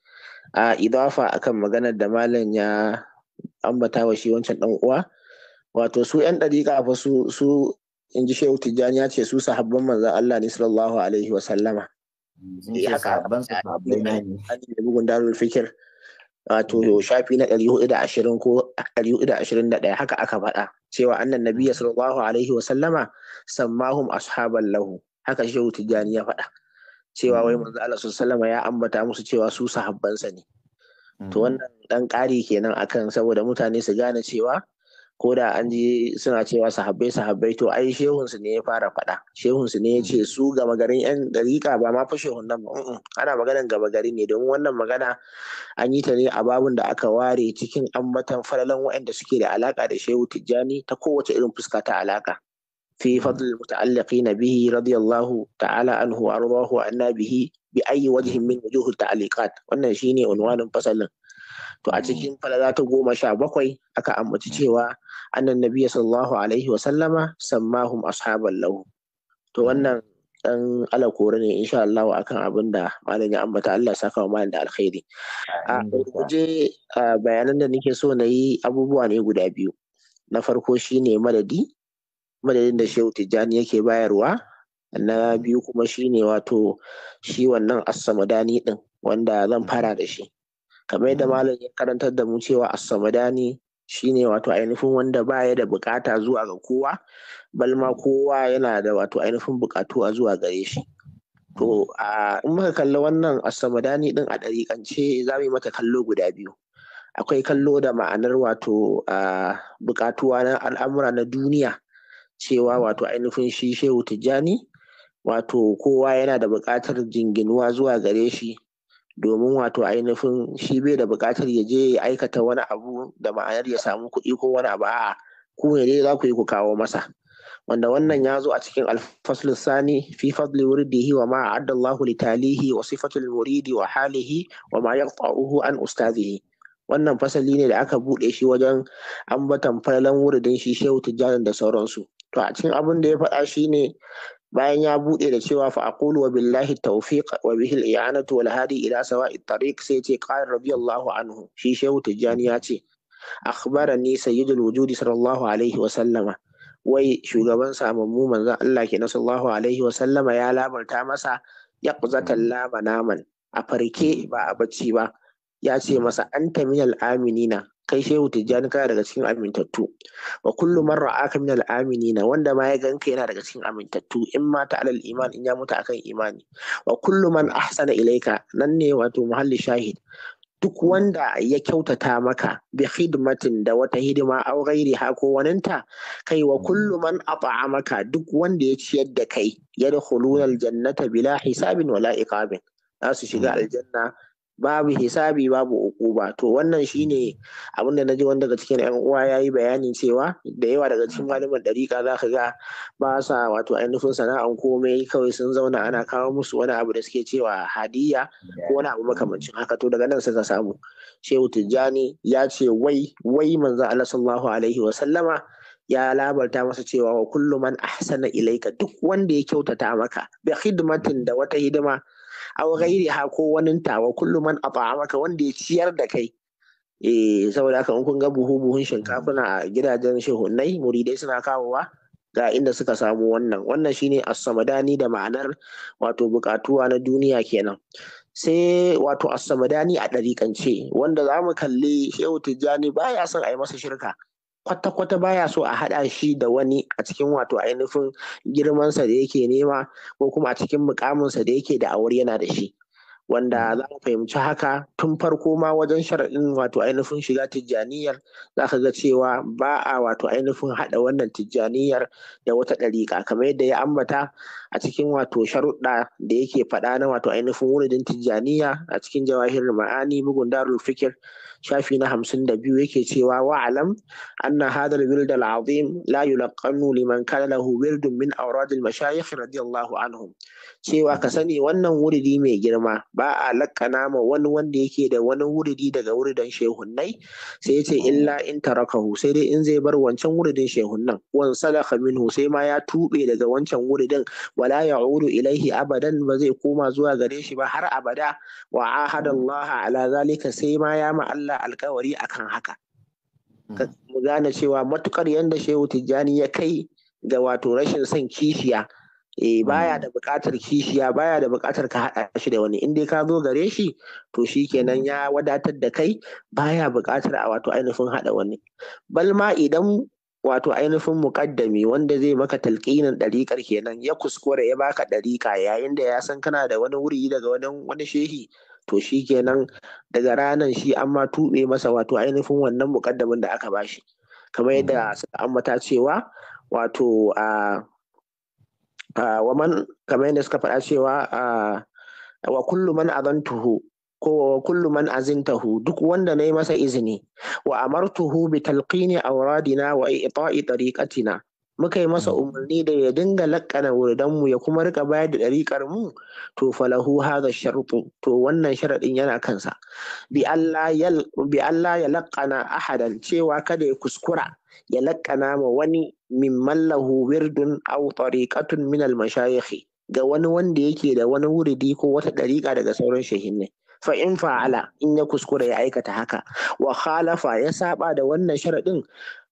a idafa akan maganar da malam ya ambata wa shi wancan dan uwa wato su yan dariƙa fa su su inji shehu tijjani ya ce su sahabban manza Allah ne sallallahu alaihi wa sallama eh haka ban su sabbai na ne da bugun darul fikir wato shafi na 420 ko 421 haka aka faɗa cewa annan nabiyya sallallahu alaihi wa sallama sammahum ashaban lahu haka shehu tijani ya faɗa cewa wai mm. manzo Allah sallama ya ambata musu cewa su sahabbansa ne to mm. wannan dan ƙari kenan akan saboda mutane su gane cewa ko da an ji suna cewa sahabbai sahabbai to ai shehunsu ne ya fara faɗa shehunsu ne ya ce su gama garin yan dariƙa ba ma fashe nan ba ana maganar gama gari ne domin wannan magana an yi ta ne a babun da aka ware cikin ambatan falalan waɗanda suke da alaka da shehu tijjani ta kowace irin fuska ta alaka fi fadl na bihi radiyallahu ta'ala anhu wa annabihi anna bihi bi ayi wajhin min wujuhi ta'liqat wannan shine unwanin fasalin to a cikin falala ta goma sha bakwai aka ambaci cewa annan nabi sallallahu alaihi wa sallama sammahum ashaban lahu to wannan dan alakore ne insha Allah akan abin da malam ya ambata Allah ya saka wa malam da alkhairi a guje bayanan da nake so na yi abubuwa ne guda biyu na farko shine madadi madadin da shehu tijjani yake bayarwa na biyu kuma shine wato shi wannan assamadani din wanda zan fara da shi kamar da malam ya karantar da mu cewa asamadani shine wato ainihin wanda baya da bukata zuwa ga kowa balma kowa yana da wato ainihin bukatu a zuwa gare shi to a in muka kalli wannan asamadani din a dariƙance za mu yi mata kallo guda biyu akwai kallo da ma'anar wato bukatuwa na al'amura na duniya cewa wato ainihin shi shehu tijjani wato kowa yana da bukatar jinginuwa zuwa gare shi domin wato ainihin shi bai da buƙatar ya je ya aikata wani abu da ma'anar ya samu kuɗi ko wani abu a ku ne dai za ku yi ku kawo masa wanda wannan ya zo a cikin alfasul sani fi fadli wuridihi wa ma adda Allahu li talihi wa sifatul muridi wa halihi wa ma yaqta'uhu an ustazihi wannan fasali ne da aka buɗe shi wajen ambatan falalan wuridin shi shehu tijjanin da sauransu to a cikin abin da ya faɗa shi ne bayan ya buɗe da cewa fa aqulu wa billahi tawfiq wa bihi al-i'anatu wal hadi ila sawa'i tariq sai ce qala radiyallahu anhu shi shehu tijjani ya ce akhbarani sayyidul wujudi sallallahu alaihi wa sallama wai shugaban samammu manzon Allah kenan sallallahu alaihi wa sallama ya labarta masa ya quzatan lama naman a farke ba a bacci ba ya ce masa anta minal aminina kai shehu tijjani kana daga cikin amintattu wa kullu man ra'aka min al-aminina wanda ma ya ganka yana daga cikin amintattu in ma ta alal iman in ya mutu akan imani wa kullu man ahsana ilaika nan ne wato muhalli shahid duk wanda ya kyautata maka bi khidmatin da wata hidima aw ghairiha ko waninta kai wa kullu man maka duk wanda ya ciyar da kai yadkhuluna al-jannata bila hisabin wala iqabin za su shiga hmm. aljanna babu hisabi babu uku ba. to wannan shine abin da naji wanda daga cikin yan uwa yayi bayani cewa da yawa daga cikin malaman dariƙa za ka ga ba sa wato ainihin sana'an komai kawai sun zauna ana kawo musu wani abu da suke cewa hadiya ko wani abu makamancin haka to daga nan suka samu shehu tijjani ya ce wai wai manzo Allah sallallahu alaihi wa sallama ya labarta masa cewa wa kullu man ahsana ilaika duk wanda ya kyautata maka bi khidmatin da wata hidima Aure mm. ghairiha ko wani tawa kullum man maka wanda ya ciyar da kai eh saboda haka kun ga buhu buhun shinkafuna a gidajen shehunai, muridai suna kawowa ga inda suka samu wannan wannan shine as-samadani da ma'anar wato bukatuwa na duniya kenan sai wato as-samadani a ɗarikance, wanda za mu kalli shehu tijjani baya son a yi masa shirka kwata-kwata baya so a haɗa shi da wani a cikin wato ainihin girmansa da yake nema ko kuma a cikin mukaminsa da yake da awar yana da shi wanda za mu fahimci haka tun farko ma wajen sharaɗin wato ainihin shiga tijjaniyar za ka ga cewa ba a wato ainihin haɗa wannan tijjaniyar da wata ɗariƙa kamar yadda ya ambata a cikin wato sharuɗa da yake faɗa na wato ainihin wuridin tijjaniya a cikin jawahirin ma'ani bugun darul fikir shafi na hamsin da biyu yake cewa wa'alam anna hadal wild azim la yulaqanu liman kana lahu wirdun min awrad al-mashayikh radiyallahu anhum cewa ka sani wannan wuridi mai girma ba a lakkana ma wani wanda yake da wani wuridi daga wuridan shehunnai sai yace illa in tarakahu sai dai in zai bar wancan wuridin shehunnan wan salaka minhu sai ma ya tube daga wancan wuridin wala ya'udu ilaihi abadan ba zai koma zuwa gare shi ba har abada wa ahada Allah ala zalika sai ma ya ma Allah Allah alkawari kan haka hmm. mu gane cewa matukar yadda shehu tijjani ya kai ga wato rashin son kishiya e baya hmm. da buƙatar kishiya baya da bukatar ka haɗa shi da wani in dai ka zo gare shi to shi kenan hmm. ya wadatar da kai baya bukatar a wato ainihin haɗa wani balma idan wato ainihin muƙaddami wanda zai maka talƙinin ɗariƙar kenan ya kuskure ya baka ɗariƙa yayin da ya san kana da wani wuri daga wani wani shehi to shi kenan daga ranan shi an ma tuɓe masa wato ainihin wannan mukaddamin da aka bashi kamar yadda mm. ambata cewa wato a waman kamar yadda suka faɗa cewa wa kullu man azantuhu ko wa kullu man azintahu duk wanda na yi masa izini wa amartuhu bi talqini awradina wa ita'i tariqatina muka yi masa mm. umarni da ya dinga lakkana mu ya kuma rika bayar da ɗariƙar mu to falahu haza sharutu to wannan sharaɗin yana kansa bi Allah ya lakkana ahadan cewa kada ya kuskura ya lakkana ma wani min mallahu wirdun aw tariqatun min al ga wani wanda yake da wani wuridi ko wata ɗariƙa daga sauran shehinne fa in fa'ala in ya kuskura ya aikata haka wa khalafa ya saba da wannan sharaɗin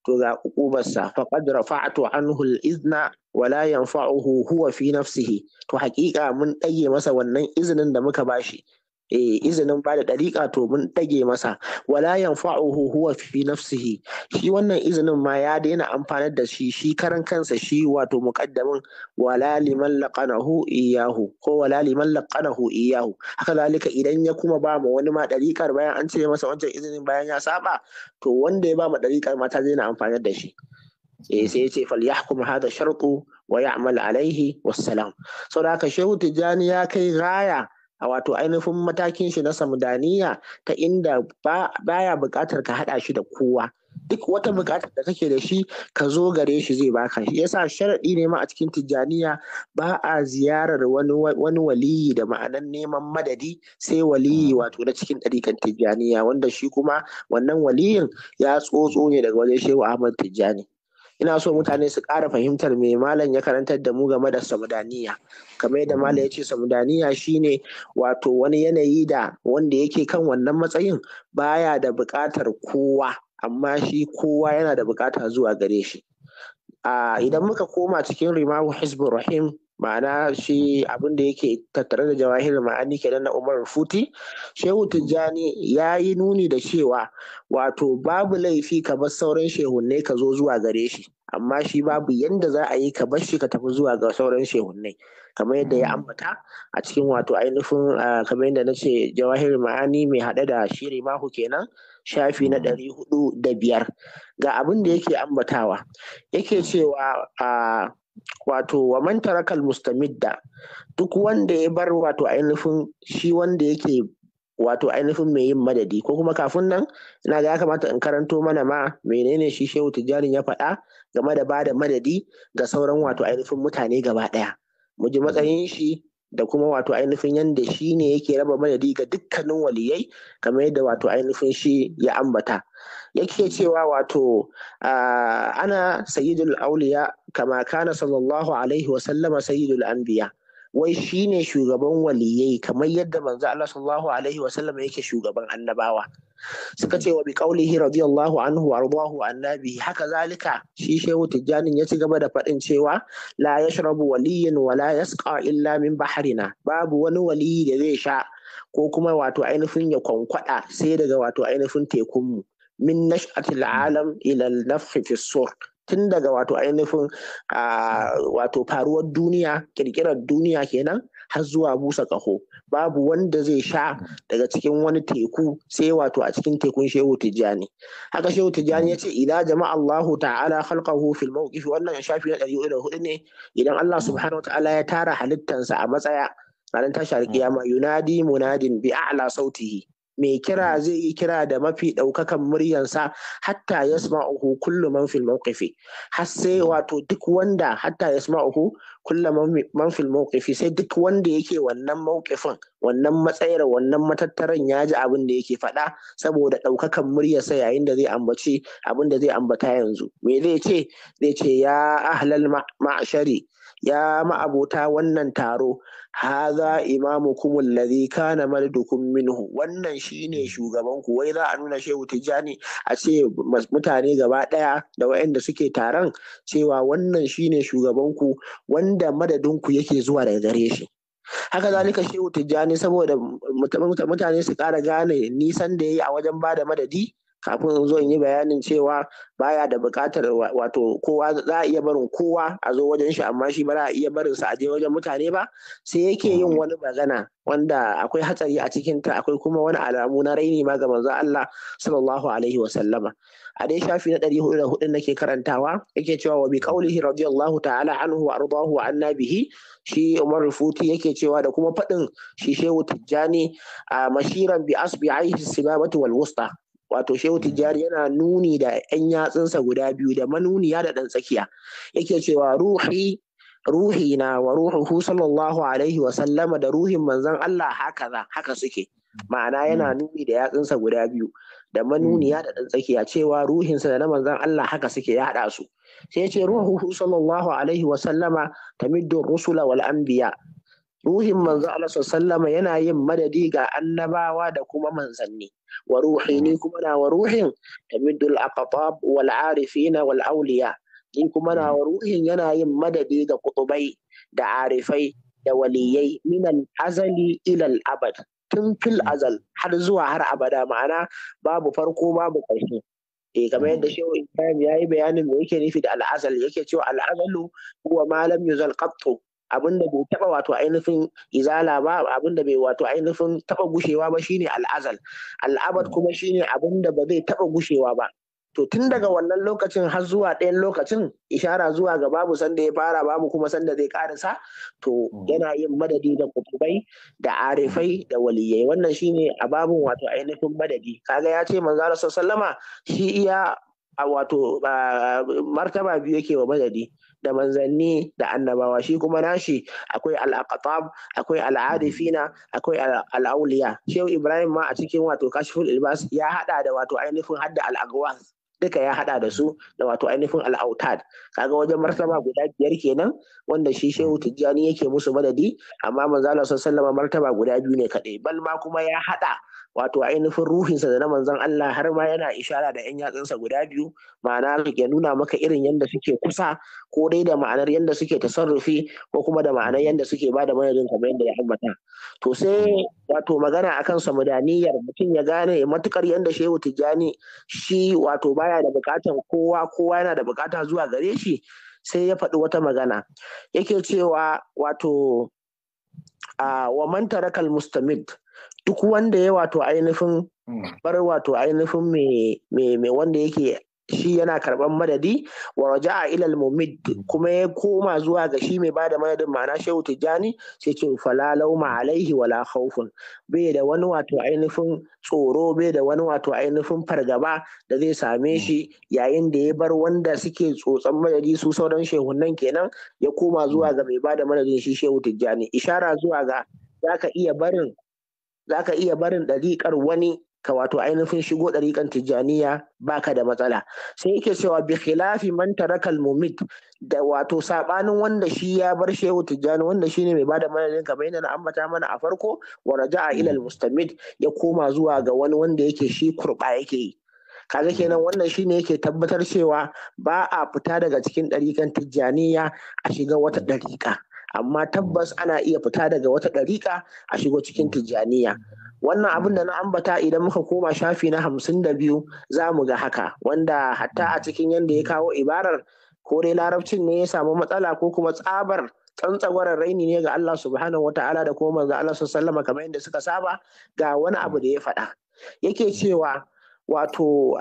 to ga uqubarsa faƙad rafa'tu anhu al-izna wa la yanfa'uhu huwa fi nafsihi to haƙiƙa mun ɗage masa wannan izinin da muka bashi eh izinin ba da dariƙa to mun ɗage masa wala yanfa'uhu huwa fi nafsihi shi wannan izinin ma ya daina amfanar da shi shi karan kansa shi wato muqaddamin wala liman laqanahu iyahu ko wala liman laqanahu iyahu haka zalika idan ya kuma ba mu wani ma dariƙar bayan an cire masa wancan izinin bayan ya saba to wanda ya ba mu dariƙar ma ta daina amfanar da shi eh sai ya ce fal yahkum hadha sharqu wa ya'mal alaihi wassalam saboda haka shehu tijjani ya kai gaya a wato ainihin matakin shi na samudaniya ta inda baya buƙatar ka haɗa shi da kowa duk wata mm. buƙatar da kake da shi ka zo gare shi zai baka shi yasa sharaɗi ne ma a cikin tijjaniya ba a ziyarar wani waliyi da ma'anar neman madadi sai waliyi mm. wato na cikin ɗarikan tijjaniya wanda shi kuma wannan waliyin ya tsotso ne daga wajen shehu ahmad tijjani ina so mutane su ƙara fahimtar me malam ya karantar da mu game da samudaniya kamar yadda malam ya ce samudaniya shine wato wani yanayi da wanda yake kan wannan matsayin baya da buƙatar kowa amma shi kowa yana da buƙata zuwa gare shi ah, idan muka koma cikin rimahu hizbur rahim ma'ana shi abin da yake tattare da jawahir ma'ani kenan na umar futi shehu tijjani ya yi nuni da cewa wato babu laifi ka bar sauran shehunne ka zo zuwa gare shi amma shi babu yadda za a yi ka bar shi ka tafi zuwa ga sauran shehunne kamar yadda ya mm. ambata a cikin wato ainihin kamar yadda na ce jawahir ma'ani mai haɗe da shiri mahu kenan shafi na mm. ɗari hudu da biyar ga abin da yake ambatawa yake cewa wato wa man tarakal mustamidda duk wanda ya bar wato ainihin shi wanda yake wato ainihin mai yin madadi ko kuma kafin nan ina ga ya kamata in karanto mana ma menene shi shehu tijjarin ya faɗa game da bada madadi ga sauran wato ainihin mutane gaba ɗaya mu ji matsayin shi da kuma wato ainihin yadda shi ne yake raba madadi ga dukkanin waliyai kamar yadda wato ainihin shi ya ambata yake cewa wato ana sayyidul auliya kama kana sallallahu alaihi wa sallama sayyidul anbiya wai shi ne shugaban waliyai kamar yadda manzo Allah sallallahu alaihi wa sallama yake shugaban annabawa suka ce wa bi qaulihi radiyallahu anhu wa radahu annabi haka zalika shi shehu tijjanin ya ci gaba da faɗin cewa la yashrabu waliyyin wa la yasqa illa min babu wani waliyi da zai sha ko kuma wato ainihin ya kwankwada sai daga wato ainihin tekunmu min nash'atil alam ila al-nafhi fi tun daga wato ainihin ah, wato faruwar duniya kirkirar duniya kenan har zuwa busa kaho babu wanda zai sha daga cikin wani teku sai wato a cikin tekun shehu tijjani haka shehu tijjani ya ce idan jama'a Allahu ta'ala khalqahu fil mawqif wannan shafi na 104 ne idan Allah subhanahu ta'ala ya tara halittansa a matsaya ranar tashar kiyama yunadi munadin bi a'la sautihi mai kira zai yi kira da mafi ɗaukakan muryansa hatta ya uku kullum man fil mawqifi har sai wato duk wanda hatta ya kulla man fil mawqifi sai duk wanda yake wannan mawqifin wannan matsayar wannan matattaran ya ji abin da yake faɗa saboda ɗaukakan muryarsa yayin da zai ambaci abin da zai ambata yanzu me zai ce zai ce ya ahlal ma'ashari ya ma'abota wannan taro haza imamukum alladhi kana maldukum minhu wannan shine mm. shugaban ku wai za a nuna shehu tijjani a ce mutane gaba daya da waɗanda suke taron cewa wannan shine shugaban ku wanda madadin ku yake zuwa daga gare shi haka mm. zalika shehu tijjani saboda mutane su kara gane nisan da yayi a wajen bada madadi kafin in zo in yi bayanin cewa baya da buƙatar wato kowa za a iya barin kowa a zo wajen shi amma shi ba za a iya barin sa a je wajen mutane ba sai yake yin mm. wani magana wanda akwai hatsari a cikin ta akwai kuma wani alamu na raini ma ga manzo Allah sallallahu alaihi wa sallama a dai shafi na 404 nake karantawa yake cewa wa bi qaulihi radiyallahu ta'ala anhu wa ardahu anna bihi shi Umar Rufuti yake cewa da kuma fadin shi Shehu Tijjani a mashiran bi asbi'aihi sibabatu wal wusta wato shehu tijjari yana nuni da yan yatsunsa guda biyu da manuniya da ɗan tsakiya yake cewa ruhi ruhi na wa ruhuhu sallallahu alaihi wa sallama da ruhin manzon Allah haka za haka suke ma'ana yana mm. nuni da yatsunsa guda biyu da manuniya da ɗan tsakiya cewa ruhinsa da na manzon Allah haka suke ya hada su sai ya ce ruhuhu sallallahu alaihi wa sallama tamiddu rusula wal anbiya ruhin manzo Allah sallama yana yin madadi ga annabawa da kuma manzanni wa ruhi ni kuma na wa ruhin tamidul aqtab wal arifina wal awliya in kuma na wa ruhin yana yin madadi ga kutubai da arifai da waliyai minan azali ilal abad tun fil azal har zuwa har abada ma'ana babu farko babu ƙarshe eh kamar yadda shehu ibrahim ya yi bayanin me yake nufi da al'azal yake cewa al'azalu huwa ma lam yuzal qattu abin da bai taba wato ainihin izala ba abin da bai wato ainihin taba gushewa ba shine al'azal al'abad kuma shine abin da ba zai taba gushewa ba to tun daga wannan lokacin har zuwa ɗayan lokacin ishara zuwa ga babu sanda ya fara babu kuma sanda zai karisa to mm. yana yin madadi da kutubai da arifai da waliyai wannan shine a babun wato ainihin madadi kaga ya ce manzo sallama shi iya a wato martaba biyu yake wa madadi da manzanni da annabawa shi kuma nashi akwai al'aqatab akwai al'adafina akwai al'auliya shehu ibrahim ma a cikin wato kashful ilbas ya hada da wato ainihin hadda al'agwas duka ya hada da su da wato ainihin al'autad kaga wajen martaba guda biyar kenan wanda shi shehu tijjani yake musu madadi amma manzo Allah sallallahu martaba guda biyu ne kadai bal ma kuma ya hada wato ainihin ruhinsa da na manzon Allah har ma yana ishara da ƴan yatsunsa guda biyu ma'ana ya nuna maka irin yanda suke kusa ko dai da ma'anar yadda suke tasarrufi ko kuma da ma'anar yadda suke ba da kamar yadda ya ambata to sai wato magana akan samudaniyar mutum ya gane matukar yadda shehu tijjani shi wato baya da bukatan kowa kowa yana da bukata zuwa gare shi sai ya faɗi wata magana yake cewa wato ah, wa man mustamid duk wanda ya wato ainihin hmm. bar wato ainihin mai wanda yake shi yana karban madadi wa a ilal mumid hmm. kuma ya koma zuwa ga shi mai bada madadin ma'ana shehu tijjani sai ce fala lauma hmm. alaihi wala khawfun bai da wani wato ainihin tsoro bai da wani wato ainihin fargaba da zai same shi yayin da ya bar wanda suke tsotsan madadi su sauran shehunan kenan ya koma zuwa ga mai bada madadin shi shehu tijjani ishara zuwa ga zaka iya barin za ka iya barin ɗariƙar wani ka wato ainihin shigo ɗariƙan tijjaniya baka da matsala sai yake cewa bi khilafi man tarakal mumid da wato sabanin wanda shi ya bar shehu tijjani wanda shine mai bada madadin ka bai na ambata mana a farko wa raja'a ila mm. mustamid ya koma zuwa ga wani wanda yake shi kurɓa yake yi kaga mm. kenan wannan shine yake tabbatar cewa ba a fita daga cikin ɗariƙan tijjaniya a shiga wata ɗariƙa amma tabbas ana iya fita daga wata ɗariƙa a shigo cikin tijjaniya wannan abin da na ambata idan muka koma shafi na hamsin da biyu za mu ga haka wanda hatta a cikin yadda ya kawo ibarar kore larabcin ne ya samu matsala ko kuma tsabar tsantsagwarar raini ne ga Allah subhanahu wa ta'ala da kuma ga Allah sallama kamar yadda suka saba ga wani abu da ya faɗa yake cewa wato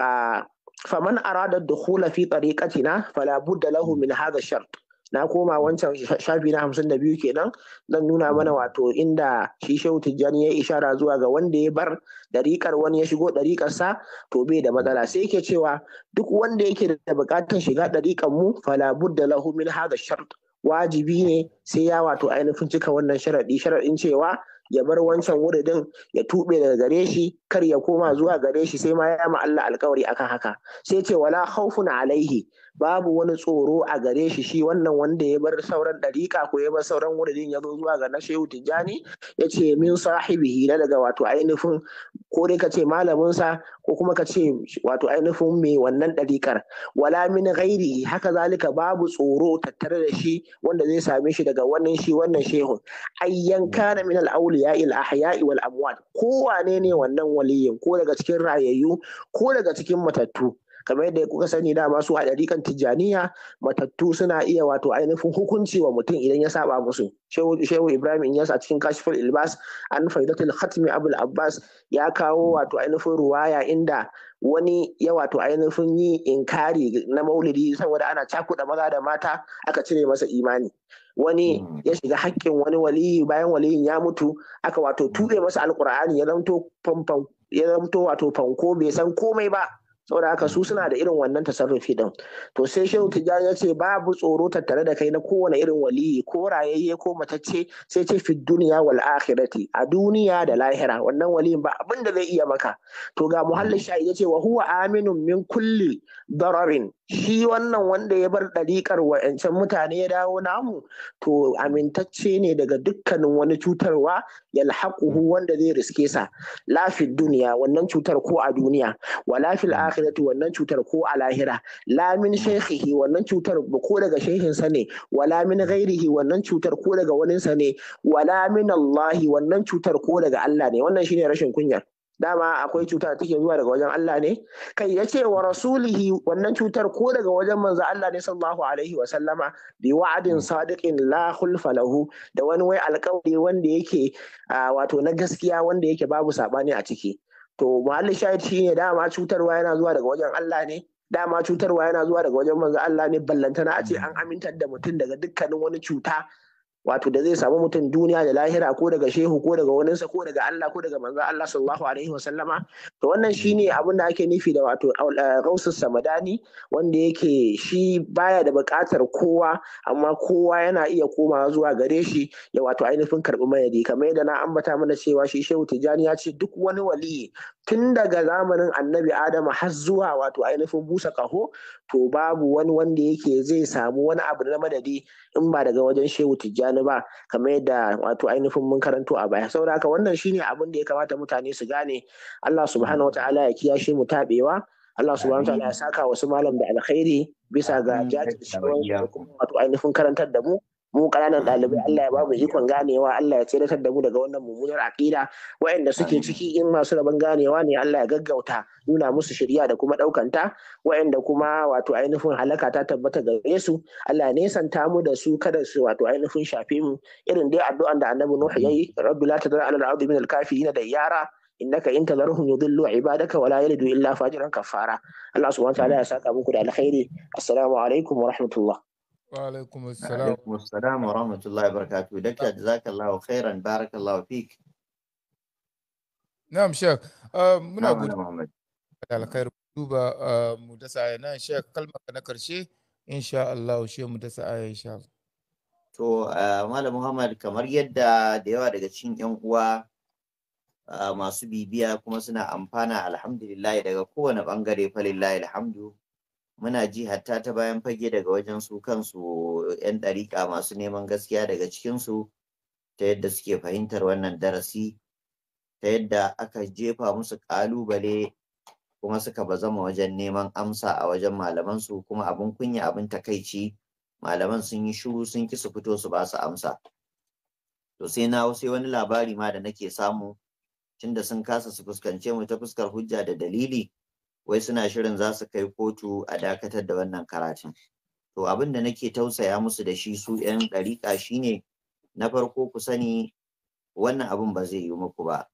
faman arada dukhula fi tariqatina fala budda lahu min hadha shart na koma wancan shafi na hamsin da biyu kenan zan nuna mana wato inda shi shehu tijjani ya ishara zuwa ga wanda ya bar dariƙar wani ya shigo sa to bai da matsala sai yake cewa duk wanda yake da buƙatar shiga dariƙar mu fala budda lahu min hadha shart wajibi ne sai ya wato ainihin cika wannan sharaɗi sharaɗin cewa ya bar wancan wuridin ya tube daga gare shi kar ya koma zuwa gare shi sai ma ya ma Allah alkawari akan haka sai ce wala khawfun alaihi babu wani tsoro a gare shi shi wannan wanda ya bar sauran ɗariƙa ko ya bar sauran wuridin ya zo zuwa ga na shehu tijjani ya ce min sahibi hira daga wato ainihin ko dai ka ce malaminsa ko kuma ka ce wato ainihin mai wannan ɗariƙar wala min ghairi haka zalika babu tsoro tattare da shi wanda zai same shi daga wannan shi wannan shehu? ayyan kana min al awliya il ahya'i wal amwat wane ne wannan waliyin ko daga cikin rayayyu ko daga cikin matattu kamar yadda kuka sani da masu a kan tijjaniya matattu suna iya wato ainihin hukunci wa mutum idan ya saba musu shehu ibrahim in yasa cikin kashifar ilbas an faidatul khatmi abul abbas ya kawo wato ainihin ruwaya inda wani ya wato ainihin yi inkari na maulidi saboda ana cakuɗa maza da mata aka cire masa imani wani hmm. ya shiga hakkin wani waliyi bayan waliyin ya mutu aka wato tuɗe masa alkur'ani ya zamto wato fanko bai san komai ba saboda haka su suna da irin wannan tasarrufi din to sai shehu tijjani ya ce babu tsoro tattare da kai na kowane irin waliyi ko rayayye ko matacce sai ce fi duniya wal akhirati a duniya da lahira wannan waliyin ba abin da zai iya maka to ga muhallin sha'i ya ce wa huwa aminun min kulli dararin shi wannan wanda ya bar ɗariƙar wa'ancan mutane ya dawo namu to amintacce ne daga dukkanin wani cutarwa ya lahaquhu mm. wanda zai riske sa lafi duniya wannan cutar ko a duniya wa lafi mm. akhirati wannan cutar ko a lahira lamin min mm. wannan cutar ko daga shehinsa ne wala min ghairihi wannan cutar ko daga waninsa ne wala lamin allahi wannan cutar ko daga Allah ne wannan shine rashin kunyar. dama akwai cuta da take zuwa daga wajen Allah ne kai ya ce wa rasulihi wannan cutar ko daga wajen manzo Allah ne sallallahu alaihi wa sallama bi wa'adin hmm. sadiqin la khulfa lahu da wani wai alƙawari wanda yake wato na gaskiya wanda yake babu sabani a ciki to muhalli shi ne dama cutarwa yana zuwa daga wajen Allah ne dama cutarwa yana zuwa daga wajen manzo Allah ne ballantana a ce hmm. an amintar da mutum daga dukkanin wani cuta wato da zai samu mutum duniya da lahira ko daga shehu ko daga waninsa ko daga Allah ko daga manzo Allah sallallahu alaihi sallama to wannan mm. shine abin da ake nufi da wato eh, rausus samadani wanda yake shi baya da bukatar kowa amma kowa yana iya komawa zuwa gare shi ya wato ainihin karɓi mayadi kamar yadda na ambata mana cewa shi shehu tijani ya ce duk wani wali tun daga zamanin annabi adama har zuwa wato ainihin busa kaho to babu wani wanda yake zai samu wani abu na madadi in ba daga wajen shehu tijani wani ba kamar yadda wato ainihin mun karanto a baya saboda haka wannan shine abin da ya kamata mutane su gane Allah subhanahu wataala ya kiyashe mu tabewa Allah subhanahu wataala ya saka wasu malam da alkhairi bisa ga jajircewar wato ainihin karantar da mu mu ƙananan ɗalibai Allah ya ba mu ikon ganewa Allah ya tsiratar da mu daga wannan mummunar aƙida waɗanda suke ciki in masu rabon ganewa ne Allah ya gaggauta nuna musu shirya da kuma ɗaukanta waɗanda kuma wato ainihin halaka ta tabbata gare su Allah ya nesanta mu da su kada su wato ainihin shafe mu irin dai addu'an da annabi Nuhu yayi rabbi la tadra ala al min al-kafirin da yara innaka in tadarhum yudillu ibadaka wala yalidu illa fajiran kafara Allah subhanahu wa ta'ala ya saka muku da alkhairi assalamu alaikum wa rahmatullah Wa alaikum Wa alaikum wa rahmatullahi ah, ah, da ah, kamar yadda da yawa daga cikin yan uwa masu bibiya kuma suna amfana alhamdulillah daga kowane bangare falillahi alhamdu muna ji hatta ta bayan fage daga wajen su kansu 'yan ɗariƙa masu neman gaskiya daga cikinsu ta yadda suke fahimtar wannan darasi ta yadda aka jefa musu ƙalubale kuma suka ba zama wajen neman amsa a wajen malamansu kuma abin kunya abin takaici malaman sun yi shuru sun ki su fito su ba su amsa to sai na sai wani labari ma da nake samu tunda sun kasa su fuskance mu ta fuskar hujja da dalili wai suna shirin za su kai kotu a dakatar da wannan karatun to abin da nake tausaya musu da shi su 'yan ɗariƙa ne na farko ku sani wannan abin ba zai yi muku ba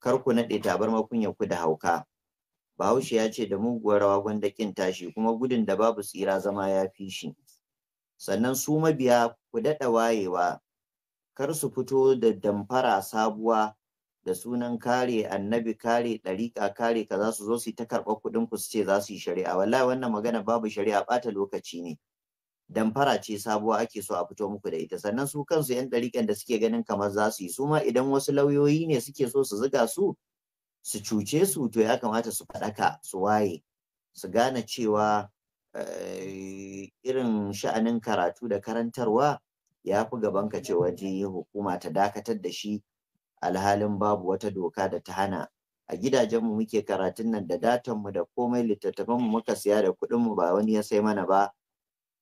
kar ku naɗe tabar makunya ku da hauka bahaushe ya ce da muguwar rawa gwanda kin tashi kuma gudun da babu tsira zama ya fi shi sannan su mabiya ku daɗa wayewa kar su fito da damfara sabuwa da sunan kare annabi kare ɗariƙa kare ka za su zo su ta karɓar kuɗin ku su ce za su yi shari'a wallahi wannan magana babu shari'a ɓata lokaci ne damfara ce sabuwa ake so a fito muku da ita sannan su kansu yan ɗariƙan da suke ganin kamar za su yi su ma idan wasu lauyoyi ne suke so su ziga su su cuce su to ya kamata su faɗaka su waye su gane cewa eh, irin sha'anin karatu da karantarwa ya fi gaban ka cewa hukuma ta dakatar da shi alhalin babu wata doka da ta hana a gidajenmu muke karatun nan da datanmu da komai littattafanmu muka siya da kuɗinmu ba wani ya sai mana ba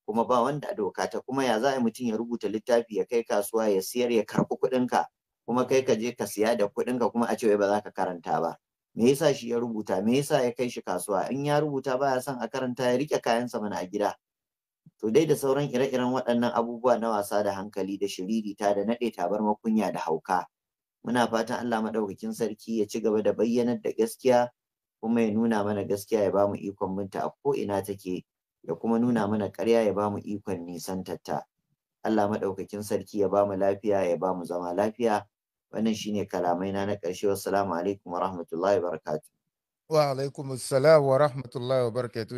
kuma ba wanda doka ta kuma ya za a mutum ya rubuta littafi ya kai kasuwa ya siyar ya karɓi kuɗinka kuma kai ka je ka siya da kuɗinka kuma a ce ba za ka karanta ba me yasa shi ya rubuta me yasa ya kai shi kasuwa in ya rubuta baya son a karanta ya rike kayansa mana a gida to dai da sauran ire-iren waɗannan abubuwa na wasa da hankali da shiriri ta da naɗe tabar makunya da hauka muna fatan Allah madaukakin sarki ya ci gaba da bayyanar da gaskiya kuma ya nuna mana gaskiya ya bamu ikon minta a ko ina take ya kuma nuna mana ƙarya ya bamu ikon nisan tatta. Allah madaukakin sarki ya bamu lafiya ya bamu zama lafiya wannan shine kalamai na na ƙarshe wassalamu alaikum wa rahmatullahi wa barakatuh wa alaikum assalam wa rahmatullahi wa barakatuh